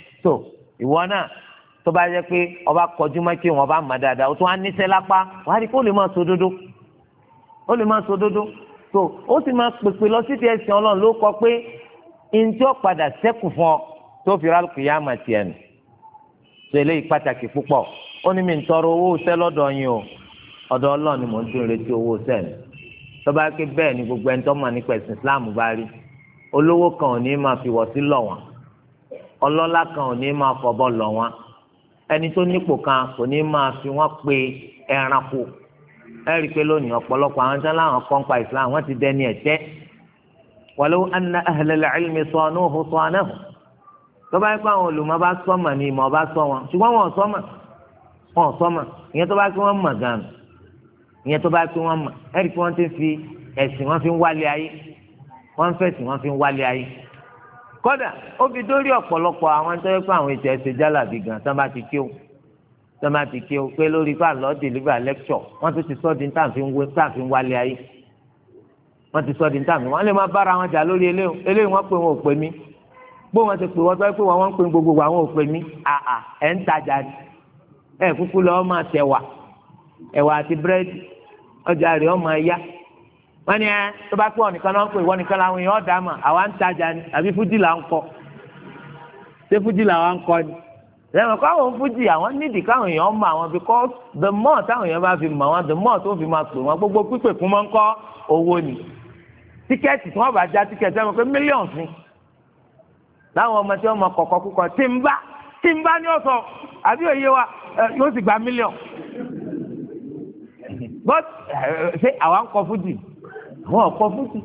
[SPEAKER 1] tó ìwọ náà tó bá yẹ pé ọba kọjú mọ́ kí wọn bá mọ̀ dáadáa o tún á níṣẹ́ lápá wàá rí i kó lè máa sọ dodo ó lè máa sọ dodo tó ó sì máa pèpè lọ sí ti ẹ̀sìn ọlọ́run ló kọ pé njẹ́ padà sẹ́kù fún ọ tó fi rálùkù yá àmà tiẹ̀ nù tó eléyìí pàtàkì púpọ̀ ó ní mi ń tọrọ owó sẹ́ lọ́dọ̀ yín o ọ̀dọ̀ ọlọ́run ni mò ń dún retí owó sẹ́ ni tó bá ké bẹ́ẹ̀ ni gbogbo ẹni tó mọ̀ nípa ẹ̀sìn Islam bá rí olówó kan ò ní máa fi wọ̀ sí lọ̀ wọ́n ọlọ́lá kan ò ní máa fọbọ́ lọ wọn ẹni tó nípò kan kò ní máa fi wọn pe ẹranko ẹ rí i pé lónìí ọ̀pọ̀lọpọ̀ àwọn sẹ́lá àwọn kọ́ńpa Islam wọ́n ti dẹni ẹ̀tẹ́ walau anna ahlal ilmi sanuhu sanahu tó bá yẹ pé àwọn olùmọ̀ bá sọ́mà ni ìmọ̀ bá sọ wọn ṣùgbọ́n wọn ò wọn ò ìyẹn tó bá yẹ wọ́n mọ̀ gan ìyẹn tó bá yẹ wọ́n mọ̀ ẹ rí wọ́n ti fi ẹ̀sìn wọn fi ń wálé ayé wọ́n fẹ̀sìn wọn fi ń wálé ayé kódà ó fi dórí ọ̀pọ̀lọpọ̀ àwọn tó yẹ pé àwọn ètò ẹ̀sìn jálàbí gan tán bá ti kíó tán bá ti kíó pé lórí pé àlọ́ deliver lecture wọ́n tún ti sọ́ di táàfin wálé ayé wọ́n ti sọ́ di táàfin wọ́n lè má bára wọn jà lórí eléyìí eléyìí wọ́n pè wọn ò pè mí bó wọn ti pè wọ́n tó yẹ pé wọ́n ń pè gbogbo àwọn ò pè mí àà ẹ̀ ń tajà ẹ̀ kúkú lọ́ọ́ máa tẹ̀wà ẹ̀wà àti búrẹ́dì ọjà rẹ̀ ọ́ máa yá wọ́n ní ẹ tó bá pọ̀ nìkan ló ń pè wọ́n nìkan làwọn èèyàn ọ̀dà mà àwa ń tajà ni àbí fújì là ń kọ ṣé fújì làwa ń kọ ni lẹ́nu káwọn fújì àwọn nídìí káwọn èèyàn mọ àwọn because the more táwọn èèyàn bá fi mọ àwọn the more tó fi máa pè wọn gbogbo pípè kún mọ́ ń kọ́ owó ni tíkẹ́ẹ̀tì tí wọ́n bá já tíkẹ́ẹ̀tì ẹ̀ mọ̀ pé mílíọ̀nù ni láwọn ọmọ tí wọ́n mọ kọ̀kọ́ kúkọ tí ń bá tí ń bá ní ọ̀sán àbí òye wa yóò sì gba mílíọ̀nù but ṣé àwa ń kọ fújì wọn kọ fúti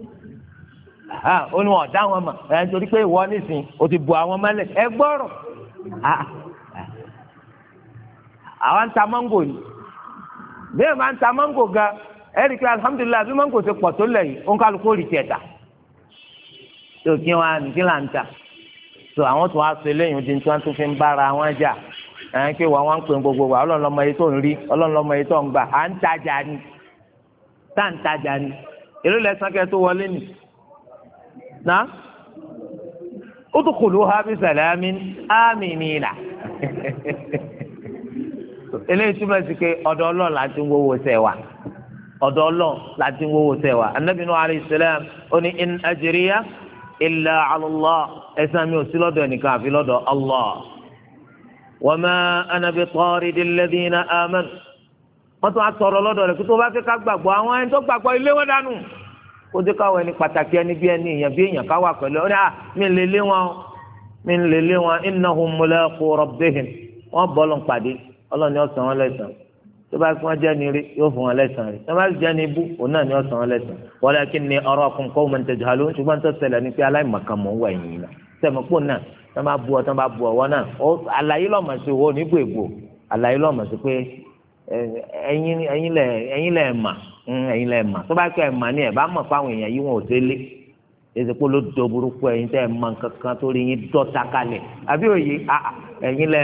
[SPEAKER 1] ó ní wọn ọ̀dá wọn mà ẹ̀ nítorí pé ìwọ nísìn o ti bu àwọn mọ́lẹ̀ ẹ gbọ́rọ̀ àwa ń ta mango ni bẹ́ẹ̀ máa ń ta mango gan ẹ̀rí pé alihamudulilayi bí mango ti pọ̀ tó lẹ́yìn ó ń kálukú rí tiẹ̀ ta tó kí wọn nìkí là ń ta tó àwọn tó wá so eléyìí di tí wọn tó fi ń bára wọn jà ẹn pé wọn wọn ń pè gbogbo wa ọlọ́run lọ́mọ yìí tó ń rí ọlọ́run lọ́mọ yìí tó ń gbà à ń tajà ni tá à ń tajà ni èló lẹ́sàn kẹ́ tó wọlé nì náà ó tó kò ló ha bí sàlámì ámìnira eléyìí túmọ̀ sí pé ọ̀dọ̀ ọlọ́ọ̀ la ti ń wọ́wọ́ sẹ́ wa ọ̀dọ̀ ọlọ́ọ̀ la ti ń wọ́wọ́ sẹ́ wa anabi nuhu alayhi salam ó ní in ajiriya illa ala Allah mi ò sí lọ́dọ̀ ẹnìkan àfi lọ́dọ̀ Allah wa ma ana bi taridil wọ́n tún á sọ̀rọ̀ lọ́dọ̀ rẹ̀ kí tó bá fẹ́ ká gbàgbọ́ àwọn ẹni tó gbàgbọ́ ilé wọn dànù kó dé káwọn ẹni pàtàkì ẹni bí ẹni èèyàn bí èèyàn káwà pẹ̀lú ọ̀rẹ́ à mí lè lé wọn mí lè lé wọn innahum mulaqu rabbihim wọ́n bọ́ lọ́n pàdé ọlọ́run ni ó san wọn lẹ́san tó bá fún wọn jẹ́ ni rí yóò fún wọn lẹ́san rí tó bá jẹ́ ni bú òun náà ni ó wọn lẹ́san walakinni ẹ̀yin ẹ̀yin lẹ ẹ̀yin lẹ lẹ mà tó ẹ ni ẹ bá mọ̀ fáwọn èèyàn yìí wọn ò délé èsì pé ló do burúkú ẹ̀yin tẹ ẹ mọ̀ kankan tó yín dọ́ta kalẹ̀ àbí òye ah, ah, ẹ̀yin lẹ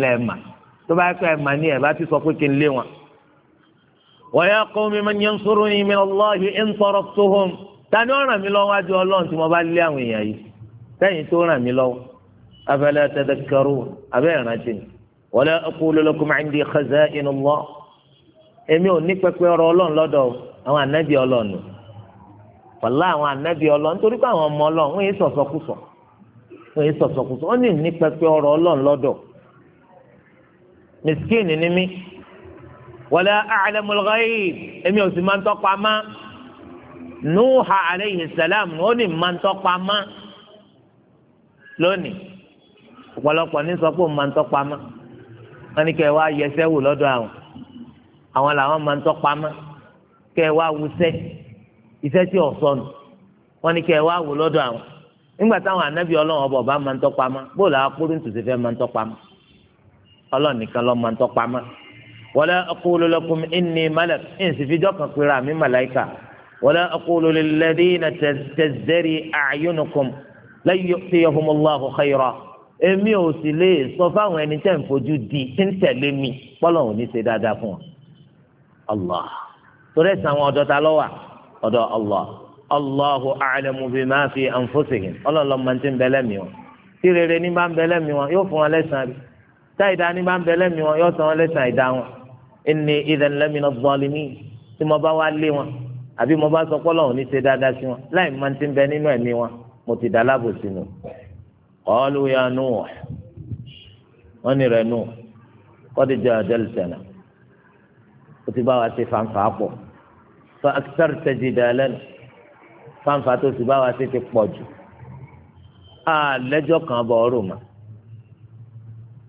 [SPEAKER 1] lẹ ẹ ti sọ pé kí n lé wọn. ya Allahi in taraktuhum tani ó ràn mí lọ́wọ́ wájú ọlọ́run tí mo bá lé àwọn èèyàn yìí sẹ́yìn tó wala aqulu lakum indi khazainullah èmi ò ní pẹpẹ ọ̀rọ̀ Ọlọ́run lọ́dọ̀ àwọn ànábì Ọlọ́run pẹ̀lú àwọn ànábì Ọlọ́run nítorí pé àwọn ọmọ Ọlọ́run wọn yé sọsọkùsọ wọn yé sọsọkùsọ wọn ní ní pẹpẹ ọ̀rọ̀ Ọlọ́run lọ́dọ̀ mìsíkìnì ni mí wala a'lamul ghaib èmi ò sì máa ń tọpa má nuha aleyhi salam ó ní máa ń tọpa má lónìí ọ̀pọ̀lọpọ̀ ní sọ pé ó máa ń tọpa má wọ́n ní kẹ́ ẹ wá yẹsẹ́ wò lọ́dọ̀ àwọn àwọn làwọn máa ń tọ́pamọ́ kẹ́ ẹ wá wusẹ́ iṣẹ́ tí ọ̀sọ́nù wọ́n ní kẹ́ ẹ wá wò lọ́dọ̀ àwọn nígbà táwọn anábì ọlọ́run ọba ọba máa ń tọ́pamọ́ bóòlù àwọn kúrúntù ti máa ń tọ́pamọ́ ọlọ́run nìkan ló máa ń tọ́pamọ́ wala aqulu lakum inni malak ẹ̀sìn fíjọ́ kan pera mi màláìkà wala aqulu lilladhina tazdari a'yunukum lan yu'tiyahumullahu khayra èmi ò sì lè sọ fáwọn ẹni tẹ́ ń fojú di tí ń tẹ̀lé mi pọ́lọ̀ ò ní ṣe dáadáa fún wọn. allah torí ẹ̀sìn àwọn ọ̀dọ́ ta ló wà ọ̀dọ̀ allah allahu a'lamu bima fi anfusihim ọlọ́lọ́ máa ti ń bẹ lẹ́mìí wọn tí rere ní bá ń bẹ lẹ́mìí wọn yóò fún wọn lẹ́sàn-án rí tá ìdá ní bá ń bẹ lẹ́mìí wọn yóò san wọn lẹ́sàn-án ìdá wọn inni idhan lamina zalimin tí mo bá wá lé wọn àbí mo bá sọ pọ́lọ̀ ò ní ṣe dáadáa sí wọn láì máa ti ń bẹ nínú ẹ̀mí wọn mo ti dá lábòsí nù qalu ya Nuh wọ́n ní rẹ̀ Nuh qad jadaltana ó ti bá wa ṣe fanfa pọ̀ fa aktharta jidalana fanfa tó ti bá wa ṣe ti pọ̀ jù á lẹ́jọ́ kan bọ̀ ọ́rùn mọ́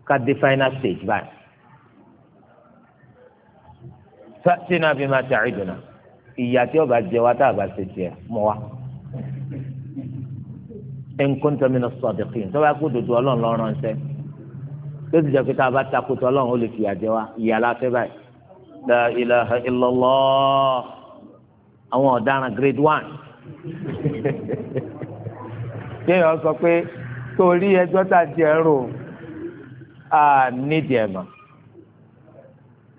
[SPEAKER 1] ká dé final stage báyìí fa'tina bima ta'iduna ìyá tí ọba jẹ wa tá a bá ṣe tiẹ̀ mọ́ wa in kunta mina as-sadiqin tó bá kó dodo ọlọ́run lọ́rọ́ ń sẹ́ tó ti jẹ́ pé tá a bá takò tó ọlọ́run ó lè fìyà jẹ wá ìyà la fẹ́ báyìí la ilaha illallah àwọn ọ̀daràn grade one kéèyàn sọ pé torí ẹjọ́ tá a jẹ ẹ̀rọ a nídìí ẹ̀ mọ́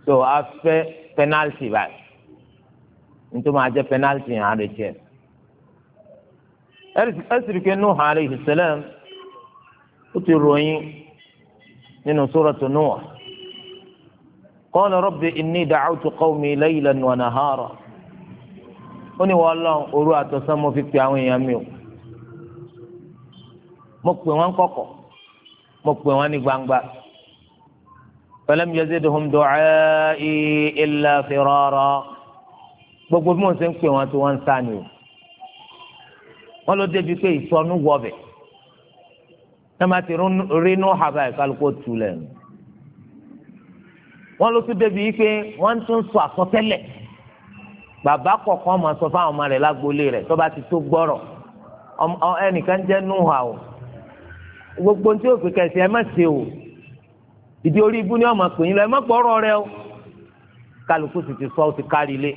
[SPEAKER 1] so a fẹ́ penalty báyìí nítorí máa jẹ́ penalty yẹn á lè jẹ́ ẹ̀ ẹsìrìkẹ Nuh alayhi salam ó ti ròyìn nínú suratu Nuh qala rabbi inni da'awtu qawmi laylan wa nahara ó ní wọ́n lọ́n òru àtọ̀sán mo fi pe àwọn èèyàn mi o mo pè wọ́n kọ̀kọ̀ mo pè wọ́n ní gbangba falam yazidhum du'ai illa firara gbogbo bí mo ṣe ń pè wọ́n tí wọ́n ń sá wọn ló débi pé ìsọnù wọbẹ ẹ má ti rínú haba ìkálukó tu lẹ́nu wọn ló tún débi pé wọn tún sọ àsọtẹ́lẹ̀ bàbá kọ̀ọ̀kan máa sọ fáwọn ọmọ rẹ̀ lágboolé rẹ̀ tó bá ti tó gbọ́rọ̀ ẹnìkan jẹ́ núhà o gbogbo tí o pè kẹsì ẹ má ṣe o ìdí orí ibú ni ọmọ pè yín lọ ẹ má gbọ́rọ̀ rẹ o kálukú sì ti sọ ó ti kárí ilé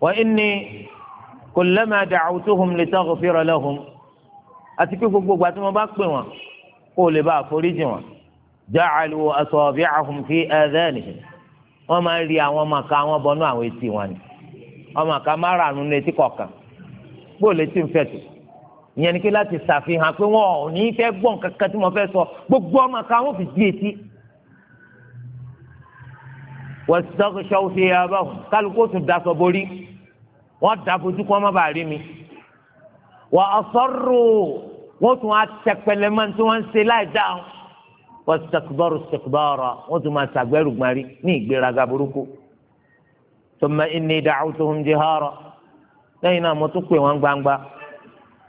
[SPEAKER 1] wọ́n ní kullama da'awtuhum litaghfira lahum àti pé gbogbo ìgbà tí wọ́n bá pè wọ́n kó lè bá àforíjì wọn ja'alu asabi'ahum fi adhanihim wọ́n máa ń rí àwọn màkà wọn bọnú àwọn etí wọn ni ọmọ àká márààrún létí kọ̀ọ̀kan gbọ́ létí ń fẹ̀tù ìyẹn ni pé láti ṣàfihàn pé wọn ò ní fẹ́ gbọ́ nǹkan tí mo fẹ́ sọ gbogbo ọmọ àká wọn fi di etí wọ́n ti sọ́kò ṣọ́ọ́ fi ẹ wọ́n dàbójú kọ́ má bàa rí mi wà ọ̀sọ́rò wọ́n tún á tẹpẹlẹ máa tí wọ́n ń ṣe láì dáhùn wọ́n sẹ̀kúbọ́rù sẹ̀kúbọ́rù wọ́n tún máa ṣàgbẹ́rù gbarí ní ìgbéraga burúkú tọ́mọ ẹni dàcú tó ń jihara lẹ́yìn náà mo tún pè wọ́n gbangba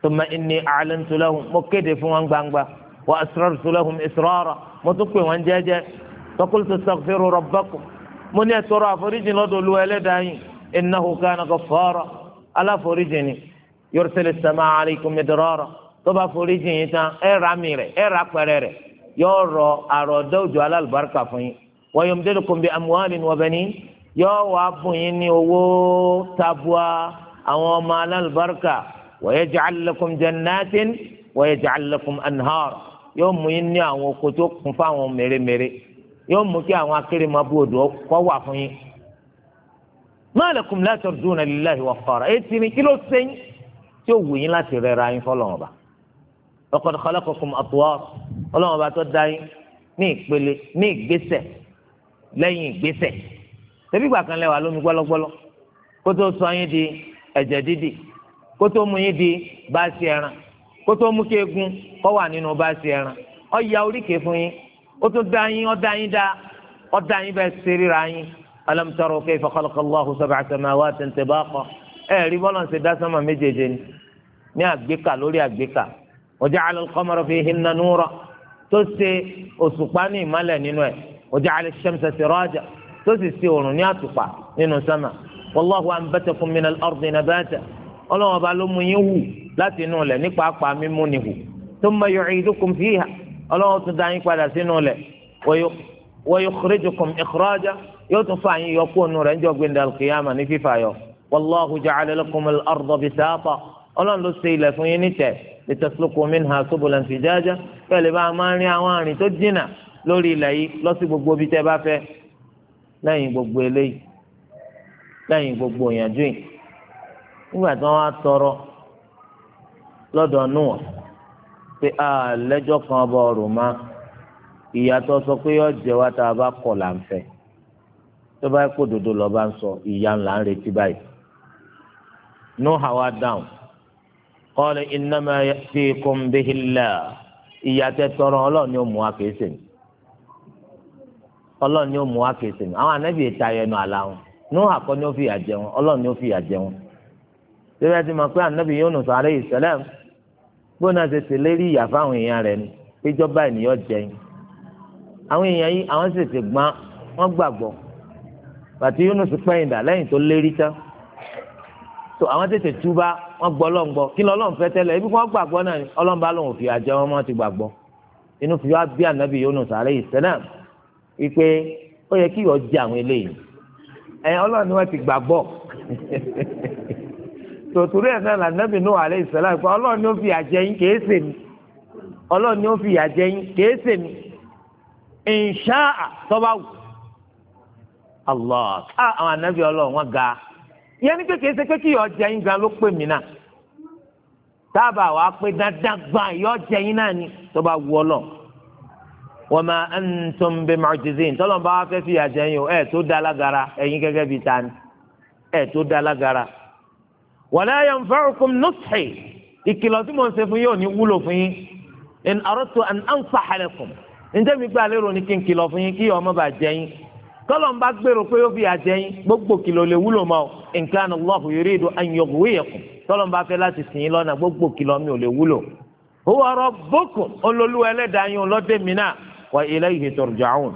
[SPEAKER 1] tọ́mọ ẹni àlẹ́ntu lẹ́hùn mo kéde fún wọn gbangba wà asrartu lẹ́hùn israra mo tún pè wọ́n jẹ́jẹ́ tọ́kùlù tó sàkfẹ́rù rabbakum mo ní ẹ̀tọ́rọ̀ àforíjì lọ́dọ̀ olúwa ẹlẹ́dàá yìí innahu kana ghaffara aláforíjì ni yursilis samaa alaykum midrara tó bá foríjì yín tán ẹ ra mi rẹ ẹ ra pẹrẹ rẹ yóò rọ àròdá òjò alálùbáríkà fún yín wa yumdidukum bi amwalin wa banin yóò wá bùn yín ní owó tabua àwọn ọmọ alálùbáríkà wa yaj'al lakum jannatin wa yaj'al lakum anhar yóò mú yín ní àwọn oko tó kún fún àwọn mèremère yóò mú kí àwọn akérèmọ́bù odò kọ́ wà fún yín ma lakum la tarjuna lillahi waqqara etí ni kí ló sẹ́yìn tí ó wù yín láti rẹra yín fọlọ́wọ́n ọba laqad khalaqakum atwar ọlọ́wọ́n ọba tó dá yín ní ìpele ní ìgbésẹ̀ lẹ́yìn ìgbésẹ̀ tẹ́bí gbà lẹ́wà lómi gbọ́lọ́gbọ́lọ́ kó tó sọ yín di ẹ̀jẹ̀ dídì kó tó mú yín di báàsì ẹran kó tó mú kí kọ́ wà nínú báàsì ẹran ó ya oríkèé fún yín ó tún dá yín ó dá yín dá ó dá yín bẹ́ẹ̀ ṣe ríra yín alam taro kayfa khalaqa Allahu sab'a samawatin tibaqa ẹ rí bọ́lá ṣe dá sánmà méjèèjì ni ní àgbékà lórí àgbékà wa ja'ala al-qamara fihinna nura tó ṣe òṣùpá ní ìmálẹ̀ nínú ẹ̀ wa ja'ala ash-shamsa siraja tó sì ṣe òrùn ní àtùpà nínú wallahu anbatakum minal ardi nabata ọlọ́wọ́n ba ló mú yín wù láti inú lẹ̀ ní pàápàá mímú ni hù thumma yu'idukum fiha ọlọ́wọ́n tún dá yín padà sínú lẹ̀ wa yukhrijukum ikhraja yóò tún fa àyìn yọkú ònú rẹ̀ níjọ́ gbẹ̀ndà kìyàmà ní fífa yọ wàlláhu ja'ala lakum al-arda bisaata ọlọ́run ló ṣe ilẹ̀ fún yín nítẹ̀ litasluku minha subulan fijaja bẹ́ẹ̀ lè bá a máa rin àwọn àrìn tó jìnnà lórí ilẹ̀ yìí lọ sí gbogbo ibi tẹ́ bá fẹ́ lẹ́yìn gbogbo eléyìí lẹ́yìn gbogbo ìyànjú yìí nígbà tí wọ́n á tọrọ lọ́dọ̀ Nuh pé a lẹ́jọ́ kan bọ̀ ọ̀rùn ma ìyàtọ̀ sọ pé yọ jẹ́ wa tá a bá kọ̀ là tó bá kó dodo lọ bá ń sọ ìyá ńlá ń retí báyìí Nuha wá dáhùn qala innama ya'tikum bihi Allah ìyá tẹ tọrọ ọlọ́ọ̀ni ó mú wa kìí sèmi ọlọ́ọ̀ni ó mú wa kìí sèmi àwọn anábì ètò ayẹnu àlà wọn Nuha kọ́ ni ó fìyà jẹ wọn ọlọ́ọ̀ni ó fìyà jẹ wọn síbẹ̀ tí mo pé anábì Yunus alayhi salam gbóná ṣe ṣèlérí ìyà fáwọn èèyàn rẹ̀ ni péjọba ènìyàn jẹ yín àwọn èèyàn yìí àwọn ṣèṣe gbọ́n wọ́n gbàgbọ́ bàtí Yunus pẹ̀yìndà lẹ́yìn tó lérí tán tó àwọn tètè túbá wọn gbọ́ lọ́n gbọ́ kí lọ́n fẹ́ tẹ́lẹ̀ ibi wọn gbàgbọ́ náà ni ọlọ́run bá lòun fi àjẹ wọn mọ́ ti gbàgbọ́ inú fi wá bí ànábì Yunus alayhi salam wípé ó yẹ kí ìwọ jẹ àwọn eléyìí ẹ ọlọ́run ni wọ́n ti gbàgbọ́ tòtúrú ẹ̀ náà lànàbì nù alayhi salam pé ọlọ́run ni ó fi àjẹ yín kèé sè mí ọlọ́run ni ó fi àjẹ yín kèé sè mí insha'a tọ́ba wù allah ah àwọn anabi Ọlọ́run wọn ga yẹn ní kékeré ṣe pé kí yọ jẹ yín gan ló pè mí náà tábà wàá pé dandan gbà yọ jẹ yín náà ni tó bá wù Ọlọ́run wa ma antum bimu'jizin tọ́lọ́n bá wá fẹ́ fìyà jẹ yín o ẹ̀ tó da lágara ẹ̀yin gẹ́gẹ́ bíi ta ni ẹ̀ tó da lágara wala yanfa'ukum nushi ìkìlọ̀ tí mo ń ṣe fún yín ní wúlò fún yín in aradtu an ansaha lakum ǹjẹ́ mi gbà lérò ní kí n kìlọ̀ fún yín kí ọmọ bá yín tọ́lọ̀ ń bá gbèrò pé ó fi àjẹyìn gbogbo kìlọ̀ lè wúlò mọ́ in kana Allahu yuridu an yughwiyakum tọ́lọ̀ ń bá fẹ́ láti sìn yín lọ́nà gbogbo kìlọ̀ mi ò lè wúlò. huwa rabbukum olólùwà ẹlẹ́dàá yín ọlọ́dẹ mi náà wa ilayhi turja'un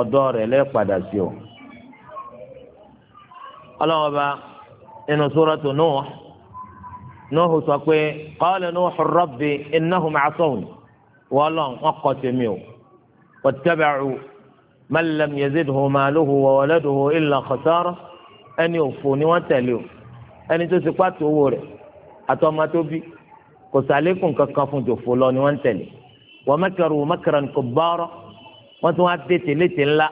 [SPEAKER 1] ọ̀dọ́ rẹ̀ lẹ́ padà sí o. ọlọ́wọ́n bá inú suratu Nuh Nuhu sọ pé qala Nuhu man lam yazidhu maluhu wa waladuhu illa khasara ẹni òfò ni wọ́n tẹ̀lé o ẹni tó ti pàtó owó rẹ̀ àtọmọ tó bí kò sàlékún kankan fún jòfò lọ ni wọ́n tẹ̀lé wa makaru makran kubbara wọ́n tún wá dé tèlétè ńlá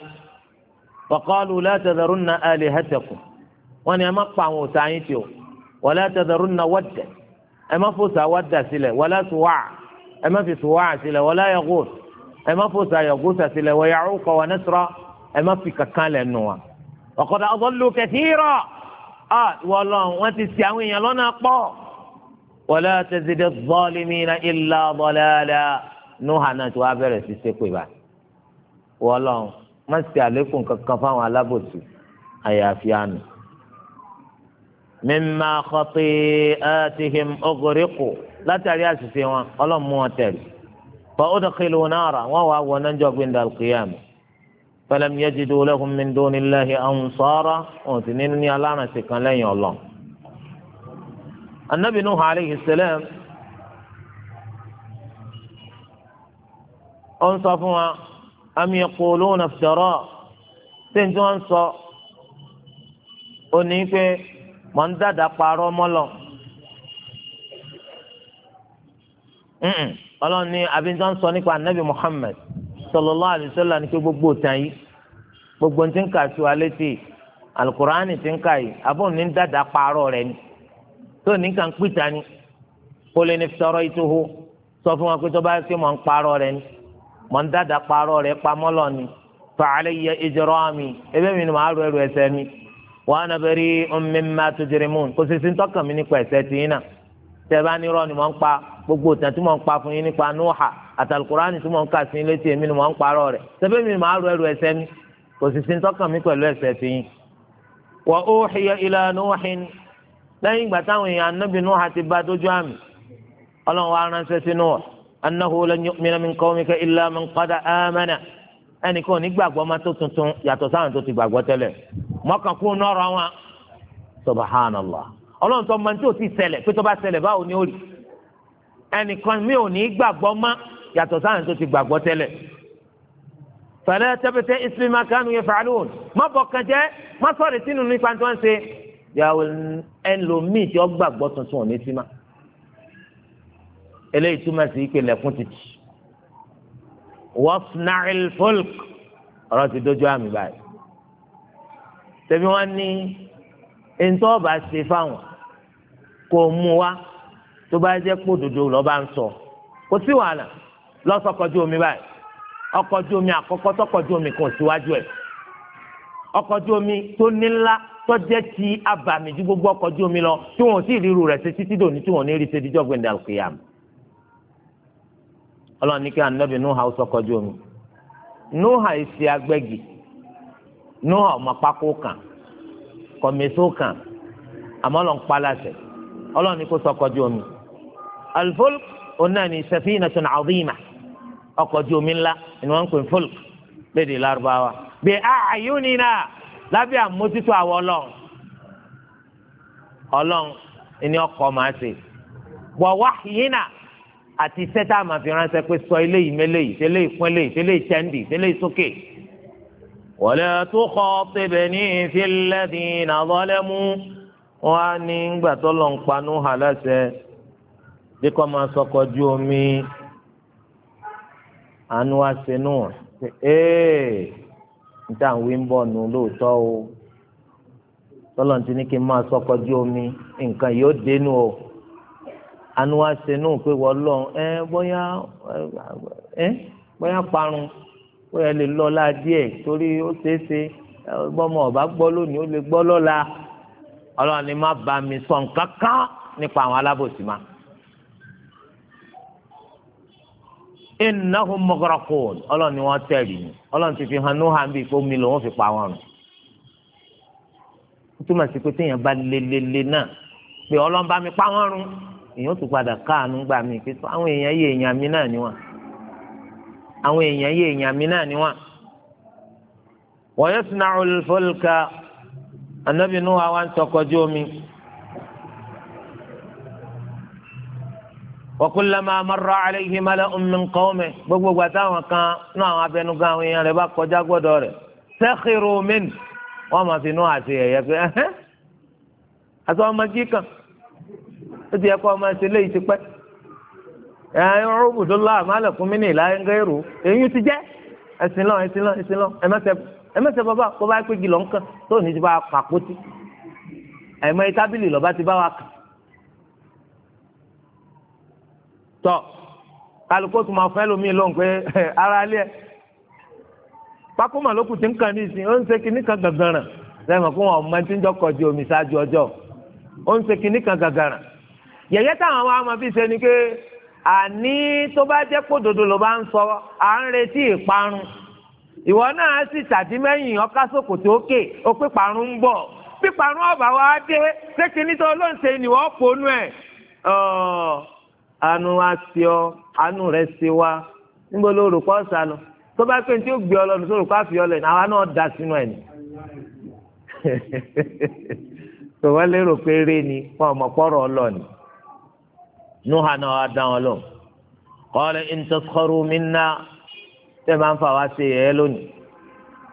[SPEAKER 1] wa qalu la tadharunna alihatakum wọ́n ní ẹ má pa àwọn òòṣà yín tì o wa la tadharunna wadda ẹ má fòòṣà wadda sílẹ̀ wala suwa ẹ má fi suwa sílẹ̀ wala yaghus ẹ má fòsà yọ̀gó sàsílẹ̀ wọ̀ yàrá kọ̀ wọ̀ nẹ́sọ̀rọ̀ ẹ má fi kankan lẹ̀ nù wa. ọ̀kọ̀dà ọ̀dọ́lù kẹ̀síìrọ̀ à wọlọ wọn ti ṣì àwọn èèyàn lọ́nà pọ̀ wọlé tẹ̀sídẹ̀ zọ́ọ̀lìmínà ìlà bọ̀lẹ́lẹ́ nuha náà tí wàá bẹ̀rẹ̀ sí sépè bá wọlọ má ṣe àlékún kankan fáwọn alábòsí àyàfi àná mímà kọ́tì ẹ̀ ọgọ́rẹ́kù látàrí àṣìṣe wọn ọlọ́mú wọn tẹ̀lé فأدخلوا نارا وهو ننجو عند القيامة فلم يجدوا لهم من دون الله أنصارا وتنينني على نسكن لن الله النبي نوح عليه السلام أنصفوا أم يقولون افتراء تنجو أنصى ونيكي من دادا قارو ملو ọlọ́run ní abinjọ́ ń sọ nípa anabi muhammed sallallahu alaihi wasallam ní pé gbogbo òtàn yìí gbogbo ti ń kà sí wa létí alukur'ani ti ń kà yìí abọ́ ní dada kpaarọ́ rẹ̀ ni tó ní kàn pìtà ni kó lè ní sọ̀rọ̀ ìtòho sọ fún wa pé tó bá ṣe mọ̀ ń kpaarọ́ rẹ̀ ni mọ̀ ń dada kpaarọ́ rẹ̀ pamọ́ lọ ni fàcálẹ̀ yẹ ìjọrọ̀ mi ebe mi ni màá rọ ẹrù ẹ̀ṣẹ̀ mi wàá nàbẹ̀rẹ̀ ọ̀mẹ́mẹ́ àtúndìrẹ́mù kò sì sí ń tọ́kàn mi nípa ẹ̀ṣẹ̀ tìǹà tẹ́ẹ̀bá ní irọ́ ni ń pa gbogbo ìtàn tí mò ń pa fún yín nípa nuha àtàlùkùránì tí mò ń kà sí ilé tí èmi ni mò ń parọ́ rẹ̀ tẹ́fẹ́ mi máa rọ ẹrù ẹ̀ṣẹ̀ mi kò sì sí tọ́kàn mi pẹ̀lú ẹ̀ṣẹ̀ ti yín. wa uhiya ila nuhin lẹ́yìn ìgbà táwọn èèyàn anábì nuha ti bá dójú àmì ọlọ́run wa ránṣẹ́ sí nuha annahu lan yu'mina min qawmika illa man qad amana ẹnìkan ò ní gbàgbọ́ máa tó tuntun yàtọ̀ sáwọn tó ti gbàgbọ́ tẹ́lẹ̀ mọ́kànkú nọ́ọ̀rọ̀ wọn subhanallah ọlọ́run tó máa ń tí ò ti ṣẹlẹ̀ pé tó bá ṣẹlẹ̀ báwo ni ó rí ẹnìkan mi ò ní gbàgbọ́ mọ́ yàtọ̀ sáwọn tó ti gbàgbọ́ tẹ́lẹ̀ fẹlẹ tẹpẹtẹ ismi ma kanu yẹ fàlùn má bọ kẹjẹ má sọ̀rọ̀ sínú nípa tí wọn ṣe yàwó ẹlòmíì tí ó gbàgbọ́ tuntun ò ní sí ma eléyìí túmọ̀ sí pé lẹ́kùn ti tì wọ́fnàìl fọlk ọ̀rọ̀ ti dojú àmì báyìí tẹ̀bí wọ́n ní ntọ́ bá ṣe fáwọn kó o mú wa tó bá jẹ́ pé òdodo lọ bá ń sọ kò sí wàhálà lọ́sọ̀kọ̀jú omi báyìí ọkọjú omi àkọ́kọ́ tọkọjú omi kan síwájú ẹ̀ ọkọjú omi tó ní ńlá ti abàmì gbogbo ọkọjú omi lọ tí wọn sì ríru ṣe títí dòní tí wọn ní rí ṣe àlùkìyàm ní kí kan kan àmọ́ lọ́n ọlọ́run ní kó sọkọ̀ ju omi alfolk onáà ní safinatun azima ọkọ̀ ju omi ńlá ni wọ́n ń pè folk lédè lárúbáwá bí àyùnínà lábẹ́ àmójútó àwọn ọlọ́run ọlọ́run ni ọkọ̀ máa ṣe wọ̀ wáyínà àti iṣẹ́ tá a máa fi ránṣẹ́ pé sọ eléyìí mẹ́lẹ́yìí tẹ́lẹ̀ ìpín eléyìí tẹ́lẹ̀ ìtẹ́ndì tẹ́lẹ̀ ìsókè. wala tukhatibni fil ladina zalamu wọn á ní ńgbà tó lọ ń panú hà lẹsẹ bí kò máa sọkọ ju omi àánú wa ṣe nù ee níta àwọn ń bọ̀ nù lóòótọ́ o tọ́lọ̀ ti ní kí n máa sọkọ ju omi nǹkan yóò dénú o àánú wa ṣe nù pé wọ́n lọ ẹ bóyá ẹ bóyá parun bóyá lè lọ́la díẹ̀ torí ó ṣeé ṣe bọ́mọ ọ̀bá gbọ́ lónìí ó lè gbọ́ lọ́la ọlọ́run ni má bá mi sọ nǹkan kan nípa àwọn alábòsí ma. innahum mughraqun ọlọ́run ni wọ́n tẹ̀lé ni ọlọ́run ti fi hàn ní hàn bíi pé lòun fi pa wọn rùn. túmọ̀ sí pé téèyàn bá lelele náà pé ọlọ́run bá mi pa wọn rùn èèyàn tún padà káàánú gbà mí pé àwọn èèyàn yé èèyàn mi náà ni wọn àwọn èèyàn yé èèyàn mi náà ni wọn. wa yasna'ul fulka anabi nu wa wa ń sọkọjú omi wakulama marra alayhi mala'un min gbogbo gbàtà àwọn kan náà àwọn abẹnugan àwọn èèyàn rẹ̀ bá kọjá gbọ́dọ̀ rẹ̀ sakhiru min wọn máa fi nú àti ẹyẹ pé ẹhẹ àti ọmọ kíkan ó ti yẹ kó ọmọ ẹsẹ léyìí ti pẹ́ ẹ ẹ rúbùdó láàmú alẹkùnmí ní ìlà ẹngẹrù èyí ti jẹ ẹsìn lọ ẹsìn lọ ẹsìn ẹmẹsẹ bàbá kó bá pé gilọ nǹkan tó ní ti bá pa àpótí àìmọye tábìlì lọba ti bá wa kà tọ kálukó tó máa fẹ́ lómi lóhùn pé ara lé ẹ pákómà lókùn tí ń kàn ní ìsìn ó ń ṣe kinní kan gàgàrà lẹ́yìn fún wọn ọmọ tí ń jọkọ̀ di omi ṣáájú ọjọ́ ó ń ṣe kinní kan gàgàrà yẹ̀yẹ́ táwọn wa máa fi ṣe ni pé àní tó bá jẹ́ kó dodo ló ń sọ à ń retí ìparun. ìwọ náà sì ṣàdímẹ́yìn ọkásòkò tó kè ó pé parun ń bọ̀ bí parun ọ̀bà wa dé ṣé kíní tó ló ń ṣe ni wọ́n ponú ẹ̀ àánú wa ṣe ọ àánú rẹ ṣe wa níbo ló rò tó bá pé ní tí ó gbé ọ lọ fi ọ lẹ̀ náà ọmọ pọ́rọ̀ nuhana tẹ́ máa ń fa wá sí ẹ̀yẹ lónìí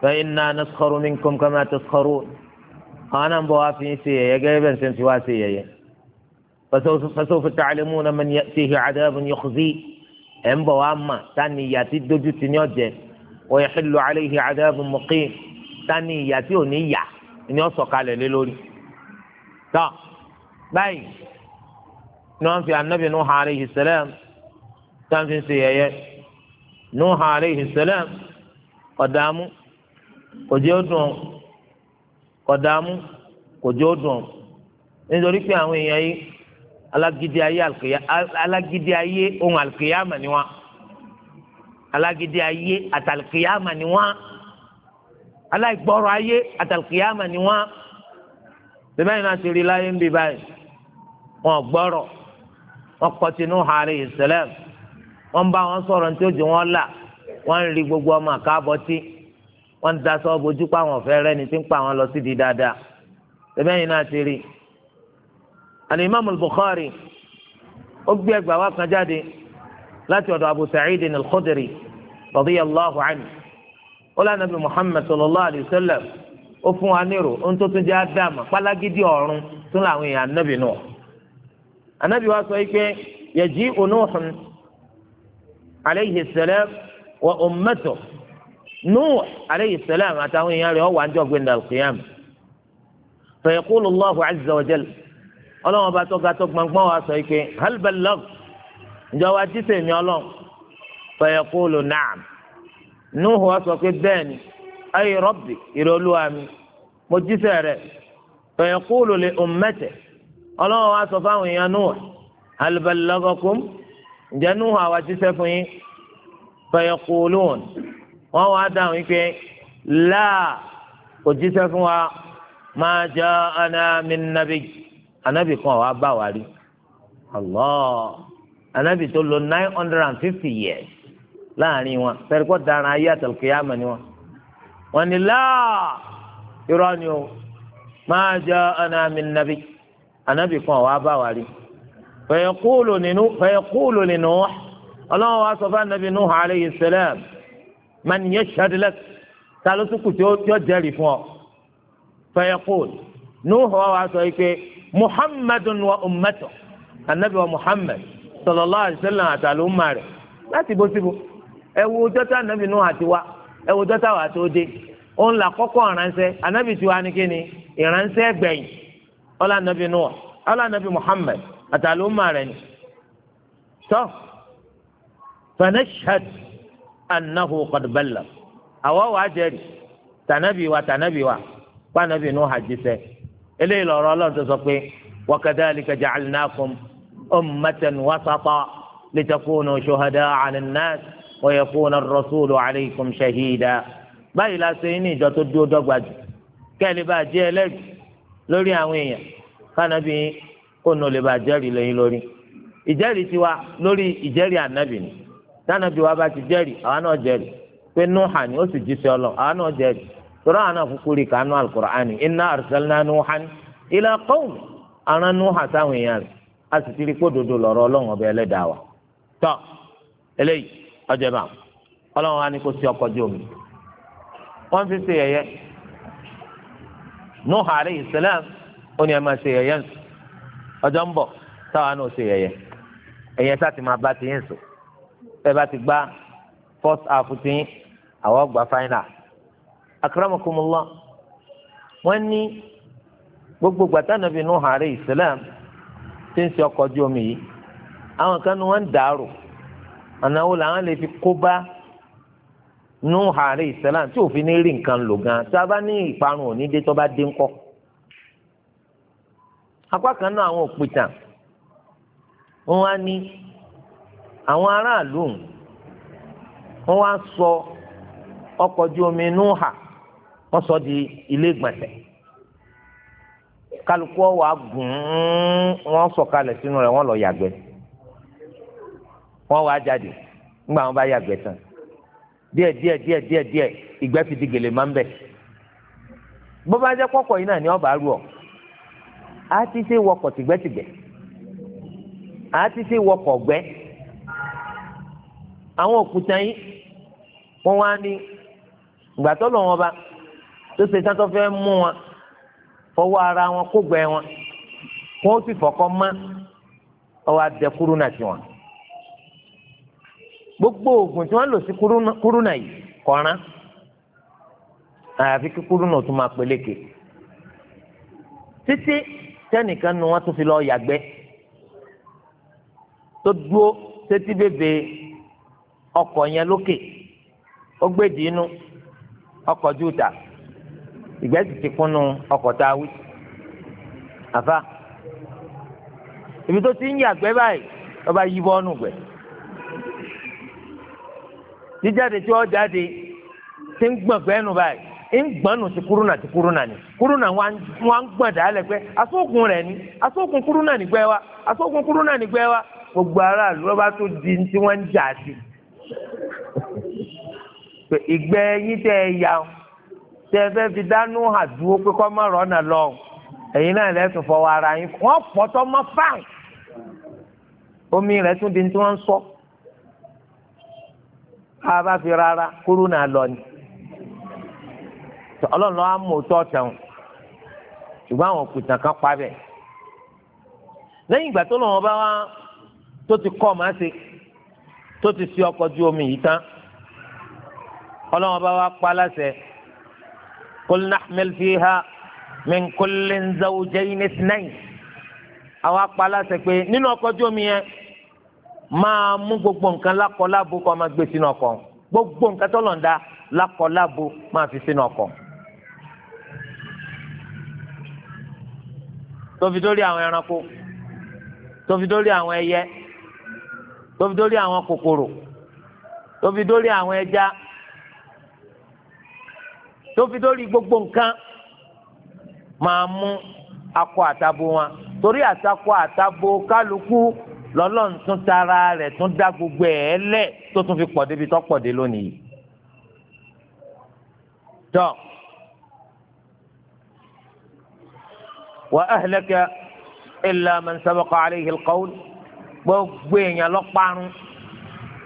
[SPEAKER 1] fa inna naskharu minkum kama taskharun àwọn náà ń bọ̀ wá fi ń sí ẹ̀yẹ gẹ́gẹ́ bẹ́ẹ̀ ń sẹ́ńtì wá sí ẹ̀yẹ. فسوف تعلمون من يأتيه عذاب يخزيه إن واما تاني ياتي دوجو تنيوجي ويحل عليه عذاب مقيم تاني ياتي ونيا إن يوصق على ليلوني تا باي نعم في النبي نوح عليه السلام كان في سيئة nuuha aleyhi salam kọdààmú kòjé ó dùn kọdààmú kòjé ó dùn nítorí pé àwọn èèyàn yìí alágídí ayé alùkìyà alágídí ayé ohun alùkìyàmà ni wọn alágídí ayé àtàlùkìyàmà ni wọn aláìgbọràn ayé àtàlùkìyàmà ni wọn sẹbẹ́yìn náà ti rí láyé ń bí báyìí wọn gbọ́rọ̀ wọn kọ́ tinú hàrẹ́ ìsẹlẹ̀m wọ́n bá wọn sọ̀rọ̀ ní tí ó jù wọ́n là wọ́n ń rí gbogbo ọmọ àkàbọ̀ tí wọ́n ń daṣọ bojú pa àwọn ọ̀fẹ́ rẹ́ni tí ń pa àwọn lọ sí di dáadáa tẹ́bẹ́yìn náà ti rí i. alimami Bukhari ó gbé ẹgbàá wa kan jáde láti ọ̀dọ̀ Abu Sa'id al-Khudri radiyallahu anhu ó lànà bí Muhammad sallallahu alayhi wa sallam ó fún wa nírò ohun tó tún jẹ́ ádámà pálágídí ọ̀run tún làwọn èèyàn anábì náà anábì wa sọ yìí pé yẹ aleyhi sẹlẹm wa ummatuh nuh aleyhi sẹlẹm àtàwọn èèyàn rẹ̀ ọwọ àjọ gbẹndà alqiyam fẹyẹkúlù allahu azza wa jal ọlọ́wọ́n bá tọ́ka tó gbọ̀ngbọ́n wa sọ pé hal balagh ìjọba jíṣẹ́ mi ọlọ́n fẹyẹkúlù naam nuh ǹjẹ́ nù hàn àwọn àṣìṣe fún yín fẹ̀yẹ̀ kú lóhùn wọ́n wá dáhùn yín pé láà kò jíṣẹ́ fún wa máa jẹ́ anáàmì nàbì anábì kan wàá bá wa rí Allah anábì tó lò nine hundred and fifty years láàrin wọn fẹ́rẹ́kọ́ dára ayé àtàlùkìyàmọ̀ ni wọn wọn ni láà irọ́ ni o máa jẹ́ anáàmì nàbì anábì kan wàá bá wa rí fẹ̀yẹ̀kúlù nínú ọlọ́run wa sọ fún anabi nuhu aleyhi salam man yashhad lak ta ló tún kù tí ó jẹ́rìí fún ọ fẹ̀yẹ̀kúlù nuhu wa sọ yìí pé muhammadun wa ummatu anabi wa muhammad sallallahu alaihi wasallam àtàlù mari láti bó síbo ẹ wo jọta anabi nuhu àti wa ẹ wo jọta wa tó dé òun là kọ́kọ́ ìránṣẹ́ anabi tiwa ni kí ni ìránṣẹ́ gbẹ̀yìn ọlá anabi nuhu ọlá anabi muhammad àtàlùmọ̀ rẹ̀ ni tọ́ fanashad anahu kọdùbẹ́là àwọ̀ wàá jẹ́rìí tànàbí wa tànàbí wa pànàbí nù hàjísẹ́ eléyìí lọ́rọ̀ ọlọ́run tó sọ pé wa kadhalika ja'alnakum ummatan wasata litakunu shuhada'a 'ala an-nas wa rasulu 'alaykum shahida báyìí la ṣe ní ìjọ tó dúró dọ́gba jù kẹ́lẹ́ bá jẹ́ ẹlẹ́rìí lórí àwọn èèyàn pànàbí kó nù lè ba jẹ́rìí lẹ́yìn lórí ìjẹ́rìí tiwa lórí ìjẹ́rìí ànábì ni tánàbí wa bá ti jẹ́rìí àwa náà jẹ́rìí pé nuha ni ó sì jí sí ọlọ àwa náà jẹ́rìí tọ́lá àwọn afúkú rí kánú alukur'ani inna arsalna nuhan ila qawm aran nuha sáwọn èèyàn rẹ̀ a sì ti rí kó dodo lọ́rọ̀ ọlọ́run ọbẹ̀ ẹlẹ́dàá wa tọ́ eléyìí ọjọ́ bá ọlọ́run wa ni kò sí ọkọ̀ ojú omi wọ́n fi ṣe yẹ̀yẹ́ nuha aleyhi salam ó ní ẹ máa ṣe yẹ̀yẹ́ nsọ ọjọ́ ń bọ̀ táwa náà ṣe yẹ̀yẹ́ ẹ̀yẹ sáti máa bá ti yín sùn bẹ́ẹ̀ bá ti gbá first half ti yín gba final akramakumullah wọ́n ní gbogbo gbàtànàbí Nuh alayhi salam tí ń ṣe ọkọ̀ ojú omi yìí àwọn kan ní wọ́n ń dàrú ọ̀nà làwọn lè fi kó bá Nuh alayhi salam tí òfin ní rí nǹkan lò gan tí a bá ní ìparun òní dé tó bá dé ńkọ́. apá kan náà àwọn òpìtàn wọn á ní àwọn aráàlú wá sọ ọkọ̀ omi wọ́n sọ di ilé ìgbọ̀nsẹ̀ kálukú ọwọ́ agùn wọ́n sọ̀kalẹ̀ sínú rẹ̀ wọ́n lọ yàgbẹ́ wọ́n wá jáde nígbà wọ́n bá yàgbẹ́ tán díẹ̀ díẹ̀ díẹ̀ díẹ̀ díẹ̀ ìgbẹ́ fi di gèlè ni ọba rú a ti ṣe wọkọ̀ tìgbẹ́tìgbẹ́ a ti ṣe wọkọ̀ gbẹ́ àwọn òkúta yìí wọ́n wá ní ìgbà tó lọ wọn bá tó ṣe tán tó fẹ́ mú wọn fọwọ́ ara wọn kó gbẹ wọn wọn sì fọkọ́ mọ́ ọwọ́ adẹ kúrúnà sí wọn gbogbo oògùn tí wọ́n lò sí kúrúnà yìí kọ̀ọ̀rán àyàfi kí kúrúnà tún máa peléke títí tẹ́nìkan nu wọ́n tún fi lọ yàgbẹ́ tó dúró sétí bèbè ọkọ̀ yẹn lókè ó gbé dìínú ọkọ̀ júùtà ìgbẹ́ sì ti kúnnú ọkọ̀ tá a wí àfa ibi tó ti ń yàgbẹ́ báyìí lọ́ba yí bọ́ọ̀nù gbẹ̀ jíjáde tí wọ́n jáde ti ń gbọ̀ngbẹ́ báyìí. ńgbọ́nù ti kúrúnà ti kúrúnà ni kúrúnà wa ń gbọ̀n dálẹ̀ pé asókun rẹ̀ ni asókun kúrúnà nígbẹ́ wa asókun wa gbogbo ara ló bá tó di tí wọ́n ń jà sí. ìgbẹ́ yín tẹ́ ẹ ya o tẹ́ ẹ fẹ́ fi dánú àdúró pé kọ́ má lọ ẹ̀yin náà lẹ́sùn fọwọ́ ara yín wọ́n mọ́ omi rẹ̀ tún di tí wọ́n ń sọ. bá fi rárá ọlọ́run lọ́wọ́ á mú òótọ́ tẹ̀wọ̀n ṣùgbọ́n àwọn òkùtàn kan pa bẹ́ẹ̀ lẹ́yìn ìgbà tó lọ́wọ́ bá wá tó ti kọ́ máa ṣe tó ti ṣe ọkọ̀ ju omi yìí tán ọlọ́wọ́ bá wá pa láṣẹ kul nahmil fiha min kullin zawjayni ithnayn àwa pa láṣẹ pé nínú ọkọ̀ ju omi yẹn máa mú gbogbo nǹkan lákọ̀ọ́ lábo kọ́ máa gbé sínú ọkọ̀ gbogbo nǹkan tó lọ́nda lákọ̀ọ́ lábo máa fi sínú ọkọ̀ tó fi dórí àwọn ẹranko tó fi dórí àwọn ẹyẹ tó fi dórí àwọn kòkòrò tó fi dórí àwọn ẹja tó fi dórí gbogbo nǹkan máa mú akọ àtabo wọn torí àtakọ àtabo kálukú lọ́lọ́run tún tara rẹ̀ tún dá gbogbo ẹ̀ lẹ̀ tó tún fi pọ̀ débi tó pọ̀ dé lónìí. wa ahlaka illa man sabaqa alayhi alqawl gbogbo èèyàn lọ parun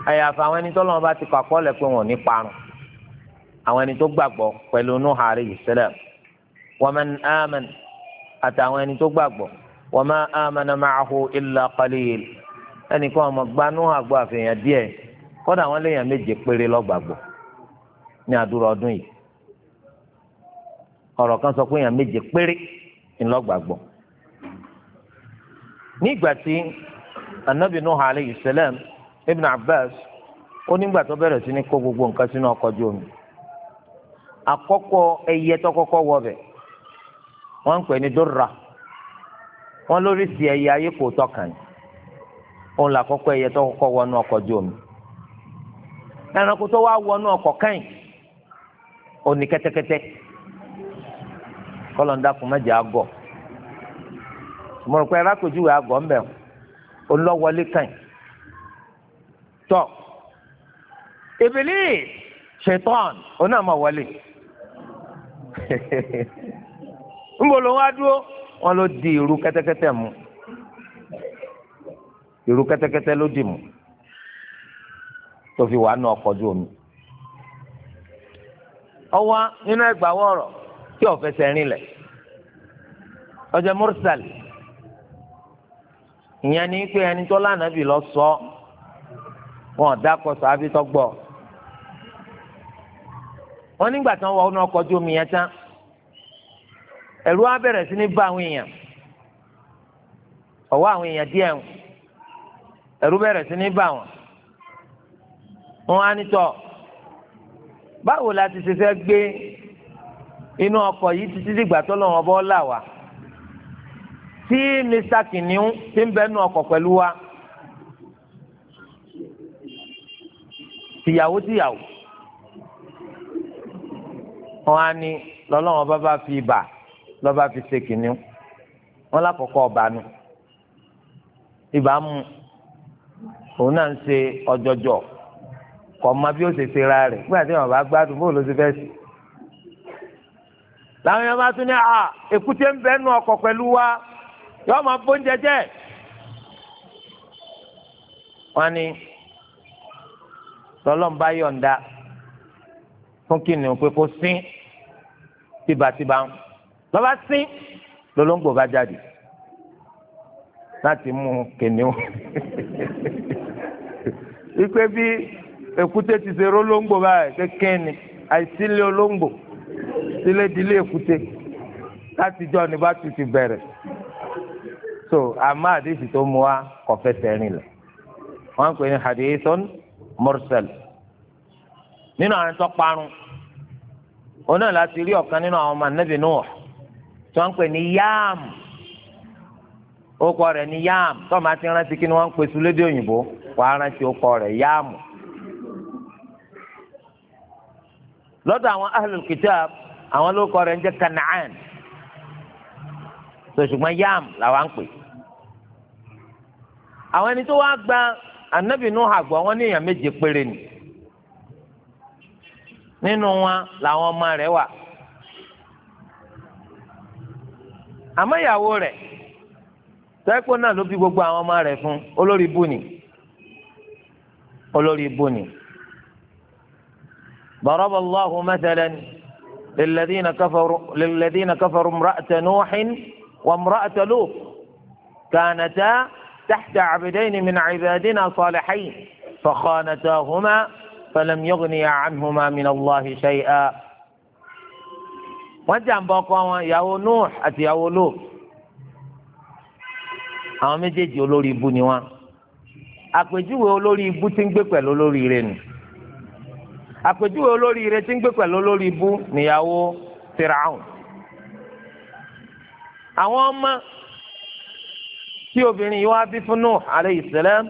[SPEAKER 1] àyàfà àwọn ẹni tó lọ́wọ́ bá ti kọ́ àkọọ́lẹ̀ pé wọn ò ní parun àwọn ẹni tó gbàgbọ́ pẹ̀lú Nuh alayhi salam wa man amana àtàwọn ẹni tó gbàgbọ́ wa ma amana ma'ahu illa qalil ẹnì kan ọmọ gba Nuh àgbọ̀ àfihàn díẹ̀ kọ́dà wọn léèyàn méje péré lọ́gbàgbọ́ ní àdúrà ọdún yìí ọ̀rọ̀ kan sọ pé èèyàn méje péré ńlọgbàgbọ́ nígbà tí anabi nuhu alayhi salam ibn abbas ó nígbà tó bẹ̀rẹ̀ sí ní kó gbogbo nǹkan sínú ọkọ̀ ojú omi àkọ́kọ́ ẹyẹ tó kọ́kọ́ wọbẹ̀ wọ́n ń pè ní dóra wọ́n lórí sí ẹyẹ ayé kò tọkàn òun omi ẹranko tó wá wọnú ọkọ̀ òní kẹ́tẹ́kẹ́tẹ́. kọ́lọ̀ ń dákun má jẹ́ àgọ́ mọ̀rùkọ́ ẹ̀rọ àpèjúwe àgọ́ ń bẹ̀ olówọlé kàn tọ́ ìbílí ṣetán oná máa wọlé ńbọ̀ ló wá dúró wọn ló di irú kẹ́tẹ́kẹ́tẹ́ mu irú kẹ́tẹ́kẹ́tẹ́ ló dì mú tó fi wàá nù ọkọ̀ ojú omi ọwọ́ nínú ẹgbàá wọ̀rọ̀ tí ó fẹsẹ̀ rìn lẹ̀ ó jẹ́ mursal ìyẹn ni pé ẹni tó lánàá bì lọ sọ wọn dákọ sàábì tó gbọ́ wọn nígbà tí wọn wọ ọkọ̀ ojú omi yẹn tán ẹ̀rù á bẹ̀rẹ̀ sí ní bá àwọn èèyàn ọwọ́ àwọn èèyàn díẹ̀ ń ẹ̀rù bẹ̀rẹ̀ sí ní bá wọn wọn á nítọ báwo la ti ṣe fẹ́ gbé inú ọkọ̀ yìí títí dìgbà tó lọ́wọ́ bọ́ là wá tí mr kìnìún ti ń bẹ́nu ọkọ̀ pẹ̀lú wa tìyàwó tìyàwó wọn á ní lọ́lọ́wọ́n bá bá fi ibà lọ́ba fi ṣe kìnìún wọn lákọ̀ọ́kọ́ ọba nu ibà mú òun náà ń ṣe ọjọjọ kọ̀ ọ́ ma bí ó ṣe ṣe ra rẹ̀ gbọ́dọ̀ tí wọn bá gbádùn bóòlù ó ṣe fẹ́ sí i làwọn yẹn bá tún ní à èkúté ń bẹ nù ọkọ̀ pẹ̀lú wa yọọ máa bó ń jẹjẹ. wọ́n ní tọ́lọ́n bá yọ̀ǹda fún kìnìún pé kó sín tìbàtìbà ń lọ́ba sín lọ́lọ́ngbò bá jáde láti mú kìnìún wípé bí èkúté ti ṣe rólóńgbò báyìí kékeré ni àìsílẹ̀ olóńgbò tilé dilé èkúté láti jọ ní bá tutù bẹ̀rẹ̀ so àmọ́ àdéhùn tó mú wa kò fẹsẹ̀ rìn lẹ̀ wọ́n ń pè ní hadithun mursal nínú àwọn tó parun òun náà láti rí ọ̀kan nínú àwọn ọmọ anábì Nuh tí wọ́n pè ní yam orúkọ rẹ̀ ní yam tó máa ti rántí kí ni wọ́n ń pè sulédè òyìnbó wàá rántí orúkọ rẹ̀ yam lọ́dọ̀ àwọn ahlul kitab àwọn ló kọ rẹ̀ ń jẹ́ kanaan sòṣùgbọ́n yam làwa ń pè àwọn ẹni tó wá gba anabi nuhu àgbọ wọn ní èèyàn méje péré ni nínú wọn làwọn ọmọ rẹ̀ wà àmọ́ ìyàwó rẹ̀ sẹ́kọ̀ọ́ náà ló bí gbogbo àwọn ọmọ rẹ̀ fún olórí ibú olórí ibú ni. ضرب الله مثلا للذين كفروا للذين كفروا امرأة نوح وامرأة لوط كانتا تحت عبدين من عبادنا صالحين فخانتاهما فلم يغنيا عنهما من الله شيئا wọ́n jà ń bọ́ ọkọ يا لوط nuh àti ìyàwó lot àwọn méjèèjì olórí ibu ni wọn àpèjúwe olórí ibu ti ń àpèjúwe olórí ire tí ń gbé pẹ̀lú olórí ibú níyàwó firaun àwọn ọmọ tí obìnrin yìí wá bí fún Nuh alayhi salam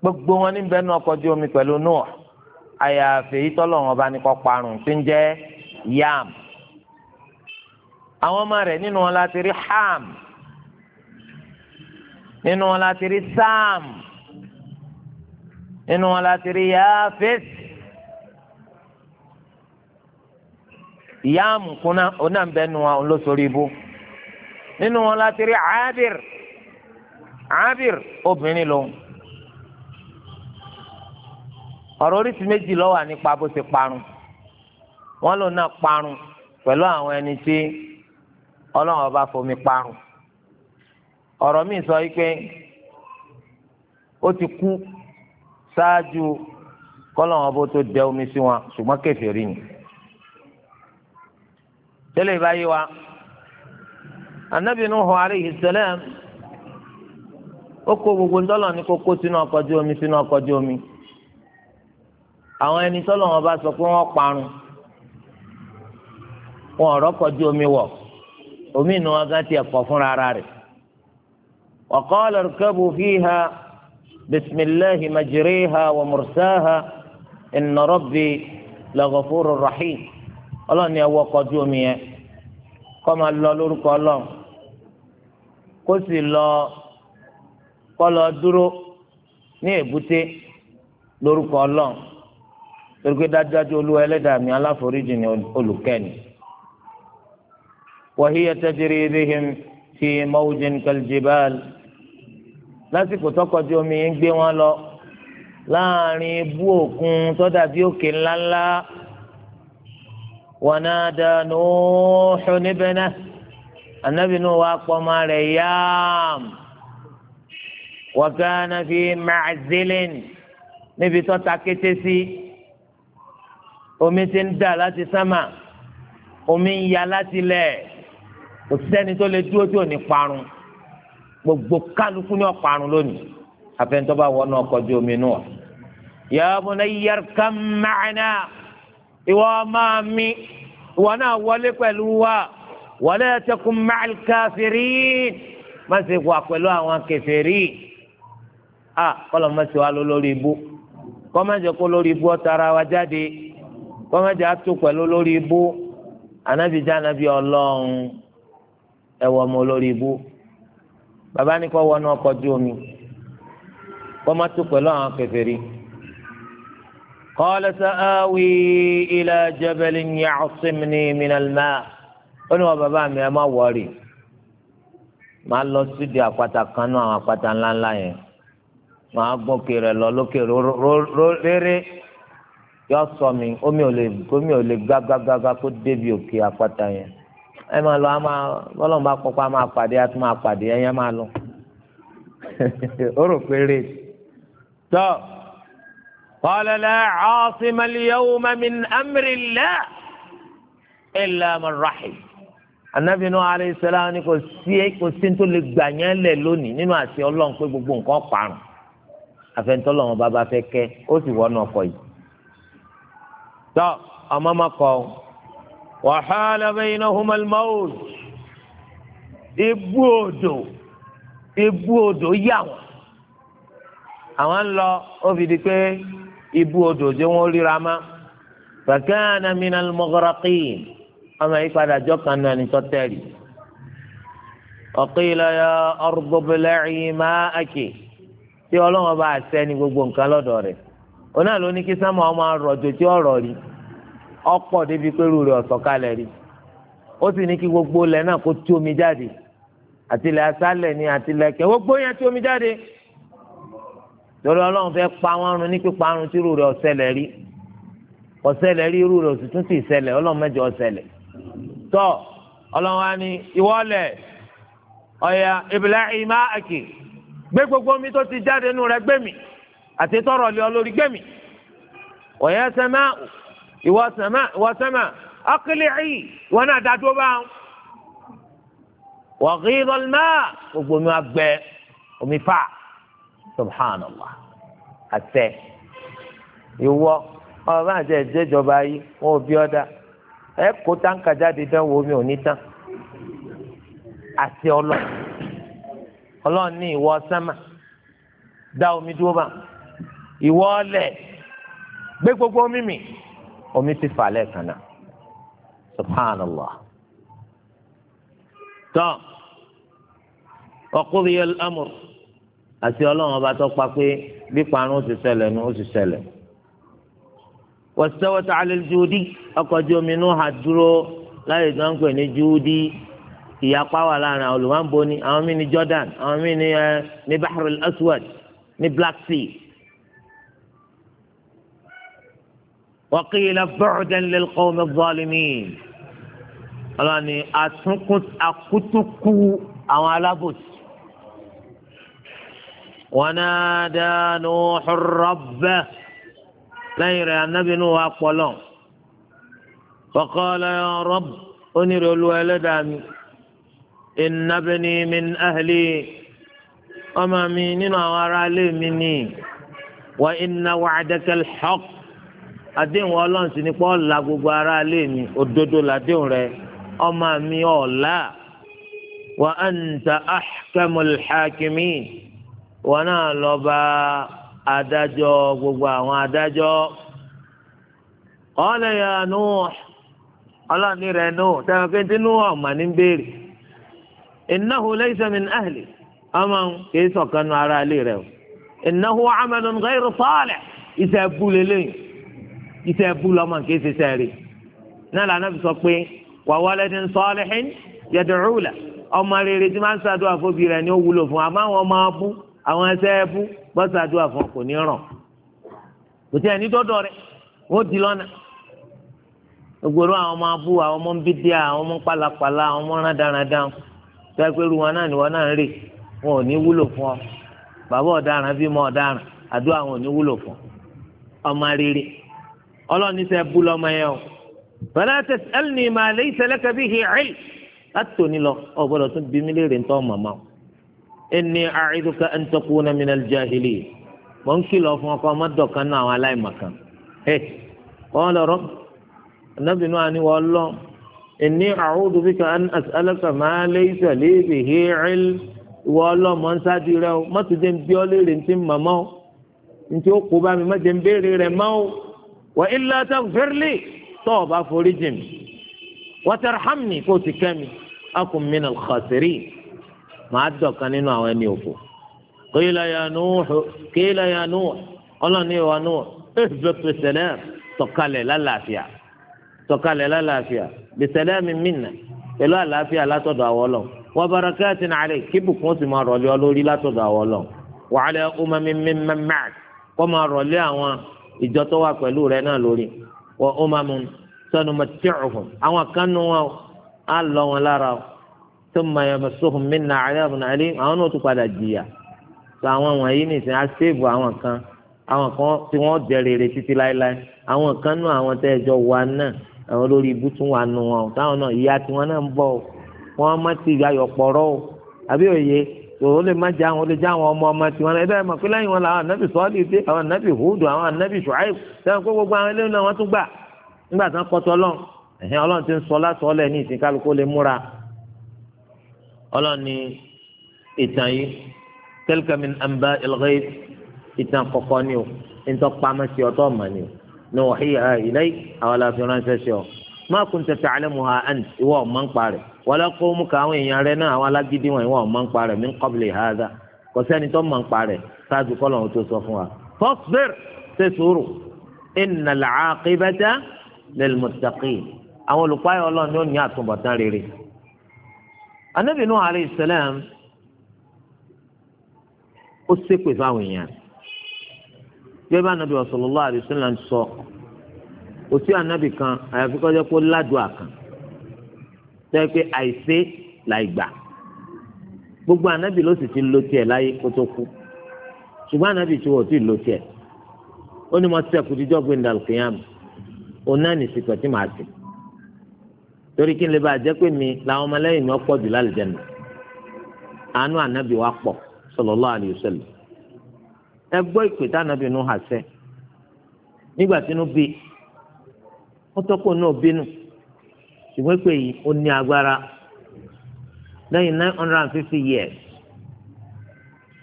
[SPEAKER 1] gbogbo wọn ní bẹ́ẹ̀ náà kọjú omi pẹ̀lú Nuh àyàfi ìtọ́lọ́run ọba ní kọ́ parun tí ń jẹ́ yam àwọn ọmọ rẹ̀ nínú wọn láti rí ham nínú wọn láti rí sam nínú wọn láti rí yafes ìyá àmùkúná onáǹbẹ́nu wa ló sórí ibú nínú wọn láti rí abir abir obìnrin lòun ọ̀rọ̀ oríṣi méjì ló wà nípa bó ṣe parun wọ́n lòun náà parun pẹ̀lú àwọn ẹni tí ọlọ́run ọba fomi parun ọ̀rọ̀ míì sọ wípé ó ti kú ṣáájú kọ́lọ́run ọba tó dẹ omi sí wọn ṣùgbọ́n kèfèrí ni tẹ́lẹ̀ ìbáyé wa anabi nuhu alayhi salam ó kó gbogbo ńdọ́lọ̀ ní kókó sínú ọkọ̀ ojú omi sínú ọkọ̀ ojú omi àwọn ẹni tọ́lọ̀ wọn bá sọ pé wọ́n parun wọn ọ̀rọ̀ kọjú omi wọ̀ omi inú wọn gan tiẹ̀ kọ̀ fúnra ara rẹ̀ wa qala irkabu bisimilahi majiriha wa mursaha inna rabbi rahim ọlọ́run ni ẹ wọ ọkọ̀ ojú omi yẹn kọ́ máa lọ lórúkọ ọlọ́run kó sì lọ kọ́ lọ dúró ní èbúté lórúkọ ọlọ́run torí pé dájúdájú olúwa ẹlẹ́dàá mi aláforíjì ni olùkẹ́ni. wàhíyà tajiri bihim fi mawjin kaljibal lásìkò tọkọjú omi ń gbé wọn lọ láàrin ibú òkun tó dàbí òkè ńláńlá. ونادى نوح ابنه النبي نوح ومريم وكان في معزل níbi tó ta kété sí omi ti ń dà láti sámà omi ń ya láti lẹ̀ kò sẹ́ni tó lè dúró tí ò ní parun gbogbo kálukú ní ọ̀parun lónìí àfẹnitọ́ bá wọnú ọkọ̀ ju omi nù wá. ya bunayya irkam ma'ana ìwọ máa mi ìwọ náà wọlé pẹ̀lú wa wala takun ma'al kafirin má ṣe wà pẹ̀lú àwọn kèfèrí à kọ́lọ̀ má ṣe wà lórí ibú kọ́ má jẹ́ kó lórí ibú ọ̀tara wa jáde kọ́ má pẹ̀lú lórí ibú anabi jẹ́ anabi ọlọ́run ẹ̀wọ̀ ọmọ lórí ibú bàbá ní kọ́ wọnú ọkọ̀ ojú omi kọ́ pẹ̀lú àwọn kèfèrí. قال سآوي إلى جبل يعصمني من الماء أنا بابا mi ẹ má wọrí máa lọ síbi àpáta kan náà àwọn àpáta ńláńlá yẹn máa gòkè rẹ lọ lókè réré yọ sọ mi omi ò lè omi ò lè gágágágá kó débi òkè àpáta yẹn ẹ máa lọ àmà bọ́lọ́mù bá pọ́pọ́ àmà pàdé àti máa pàdé ẹ̀yẹ́ máa lọ ó rò pé rè tọ́. قال لا عاصم اليوم من أمر الله إلا من رحم anabi nu alayhi salaam ni kò sí kò sí tó lè gbà yẹn lẹ lónìí nínú àti ọlọ́run pé gbogbo nǹkan parun àfẹnutọ́lọ́run bàbá fẹ́ kẹ́ ó sì wọ́n náà kọ yìí. tọ́ ọmọ ma kọ wa hala baynahuma al-mawt ibú odò ibú odò yà wọ́n àwọn ń lọ ó fi di pé ibú odò jẹ́ wọ́n ríra má fàkàna minal mughraqin ọmọ yìí padà jọ kan náà ní tọ́tẹ́rì ọ̀kìlọ̀ yọ ardu bil'i ma'aki tí ọlọ́wọ́n bá ṣẹ́ ní gbogbo nǹkan lọ́dọ̀ rẹ̀ òun náà ló ní kí sámà ọmọ arọ̀jò tí ọ̀rọ̀ rí ọ̀pọ̀ débi pẹ̀lú rẹ̀ ọ̀sọ̀kalẹ̀ rí ó sì ní kí gbogbo ilẹ̀ náà kó tú omi jáde àtìlẹ̀ asálẹ̀ ni àtìlẹ̀ kẹ́ gbogbo yẹn tú omi jáde torí ọlọ́run fẹ́ pa wọn run ní pípa run tí irú rẹ̀ ọ̀sẹ̀lẹ̀ rí ọ̀sẹ̀lẹ̀ rí irú rẹ̀ òsì tún ti ṣẹlẹ̀ ọlọ́run mẹ́jọ ọ̀sẹ̀lẹ̀ tọ́ ọlọ́run wa ni ìwọ́lẹ̀ ọ̀yà ìbílẹ̀ ìmá àkè gbé gbogbo omi tó ti jáde nù rẹ̀ gbẹ̀mí àti tọrọ lé ọ lórí gbẹ̀mí ọ̀yà sẹ́mà ìwọ sẹ́mà ọ̀kìlì ẹ̀yì ìwọ náà dá bá wọn. wọ̀gí ìrọ̀lùmá subhanallah àtẹ ìwọ ọba àti ẹjẹjọba yìí wọn ò bí ọdá ẹ kó táǹkà jáde dán wo mi ò ní tán àti ọlọ ní ìwọ sánmà dá omi dúró bá ìwọ ọlẹ gbé gbogbo omi mi omi ti fà lẹ́ẹ̀kan náà subhanallah tán ọkùnrin yẹn amúr. àti ọlọ́run ọba tó pa pé bí parun ó sì ṣẹlẹ̀ nu ó sì ṣẹlẹ̀. wọ́sítẹ́wọ́sí alẹ́ júdí ọkọ̀ ojú omi inú ha dúró láyé tó ń pè ní júdí ìyapa wà láàrin àwọn olùwàǹbo ni àwọn míì ní Jordan àwọn míì ní ẹ eh, ní Bahr aswad ní Black Sea. وقيل بعدا للقوم الظالمين ọlọ́ni àtúnkù àkútúkù àwọn alábòsí ونادى نوح ربه لا يرى النبي نوح أقوله فقال يا رب أنير الولد إن ابني من أهلي أما من وراء لي مني وإن وعدك الحق àdéhùn ọlọ́run sì ni pé ọ̀la gbogbo ara ilé mi òdodo làdéhùn rẹ ọmọ mi ọ̀la wọn náà lọ bá adájọ́ gbogbo àwọn adájọ́ ọ̀lẹ́ ya nù ọlọ́ọ̀ni rẹ̀ nù sẹ́wọ̀n pé tí nù ní béèrè innahu laysa min ahli ọmọ kìí nù ara ilé rẹ̀ o innahu amalun ghayru salih iṣẹ́ bú lélẹ́yìn iṣẹ́ bú lọ́mọ kìí ṣe sẹ́ẹ̀rì náà lànà fi sọ pé wa waladin salihin yad'u la ọmọ rere tí máa ń ṣàdúrà fóbi ni ó wúlò fún àwọn ẹsẹ ẹbú gbọ́sàdúrà fún kò ní ràn kò tí ẹ ní dọ́dọ̀ rẹ ó di lọ́nà gbogbo àwọn ọmọ abú àwọn ọmọ bídíà àwọn ọmọ pálapàla àwọn ọmọ rádaràdàn fẹ́ wọn náà ni wọn náà ń rè wọn ò ní wúlò fún ọ bàbá ọ̀daràn bímọ ọ̀daràn àdúrà wọn ò ní wúlò fún ọmọ rere ọlọ́ọ̀ni bú lọ́mọ yẹn o fala tas'alni ma laysa laka bihi ilm látòní lọ ọ̀ gbọ́dọ̀ tún bí mílíọ̀nù tó ọmọ máa inni a'iduka an takuna min al-jahili mọ ń kìlọ̀ fún ọkọ ọmọdọ̀kan náà àwọn aláìmọ̀kan ẹ wọn lọ rọ anabi náà ni wọn lọ inni a'udhu bika an as'alaka ma laysa li bihi 'ilm wọ́n lọ mọ̀ ń sáájú rẹ o má tún jẹ́ ń bí ọ léèrè ntí màmá o ntí ó kó bá mi má jẹ́ ń béèrè rẹ má o wa illa taghfirli tọ́ ọ bá forí jìn mi wa tarhamni kó o ti kẹ́ mi akum minal khasirin màá dọ̀kan nínú àwọn ẹni òfò kéèlà yà nùhù kéèlà yà nùhù ọlọ́ni ìwà nùhù ẹ̀fẹ̀ pẹ̀sẹ̀lẹ̀ tọ̀kalẹ̀ lálàáfíà tọ̀kalẹ̀ lálàáfíà bẹ̀sẹ̀lẹ̀ mi mìnà pẹ̀lú àlàáfíà látọ̀dọ̀ àwọ̀ lọ wọ́n bára káàtì náà rẹ̀ kí bùkún sì máa rọ̀lẹ́ ọ lórí látọ̀dọ̀ àwọ̀ lọ wàhálà ọmọ mi mi mẹ́mẹ́t kọ́ máa rọ̀lẹ́ àwọn ìjọ tó wà pẹ̀lú rẹ̀ náà lórí wọ́n ọmọ mi sọnù mọ̀tíọ̀hùn àwọn kan nù wọn á lọ wọn lára o ثم يمسهم منا عذاب أليم àwọn náà tún padà jìyà tó àwọn wọ̀nyí nìsín á sèbù àwọn kan àwọn kan tí wọ́n jẹ rere títí láéláé àwọn kan nù àwọn tẹ́ ẹjọ́ wa náà àwọn lórí ibú tún wà nù wọn táwọn náà ìyá tiwọn náà ń bọ̀ wọ́n má ti ayọ̀ pọ̀rọ̀ o àbí òye tòun lè má já àwọn lè já àwọn ọmọ ọmọ tiwọn náà ẹ bẹ́ẹ̀ mọ̀ pé lẹ́yìn wọn làwọn ànábì sọ́ọ́lì dé àwọn ànábì húdù àwọn ànábì ṣùáìb sẹ́wọ̀n pé gbogbo àwọn eléyìí náà wọ́n tún gbà nígbà tí wọ́n kọ́ tọ́lọ́ ẹ̀hìn ọlọ́run ti ń sọ lásọ̀ọ́lẹ̀ ní ìsìnkálukú lè múra ọlọ́ni ìtàn yìí tilka min anba al-ghayb ìtàn kọ̀kọ́ ni o ìtàn pamọ́ sí ọtọ́ ọ̀mà ni o nuhiha ilayk àwọn la fi ránṣẹ́ sí ọ ma kunta ta'lamuha ant ìwọ ọ̀mà ń parẹ́ wala qawmuka àwọn èèyàn rẹ náà àwọn alágídí wọn ìwọ ọ̀mà ń parẹ́ min qabli hadha kò sẹ́ni tó mọ̀ ń parẹ́ sáájú kọ́lọ̀ tó sọ fún wa fasbir ṣe sùúrù innal aqibata lil àwọn olùkọ́ ọlọ́run ni ní àtúbọ̀tán rere anabi nuhu alayhi salam ó ṣépè fáwọn èèyàn gbẹ́bí anabi sallallahu alayhi salam sọ kò sí anabi kan àyàfi kọjá kó ládùá kan tẹ́ pé àìsí láì gbà gbogbo anabi ló sì ti lo tiẹ̀ láyé kó tó kú ṣùgbọ́n anabi tí wọ́n ti lo tiẹ̀ ó ní mo ṣẹ́kù díjọ́ gbé ndàlùkìyàmù òun náà nìsí pẹ̀tí màá sìn torí kí n lè bá a jẹ́ pé mi làwọn ọmọlẹ́yìn mi pọ̀ jù lálùjẹ́nu àánú ànábì wa pọ̀ sallallahu alaihi wasallam ẹ gbọ́ ìpè tá ànábì nù hà sẹ́ nígbà tí inú bí ó tọ́kọ̀ náà bínú ṣùgbọ́n pé yìí ó ní agbára lẹ́yìn nine hundred and fifty years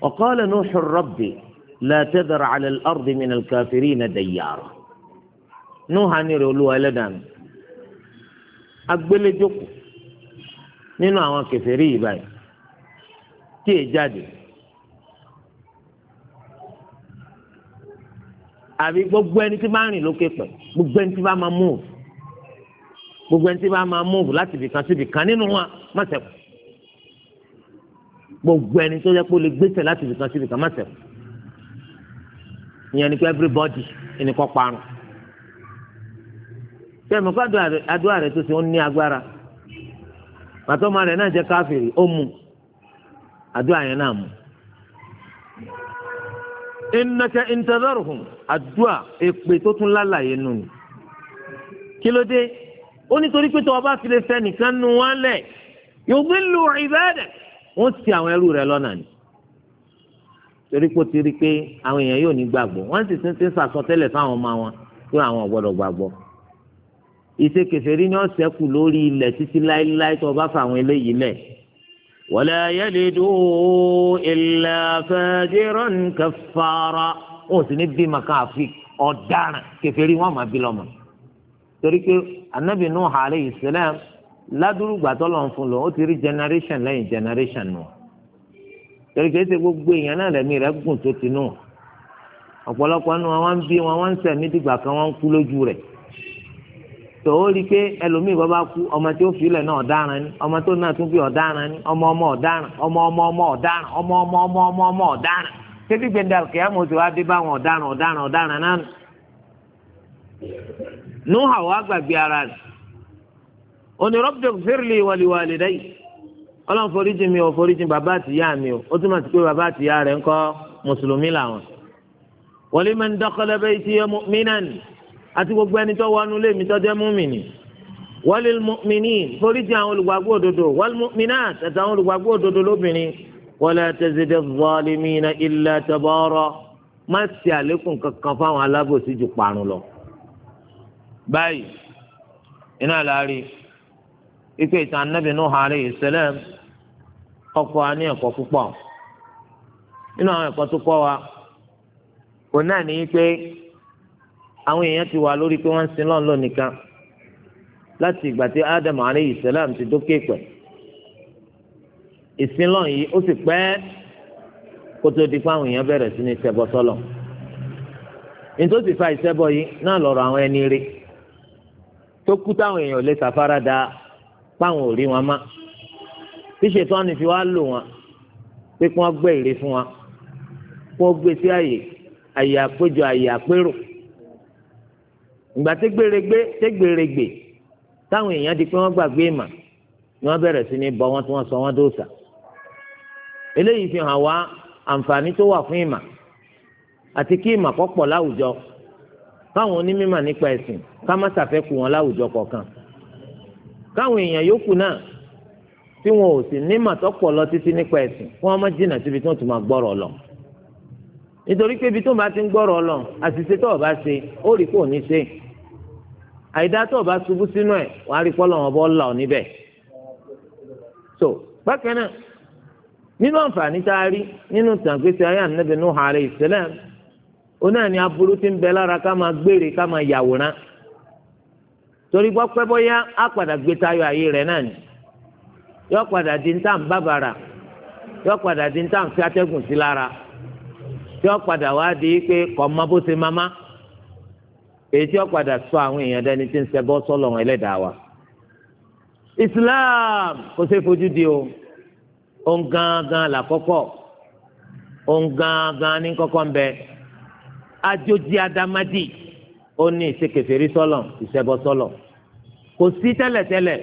[SPEAKER 1] ọ̀kọ́lẹ̀ Nuhu rabbi la tadhar ala al-ardi min nù hà ní rẹ̀ olúwa ẹlẹ́dàá mi agbélédjókòó nínú àwọn kèfèrí yìí báyìí tí èyí jáde àbí gbogbo ẹni tí bá ń rìn lókè pẹ̀ gbogbo ẹni tí bá máa múùfù gbogbo ẹni tí bá máa múùfù láti ibìkan sí ibìkan nínú wọn má ṣẹ́kù gbogbo ẹni tó yẹ kó lè gbèsè láti ibìkan sí ibìkan má ṣẹ́kù ìyẹn ni pé everybody ẹni kọ́ parun tẹmọ kó àdúrà rẹ tó ṣe ó ní agbára màtọ́mọ rẹ náà jẹ́ káfíìrì ó mu àdúrà yẹn náà mu. innaka intadharhum àdúrà èpè tó tún lálàyé nù ni kí ló dé ó nítorí pé tó bá fi lè nu wọn lẹ̀ yudillu ibadak wọ́n ti àwọn ẹrú rẹ lọ́nà ni torí pé ó ti rí i pé àwọn èèyàn yóò ní gbàgbọ́ wọ́n sì ti ń sàsọtẹ́lẹ̀ fáwọn ọmọ wọn pé àwọn ò gbàgbọ́ ìṣe kèfèrí ni ó ṣẹ́kù lórí ilẹ̀ títí láéláé tó bá fà àwọn eléyìí lẹ̀. wala yalidu illa fajiran kaffara ó sì ní bí màkà àfi ọ̀daràn kèfèrí wọn máa bí lọ́mọ. torí pé anabi Nuh alayhi salam ládùrúgbà tó lọ́n fún lọ ó ti rí generation lẹ́yìn generation nù. torí pé ṣe gbogbo èèyàn náà lẹ́mí rẹ̀ gùn tó ti nù. ọ̀pọ̀lọpọ̀ nù wọn wá ń bí wọn wá ń sẹ̀mí dìgbà kan wọ́n ń kú lójú rẹ̀ tó o pé ẹlòmíì bá bá kú ọmọ tí ó filẹ̀ náà ọ̀daràn ni ọmọ tó náà tún fi ọ̀daràn ni ọmọ ọmọ ọ̀daràn ọmọ ọmọ ọmọ ọ̀daràn ọmọ ọmọ ọmọ ọmọ ọmọ ọ̀daràn tẹ́bí gbẹ̀ndà kìámọ̀ tí wàá dé bá wọn ọ̀daràn ọ̀daràn ọ̀daràn náà nù. nuha gbàgbé ara rẹ̀ òní fẹ́rẹ̀lì dẹ́yì ọlọ́run foríjì mi ò foríjì bàbá àtìyá mi ò ó túmọ̀ sí pé bàbá àtìyá rẹ̀ ńkọ́ mùsùlùmí làwọn. àti gbogbo ẹni tó wọnú ilé mi tó jẹ́ múmìnì walil mu'minin foríjì àwọn olùgbàgbọ́ òdodo wal mu'minat àtàwọn olùgbàgbọ́ òdodo lóbìnrin wala tazidi zalimina illa tabara má ṣe àlékún kankan fáwọn alábòsí ju parun lọ. báyìí iná láàrí ikú ìtàn anábì Nuh alayhi salam ọkọ̀ àní ẹ̀kọ́ púpọ̀ nínú àwọn ẹ̀kọ́ tó kọ́ wa kò náà ní í pé àwọn èèyàn ti wà lórí pé wọ́n ń sin lọ́n lọ nìkan láti ìgbà tí Adam aleyhi salam ti dókè pẹ̀ ìsin lọ́n yìí ó sì pẹ́ kó tó di fáwọn èèyàn bẹ̀rẹ̀ sí ní ṣẹbọ sọ́lọ̀ nítòsí fa ìṣẹbọ yìí náà lọ́rọ̀ àwọn ẹni rí tó kú táwọn èèyàn lè sàfárá da páwọn ò rí wọn má bí ṣètọ́ni fi wá lò wọn pé kí wọ́n gbẹ́ ìrè fún wa kí gbé sí àyè àyè àpéjọ àyè àpérò ìgbà tẹgbèrègbè tẹgbèrègbè táwọn èèyàn di pé wọ́n gbàgbé ìmọ̀ ni wọ́n bẹ̀rẹ̀ sí ní bọ wọn tí wọ́n sọ wọn dóòsà eléyìí fi hàn wá àǹfààní tó wà fún ìmọ̀ àti kí ìmọ̀ kó pọ̀ láwùjọ káwọn onímọ̀ nípa ẹ̀sìn ká má ṣàfẹ́kù wọn láwùjọ kọ̀ọ̀kan káwọn èèyàn yòókù náà tí wọn ò sì nímọ̀ tó pọ̀ lọ títí nípa ẹ̀sìn kí wọ́n má jìnnà síbi tí wọ́n ti máa gbọ́rọ̀ lọ nítorí pé ibi tó bá ti ń gbọ́rọ̀ lọ àṣìṣe tó o bá ṣe ó rí kò ní ṣe àìdátọ̀ ọba ṣubú sínú ẹ̀ wọ́n á rí pọ́ lọ́wọ́ bọ́ là ọ níbẹ̀. so bákan náà nínú àǹfààní tá a rí nínú tàǹgbèsè ayé ànábì Nuh alayhi salam onáà ni aburú ti ń bẹ lára ká máa gbére ká máa yàwòrán torí gbọ́ pẹ́ bóyá á padà gbé tayọ ayé rẹ̀ náà ni yọ padà di ntá ń bàbàrà yọ padà di ntá fi atẹ́gùn sí lára yọ padà wá di pé kọ́ mọ́ bó ṣe máa máa èyí tí ó padà sọ àwọn èèyàn dání tí ń ṣẹbọ sọlọ wọn ẹlẹ́dàá wa islam kò ṣe fojú di o òun gangan làkọ́kọ́ òun gangan ní kọ́kọ́ ń bẹ adójí adamadi ó ní ìṣekèfèrí sọlọ ìṣẹbọ sọlọ kò sí tẹ́lẹ̀tẹ́lẹ̀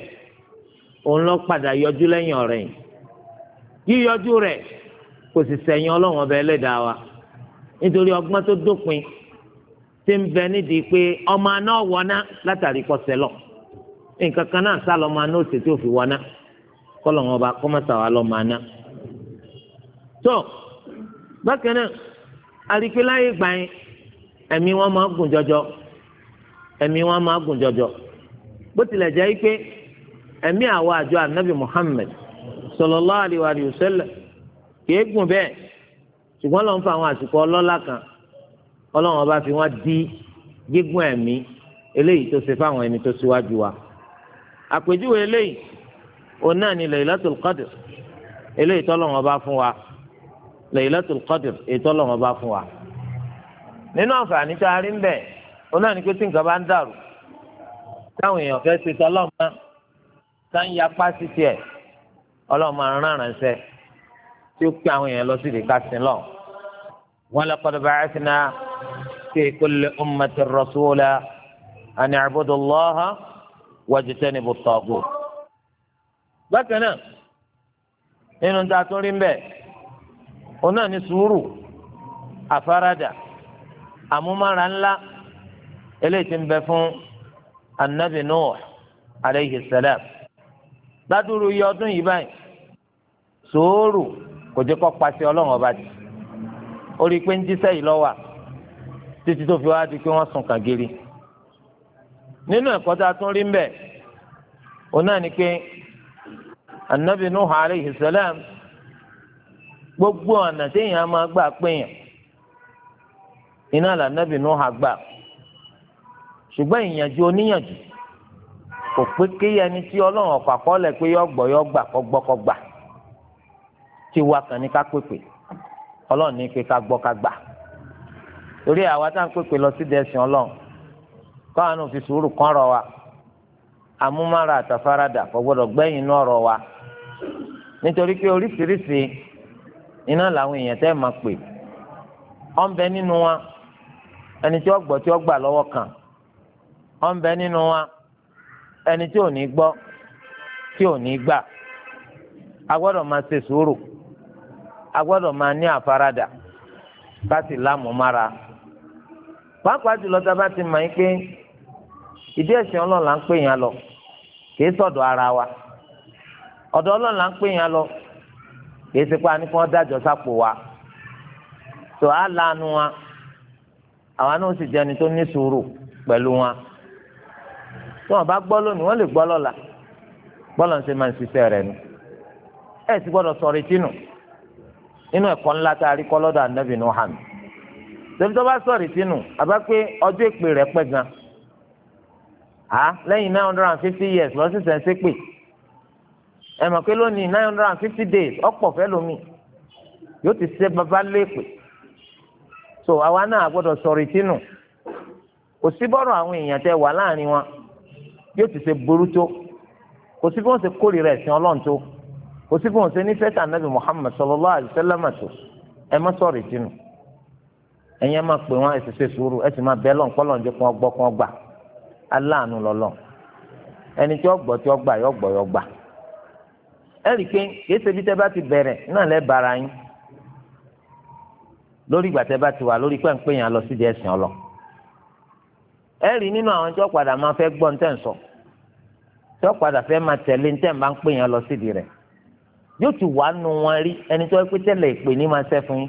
[SPEAKER 1] òun lọ padà yọjú lẹ́yìn ọ̀rẹ́ yìí yíyọjú rẹ̀ kò sì sẹ̀yìn ọlọ́wọ́n ọbẹ̀ ẹlẹ́dàá wa nítorí ọgbọ́n tó dópin tí ń bẹ nídìí pé ọmọ náà wọná látàrí kọsẹ̀ lọ nǹkan kan náà sá lọ́mọ náà ṣe tí ò fi wọná kọ́lọ̀ wọn bá kọ́mọ́sà wà lọ́mọ aná. tó bákan náà àríkí láyé ìgbà ẹ̀mí wọn máa gùn jọjọ ẹ̀mí wọn máa gùn jọjọ bó tilẹ̀ jẹ́ pé ẹ̀mí àwọn àjọ anabi Muhammad sallallahu alaihi wa sallam kìí gùn bẹ́ẹ̀ ṣùgbọ́n lọ́n fa àwọn àsìkò ọlọ́lá kan ọlọ́run ọba fi wọ́n di gígùn ẹ̀mí eléyìí tó ṣe fáwọn ẹni tó ṣíwájú wa àpèjúwe eléyìí òun náà ni Laylatul Qadr eléyìí tọ́lọ́run ọba fún wa Laylatul Qadr èyí tọ́lọ́run ọba fún wa nínú àǹfààní tá a rí ń bẹ òun náà ni pé tí nǹkan bá ń dàrú táwọn èèyàn fẹ́ ṣe tọ́lọ́mọ tá ń yapa sí tiẹ̀ ọlọ́mọ aránránṣẹ́ tí ó pé àwọn èèyàn lọ sí ìdíkà sí lọ wọn laqad ba'athna. في كل أمة الرسول أن اعبدوا الله واجتنبوا الطاغوت بكنا inu أنت أتولين به هنا نسورو أفردا أموما لا إليتم بفون النبي نوح عليه السلام gbadúró iye ọdún báyìí sòórù kò jẹ́ kó pàṣẹ ọlọ́run ọba jù pé ń yìí títí tó fi wá di pé wọ́n sùn kàgiri nínú ẹ̀kọ́ tá a tún rí mbẹ̀ òun náà ni pé anabi nuhu alayhi salam gbogbo ọ̀nà téèyàn máa gbà péyàn iná là anabi nuhu àgbà ṣùgbọ́n ìyànjú oníyànjú kò pé kéye tí ọlọ́run ọ̀pọ̀ pé yọ gbọ́ yọ tí wàá kàn ní ká pèpè ọlọ́run ní pé ká gbọ́ ká gbà. torí àwa tá à ń pèpè lọ sí dẹ̀sìn ọlọ́run káwọn náà fi sùúrù kan rọ wa àmúmára àtàfáradà kò gbọdọ̀ gbẹ́yìn náà rọ wa nítorí pé oríṣiríṣi iná làwọn èèyàn tẹ́ máa pè ọ̀nbẹ nínú wa ẹni tí ó gbọ́ tí ó gbà lọ́wọ́ kan ọ̀nbẹ nínú wa ẹni tí ò ní gbọ́ tí ò ní gbà a gbọ́dọ̀ máa ṣe sùúrù a gbọ́dọ̀ máa ní àfaradà ká sì lámùmára pàápàá jùlọ tá a bá ti mọ̀ yín pé ìdí ẹ̀sìn ọlọ́run là ń lọ kìí sọ̀dọ̀ ara wa ọ̀dọ̀ ọlọ́run là ń lọ kìí ṣe pé a ní kí wọ́n wa tó a lanu wa àwa náà sì jẹ́ ẹni tó ní sùúrù pẹ̀lú wa tí wọ́n bá gbọ́ lónìí wọ́n lè gbọ́ lọ́la ń ṣe máa ń ṣiṣẹ́ rẹ̀ nu ẹ̀ sì gbọ́dọ̀ sọ̀rọ̀ nínú tẹbi bá sọ̀rọ̀ sínú àbá pé ọjọ́ ìpè rẹ̀ pẹ́ gan a lẹ́yìn nine hundred and fifty years ń sépè ẹ mọ̀ pé lónìí nine hundred days ọ̀pọ̀ fẹ́ lomi yóò ti ṣe bàbá so àwa náà gbọ́dọ̀ sọ̀rọ̀ sínú kò sí bọ́rọ̀ àwọn èèyàn tẹ wà láàrin wọn yóò ti ṣe burú tó kò sí bí wọ́n ṣe kórìíra ẹ̀yin máa pè wọ́n ẹ̀sìn ṣe sùúrù ẹ̀sìn máa bẹ́ẹ̀ lọ́n kọ́lọ́n jẹ́ kán gbọ́ kán gbà aláàánú lọ́lọ́n ẹni tí ọgbọ́ tí ọgbà yọ gbọ́ yọ gbà ẹ rí i pé kìí ṣe bí tẹ́ bá ti bẹ̀rẹ̀ náà lẹ́ bara yín lórí ìgbà tẹ́ bá ti wà lórí pẹ́ǹpẹ́ yẹn lọ sídìí ẹ̀sìn ọlọ ẹ rí nínú àwọn tí ọ̀padà máa fẹ́ gbọ́ ntẹ́ sọ tí ọ̀padà fẹ́ máa tẹ̀lé ntẹ́ bá ń pè yẹn lọ sídìí rẹ̀ yóò ti wà nù wọn rí ẹni tó ẹ pé tẹ́lẹ̀ ìpè ní máa ṣẹ́ fún yín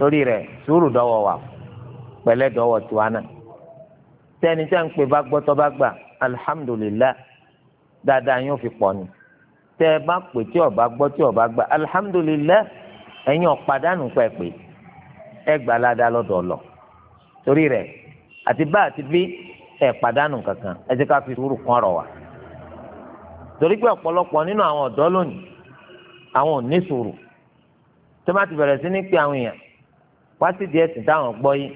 [SPEAKER 1] torí rẹ̀ sùúrù dọ́wọ́ wa pẹ̀lẹ́ dọ́wọ́ tiwa náà tẹni tẹ́ ń pè bá gbọ́ tọ́ bá gbà alihamudulilayi dáadáa yóò fi pọ̀ ni tẹ́ ẹ bá pè tí ọba gbọ́ tí ọba gbà alihamudulilayi ẹ̀yin ọ̀padànù pẹ̀pẹ́ ẹ gbà ládàá lọ́dọ̀ lọ torí rẹ̀ àti bá àti bí ẹ padànù kankan ẹ ti ká fi sùúrù kún ọ̀rọ̀ wa torí pé ọ̀pọ̀lọpọ̀ nínú àwọn ọ̀dọ́ lónìí àwọn ò ní sùúrù tó bá ti bẹ̀rẹ̀ sí ní pé àwọn èèyàn wá díẹ̀ sí táwọn gbọ́ yìí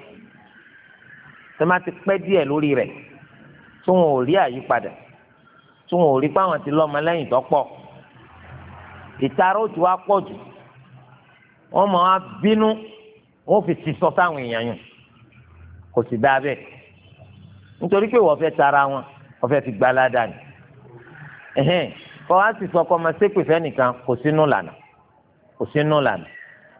[SPEAKER 1] tó má ti pẹ́ díẹ̀ lórí rẹ̀ tí wọn ò rí àyípadà tí wọn ò rí páwọn ti lọ́mọ lẹ́yìn tó pọ̀ ìtara ó pọ̀ jù wọ́n máa wá bínú wọ́n fi ti sọ sáwọn èèyàn yàn kò sì dáa bẹ́ẹ̀ nítorí pé wọ́n fẹ́ tara wọn wọ́n fẹ́ fi gba ni ẹ̀hẹ́n kọ́ sì sọ kọ́ ọmọ sépè fẹ́ nìkan kò sínú lànà kò sínú lànà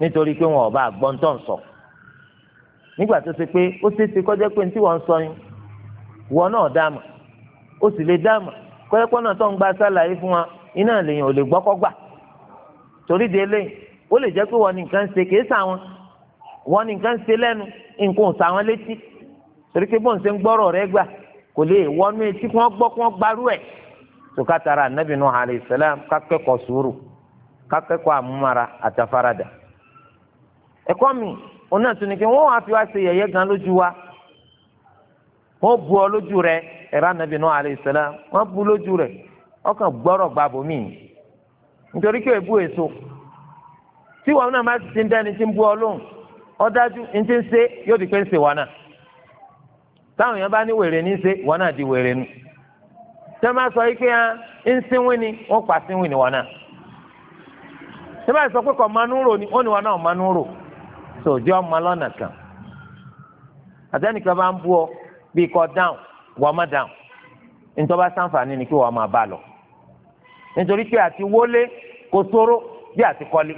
[SPEAKER 1] nítorí pé wọn ò bá gbọ́n tó ń sọ nígbà tó ṣe pé ó ṣe é ṣe kọjá pé tí wọ́n ń sọ yín wọn náà dáàmà ó sì lè dáàmà kọ́yẹ́pọ́ náà tó ń gba sálàyé fún wa iná lèyìn ò lè gbọ́ kọ́gbà torí de eléyìí ó lè jẹ́ pé wọ́n ní nǹkan ṣe kìí sà wọn wọ́n ní nǹkan ṣe lẹ́nu nǹkan ò sà wọn létí torí pé bóun ṣe ń gbọ́rọ̀ rẹ gbà kò lè wọnú etí kí wọ́n gbọ́ kí wọ́n gbarú ẹ̀ tòkátara anabi alayhi salam kákẹ́kọ̀ọ́ sùúrù kákẹ́kọ̀ọ́ àmúmara àtàfaradà ẹ̀kọ́ mi òun náà tún ni pé wọ́n wá fi wá ṣe yẹ̀yẹ́ gan lójú wa bu ọ lójú rẹ ẹ̀rọ anabi náà alayhi salam wọ́n bu lójú rẹ ọkàn gbọ́rọ̀ gba bòmí nítorí kí o bu èso tí wọn náà máa ti ń dẹ́ni tí ń bu ọ lóhùn ọ dájú ní ti ń ṣe yóò di pé ń ṣe wọn náà táwọn yẹn bá ní wèrè ní ṣe wọn náà di wèrè nu tẹ́ máa sọ yìí pé ah, ń sínwín ni wọ́n pa sínwín ni wọn náà tẹ́ máa sọ pé kò rò ni wọn náà rò. sòjọ́ ọmọ lọ́nà kan àtẹnìkan bá ń bú ọ bíi kọ dáhùn wọ́n má dáhùn ntọ́ba sáǹfààní ni kí wọ́n máa bá lọ nítorí pé àti wọlé kò sóró bí àti kọ́lé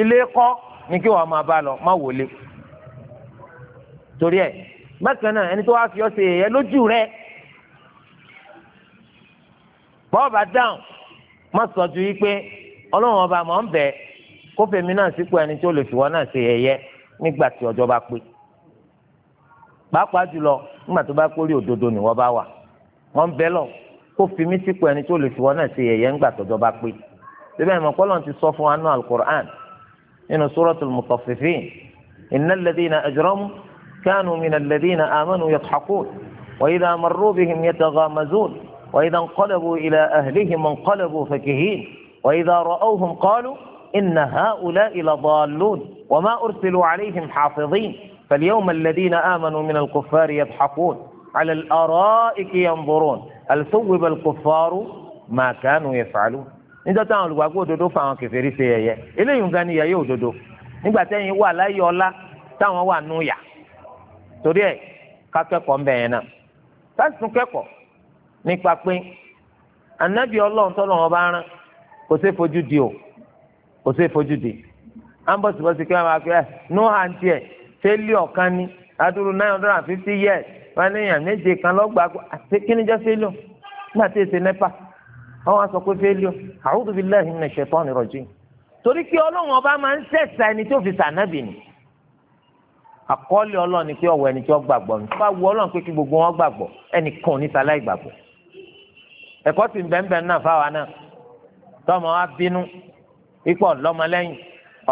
[SPEAKER 1] ilé kọ́ ni kí wọ́n máa bá lọ má wọlé torí ẹ̀ bákan náà ẹni tó wá fi ọ́ ṣe èèyàn lójú rẹ̀ bọ́ọ̀bà dáhùn má sọ ju yí pé ọlọ́run ọba mọ̀ ń bẹ̀ẹ́ kófèmí náà sípò ẹni tí ó lè fìwọ́ náà ṣe yẹ̀yẹ́ nígbà tí ọjọ́ bá pé pàápàá jùlọ nígbà tó bá kórè òdodo ni wọ́n bá wà wọ́n ń bẹ́ lọ kófèmí sípò ẹni tí ó lè fìwọ́ náà ṣe yẹ̀yẹ́ nígbà tọ́jọ́ bá pé síbẹ̀ ìmọ̀ kọ́lọ́n ti sọ fún wa nínú alukur'an nínú suratul mutaffifin innal ladhina ajramu kanu minal ladhina amanu yadhhakun إن هؤلاء لضالون وما أرسلوا عليهم حافظين فاليوم الذين آمنوا من الكفار يضحكون على الأرائك ينظرون هل ثوب الكفار ما كانوا يفعلون nígbà táwọn olùgbàgbọ́ òdodo fáwọn kèfèrí ṣe yẹ̀yẹ́ eléyìí nǹkan ni yẹ̀yẹ́ òdodo nígbà tẹ́yìn wà láyé ọlá táwọn wà nù yà torí ẹ̀ ká kẹ́kọ̀ọ́ ń bẹ̀ yẹn náà sásùn kẹ́kọ̀ọ́ nípa pé ànábì ọlọ́run tọ́lọ́run ọba rán kò ṣeé fojú di o kò sí ìfojú di ambosibosi kí wọn máa fi ẹ nù ni adúrú nine hundred and fifty years wọn ní yàn méje kan lọgbà àti kíni fẹlẹ nígbà tí èsì nẹpa àwọn sọ pé fẹlẹ o a'udhu billahi minash shaitani rajim torí kí ọlọ́run ọba máa ń sẹ̀sà ẹni tó fi sànàbì ni àkọọ́lẹ̀ ọlọ́run ni pé ọ̀wọ́ ẹni tí ni pé gbogbo wọn gbàgbọ́ ẹnì kan ní ti náà fáwa Ikpọ ọlọmọlẹ́yìn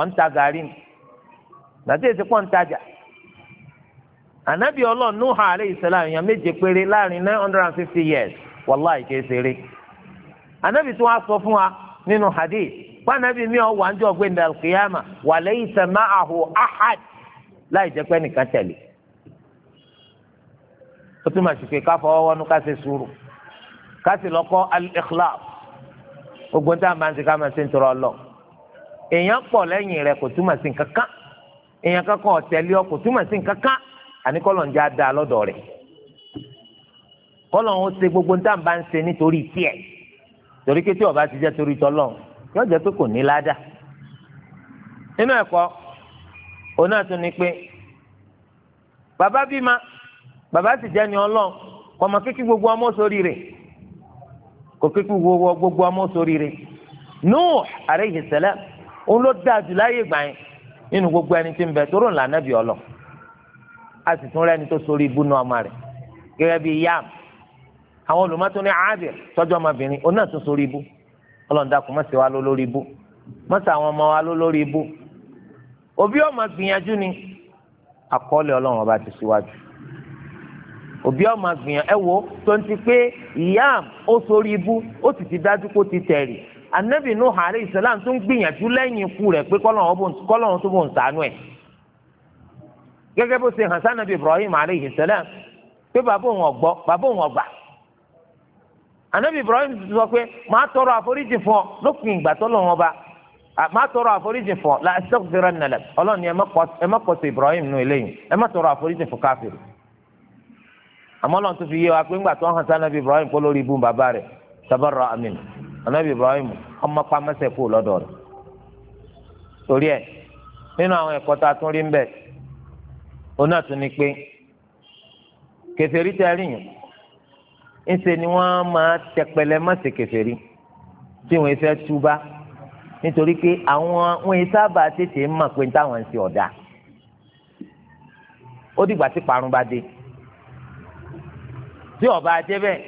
[SPEAKER 1] ọńtà gàrí ni nàti pọ̀ ńtajà ànábì ọlọ́ọ̀nù ha aleyhi salam èèyàn méje péré láàrin nine hundred and fifty years wàláì kìí ànábì tí wọ́n sọ fún wa nínú hadith mi ọ̀ wà ń jọ gbẹ̀ndà kìyàmà wà lẹ́yìn àhù ahad láì jẹ́ pé nìkan tẹ̀lé ó túmọ̀ sí pé káfọ́ wọnú ká sùúrù ká lọ́kọ́ èèyàn pọ̀ lẹ́yìn rẹ̀ kò túmọ̀ sí nǹkan kan èèyàn kankan ọ̀tẹ̀lé ọ kò túmọ̀ sí nǹkan kan àní kọ́lọ̀n já da lọ́dọ̀ rẹ̀ ṣe gbogbo níta bá ń ṣe nítorí tiẹ̀ torí pé tí bá ti jẹ́ torí tọ́lọ́n yóò jẹ́ pé kò ní ládà nínú ẹ̀kọ́ òun náà tún ni pé gbogbo ọmọ sórí rẹ̀ gbogbo ọmọ sórí rẹ̀ òun ló dáa jù láyé ìgbà nínú gbogbo ẹni tí ń bẹ tó rò ọlọ a sì tún rẹni tó sórí ibú náà ọmọ rẹ gẹ́gẹ́ bíi yam àwọn ní ábìr tọjú ọmọbìnrin òun náà tún ibu ibú ọlọ́ọ̀dàkùn wa ló lórí ibú wa ló lórí ibú òbí ọmọ ni àkọọ́lẹ̀ ọlọ́run ọba ti síwájú òbí ọmọ gbìyànjú ẹ wo tó ń ti yam ó ibú ó sì ti dájú kó ti tẹ̀rì anabi nuhu alayhi salam tó ń gbìyànjú lẹ́yìn ikú rẹ̀ pé kọ́lọ́run tó bò ń ṣàánú ẹ̀ gẹ́gẹ́ bó ṣe hàn sanabi ibrahim alayhi salam pé bàbá òun ọ̀gbọ́ bàbá òun ọ̀gbà anabi ibrahim ti sọ pé màá tọrọ àforíjì fún ọ lópin ìgbà tọ́lọ́run ọba màá tọrọ àforíjì fún ọ la astaghfiranna lak ọlọ́ni ẹ má kọ́ sí ibrahim nù eléyìí ẹ má tọrọ àforíjì fún káfíìrì àmọ́ lọ́n tó fi yé wa pé ńgbà tó hàn sanabi ibrahim kó lórí ibú bàbá rẹ̀ tabarra amin anabi ibrahim ọmọ pamẹsẹ kú lọ́dọ̀ rẹ̀ torí ẹ̀ nínú àwọn ẹ̀kọ́ tá a tún rí ń bẹ òun tún ni pé kèfèrí tẹ rí yàn ńṣe ni wọ́n máa tẹpẹlẹ mọ̀sẹ̀ kèfèrí tí wọ́n fẹ́ túbá nítorí pé àwọn wọn sábà tètè ń mọ̀ pé táwọn ń ṣe ọ̀dà ó dìgbà tí parun bá dé tí ọba ajẹ́ bẹ́ẹ̀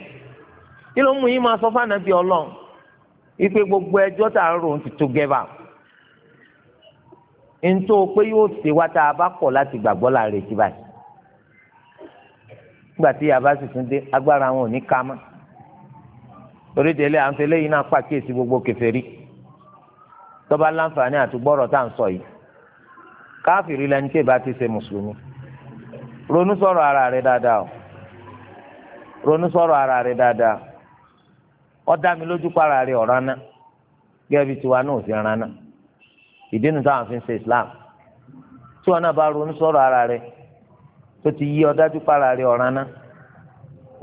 [SPEAKER 1] kí ló mú yín máa sọ fún ànábì ọlọ́run ipe gbogbo ẹjọ tá a rò ń ti tó gẹ́bà pé yóò ṣe wá tá a bá kọ̀ láti gbàgbọ́ la retí báyìí nígbà tí yàrá gbogbo keferi. tó bá láǹfààní ta tá à ń sọ yìí káfìrí lẹni tí ti ṣe mùsùlùmí ara rẹ dáadáa ọdá mi lójú para rẹ ọ̀rọ̀ aná gẹ́gẹ́ bí tiwa náà fi ara aná ìdí nu táwọn fi ń ṣe islam tí wọn náà bá ronú sọ̀rọ̀ ara rẹ tó ti yí ọdájú para rẹ ọ̀rọ̀ aná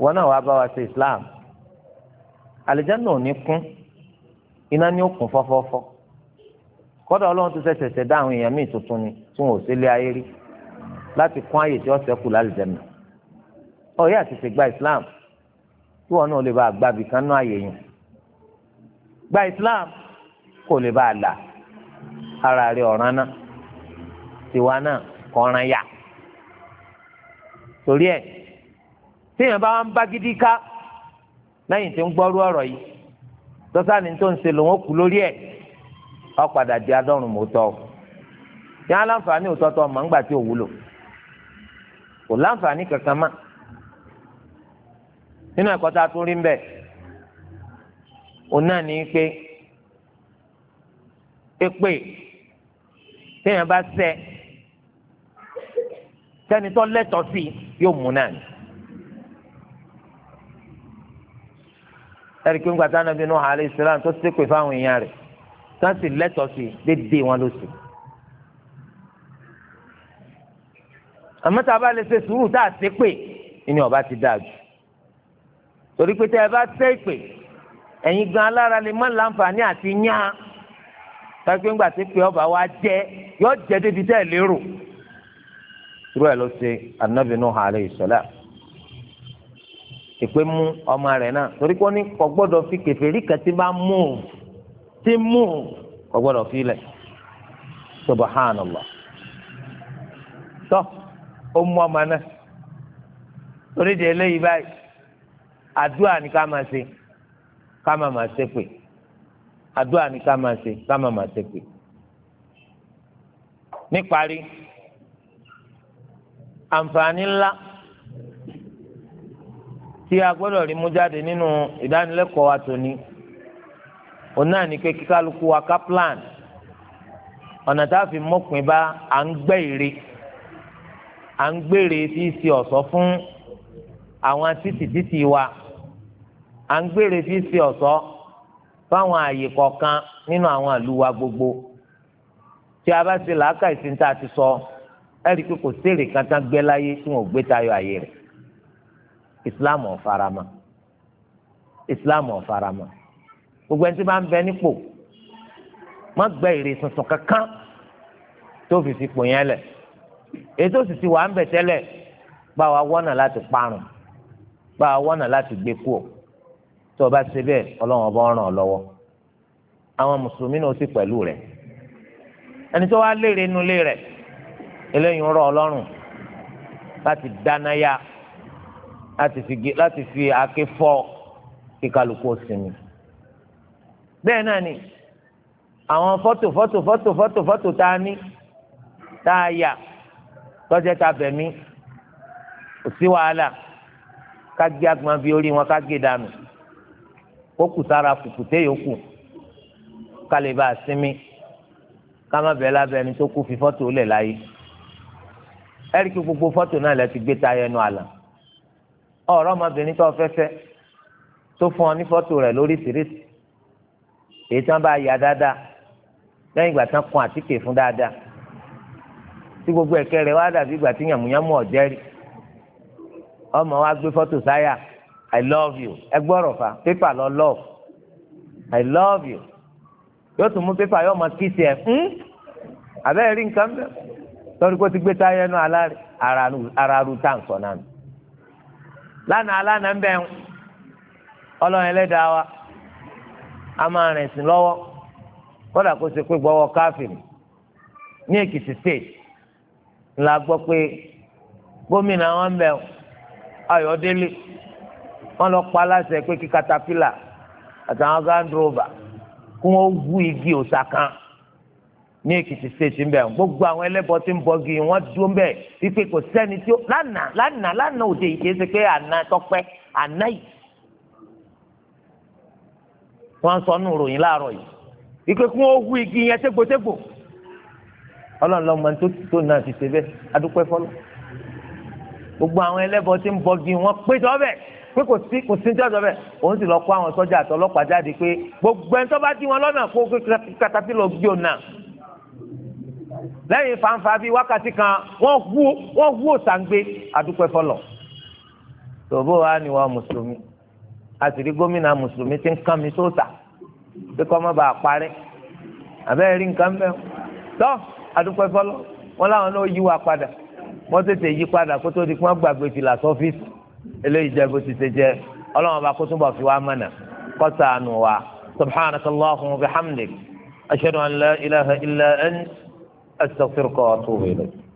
[SPEAKER 1] wọn náà wàá bá wa ṣe islam àlìjáná ò ní kún iná ní ó kún fọ́fọ́fọ́ kódà ọlọ́run tó ṣẹ̀ṣẹ̀ṣẹ̀ dá àwọn èèyàn míì tuntun ni tí wọn ò sí lé ayé rí láti kún àyè tí wọ́n ṣẹ́kù lálìjáná ọ̀yẹ́ àti ṣègbà islam kí wọn náà lè bá gbàbí kan náà àyè yẹn gba islam kò lè bá a là ara rẹ ọ̀ràn náà tiwa náà kọ̀ọ̀ràn yà torí ẹ̀ téèyàn bá ń bá gidi ká lẹ́yìn tí ń gbọ́rú ọ̀rọ̀ yìí tọ́sánì tó ń ṣe lòun ó kú lórí ẹ̀ ó padà di adọ́rùn mọ́tọ́ o aláǹfààní òtọ́tọ́ mọ̀ ńgbà tí ò wúlò kò láǹfààní kankan máa nínú ẹ̀kọ́ tá a tún rí ń bẹ̀ òun náà ní pé èpè téèyàn bá ṣẹ sẹ́ni tó lẹ́tọ̀ọ́ sí yóò mú náà ni. ẹ̀rí pé ńgbà táwọn ẹbí náà àlẹ́ ìsìlámù tó ṣépè fáwọn èèyàn rẹ̀ tó sì lẹ́tọ̀ọ́ sí dédé wọn ló sì. àmọ́ tá a bá lè ṣe sùúrù tá a ṣépè ìní ọba ti dáa jù. torí pé tẹ́ ẹ bá tẹ́ ìpè ẹ̀yin gan alára lè má láǹfààní àti yán tàbí ńgbà tí pé ọba wa jẹ́ yọ jẹ́ débi tẹ́ ẹ lérò irú ẹ̀ ló ṣe anabi Nuh alayhi salam ìpè mú ọmọ rẹ̀ náà torí pé ó ní kò gbọ́dọ̀ fi kèfèrí kan tí bá mú tí mú kò gbọ́dọ̀ fi lẹ̀ subhanallah tọ́ ó mú ọmọ náà torí di eléyìí báyìí. àdúrà ni ká máa ṣe ká máa máa ṣe pé àdúrà ni ká máa ṣe ká máa máa ṣe pé. níparí àǹfààní ńlá tí a gbọ́dọ̀ rí mú jáde nínú ìdánilẹ́kọ̀ọ́ wa tòní òun náà ni pé kíkálukú wa ká ọ̀nà tá a fi mọ́pin bá à ń gbẹ́ ère à ń gbére tí í ṣe ọ̀ṣọ́ fún àwọn títì títì wa à ń gbére fi ṣe ọ̀ṣọ́ fáwọn àyè kọ̀ọ̀kan nínú àwọn ìlú wa gbogbo tí a bá ṣe làákàyè sí tá a ti sọ ẹ rí i pé kò sí èrè gbé láyé tí wọn ò gbé tayọ àyè rẹ̀ islam ò farama islam ò farama gbogbo ẹni tí bá ń bẹ nípò má gbẹ́ èrè tuntun kankan tó fi fipò yẹn lẹ̀ ètò sì ti wà ń bẹ tẹ́lẹ̀ bá wa láti parun bá wa láti gbé kú o tó o bá ṣe bẹ́ẹ̀ ọlọ́run ọba ràn ọ́ lọ́wọ́ àwọn mùsùlùmí náà sì pẹ̀lú rẹ̀ ẹni tó wá léèrè inú ilé rẹ̀ eléyìí ń rọ ọlọ́run láti dáná yá láti fi láti fi àáké fọ́ kí kálukú ó sinmi bẹ́ẹ̀ náà ni àwọn fọ́tò fọ́tò fọ́tò fọ́tò fọ́tò tá a ní tá a yà tọ́jẹ́ ta bẹ̀mí kò sí wàhálà ká gé agbọ̀n bíi orí wọn ká gé dànù kó kù sára kùkùté yòókù kálí bá a sinmi kámá bẹ́ẹ̀ lábẹ́ ẹni tó kú fi fọ́tò lẹ̀ láyé ẹ́ríkì gbogbo fọ́tò náà lẹ ti gbé tayọ ẹnu àlà ọ̀rọ̀ ọmọbìnrin tó fẹ́fẹ́ tó fún ọ ní fọ́tò rẹ̀ lóríṣiríṣi èyí tí bá yà dáadáa lẹ́yìn ìgbà tí wọ́n kun fún dáadáa tí gbogbo ẹ̀kẹ́ rẹ̀ wá dàbí ìgbà tí yàmùyàmù ọ̀jẹ́ rí ọmọ wa gbé fọ́tò sáyà i love you ẹ fa pépà lọ love i love you yóò tún mú pépà yóò mọ kíìsì ẹ̀ ń hmm? abẹ́rẹ́ rí nǹkan bẹ́ẹ̀ kó ti gbé táyé ẹnu aráàlú tá à sọ náà nù lánàá lánàá ń bẹ̀ ń ọlọ́run ẹlẹ́dàá wa a máa rìn sí lọ́wọ́ kódà kó ṣe pé gbọ́wọ́ káfíìn ní Èkìtì state la wọn bẹ̀ wọ́n lọ pa aláṣẹ pé kí katapila àtàwọn gandrova kí wọ́n wú igi òòṣà kan ní èkìtì stéètì ń bẹ̀ gbogbo àwọn ẹlẹ́bọ tí ń bọ́gi wọ́n dúró ń bẹ̀ wípé kò sẹ́ni tí ó lánàá lánàá lánàá òde ìdè ṣe pé àná tọpẹ́ àná yìí wọ́n sọ nù ròyìn láàárọ̀ yìí wípé kí wọ́n wú igi yẹn tégbòtégbò ọlọ́run lọ́mọ tó tó náà ti ṣe bẹ́ẹ̀ adúpẹ́ fọlọ́ gbogbo àwọn ẹlẹ́bọ tí ń bọgi wọn péjọ bẹ̀ pé kò sí kò sí jọ́jọ́ bẹ̀ òun sì lọ kó àwọn sọ́jà àti ọlọ́pàá jáde pé gbogbo ẹni tó bá dí wọn lọ́nà kó katapí lọ gbé òun náà lẹ́yìn fanfa bíi wákàtí kan wọ́n wú wọ́n wú òsàǹgbé àdúpẹ́ fọlọ̀ tòbó wa ni wọn mùsùlùmí àṣírí gómìnà mùsùlùmí ti ń kán mi sóòtà pé kọ́ mọ́ bá a parí àbẹ́rẹ́ rí nǹkan bẹ́ẹ̀ lọ́ àdúpẹ́ fọlọ̀ wọn láwọn náà yí padà wọ́n tètè yí padà kó tó di kí wọ́n gbàgbé fìlà sọ́fíìsì eléyìí jẹ́ bó ti ṣe jẹ́ ọlọ́run bá kó túbọ̀ fi wá mọ̀nà kó ṣàánú wa subhanakallahumma wa bihamdik ashhadu an la ilaha illa ant astaghfiruka wa atubu ilayk.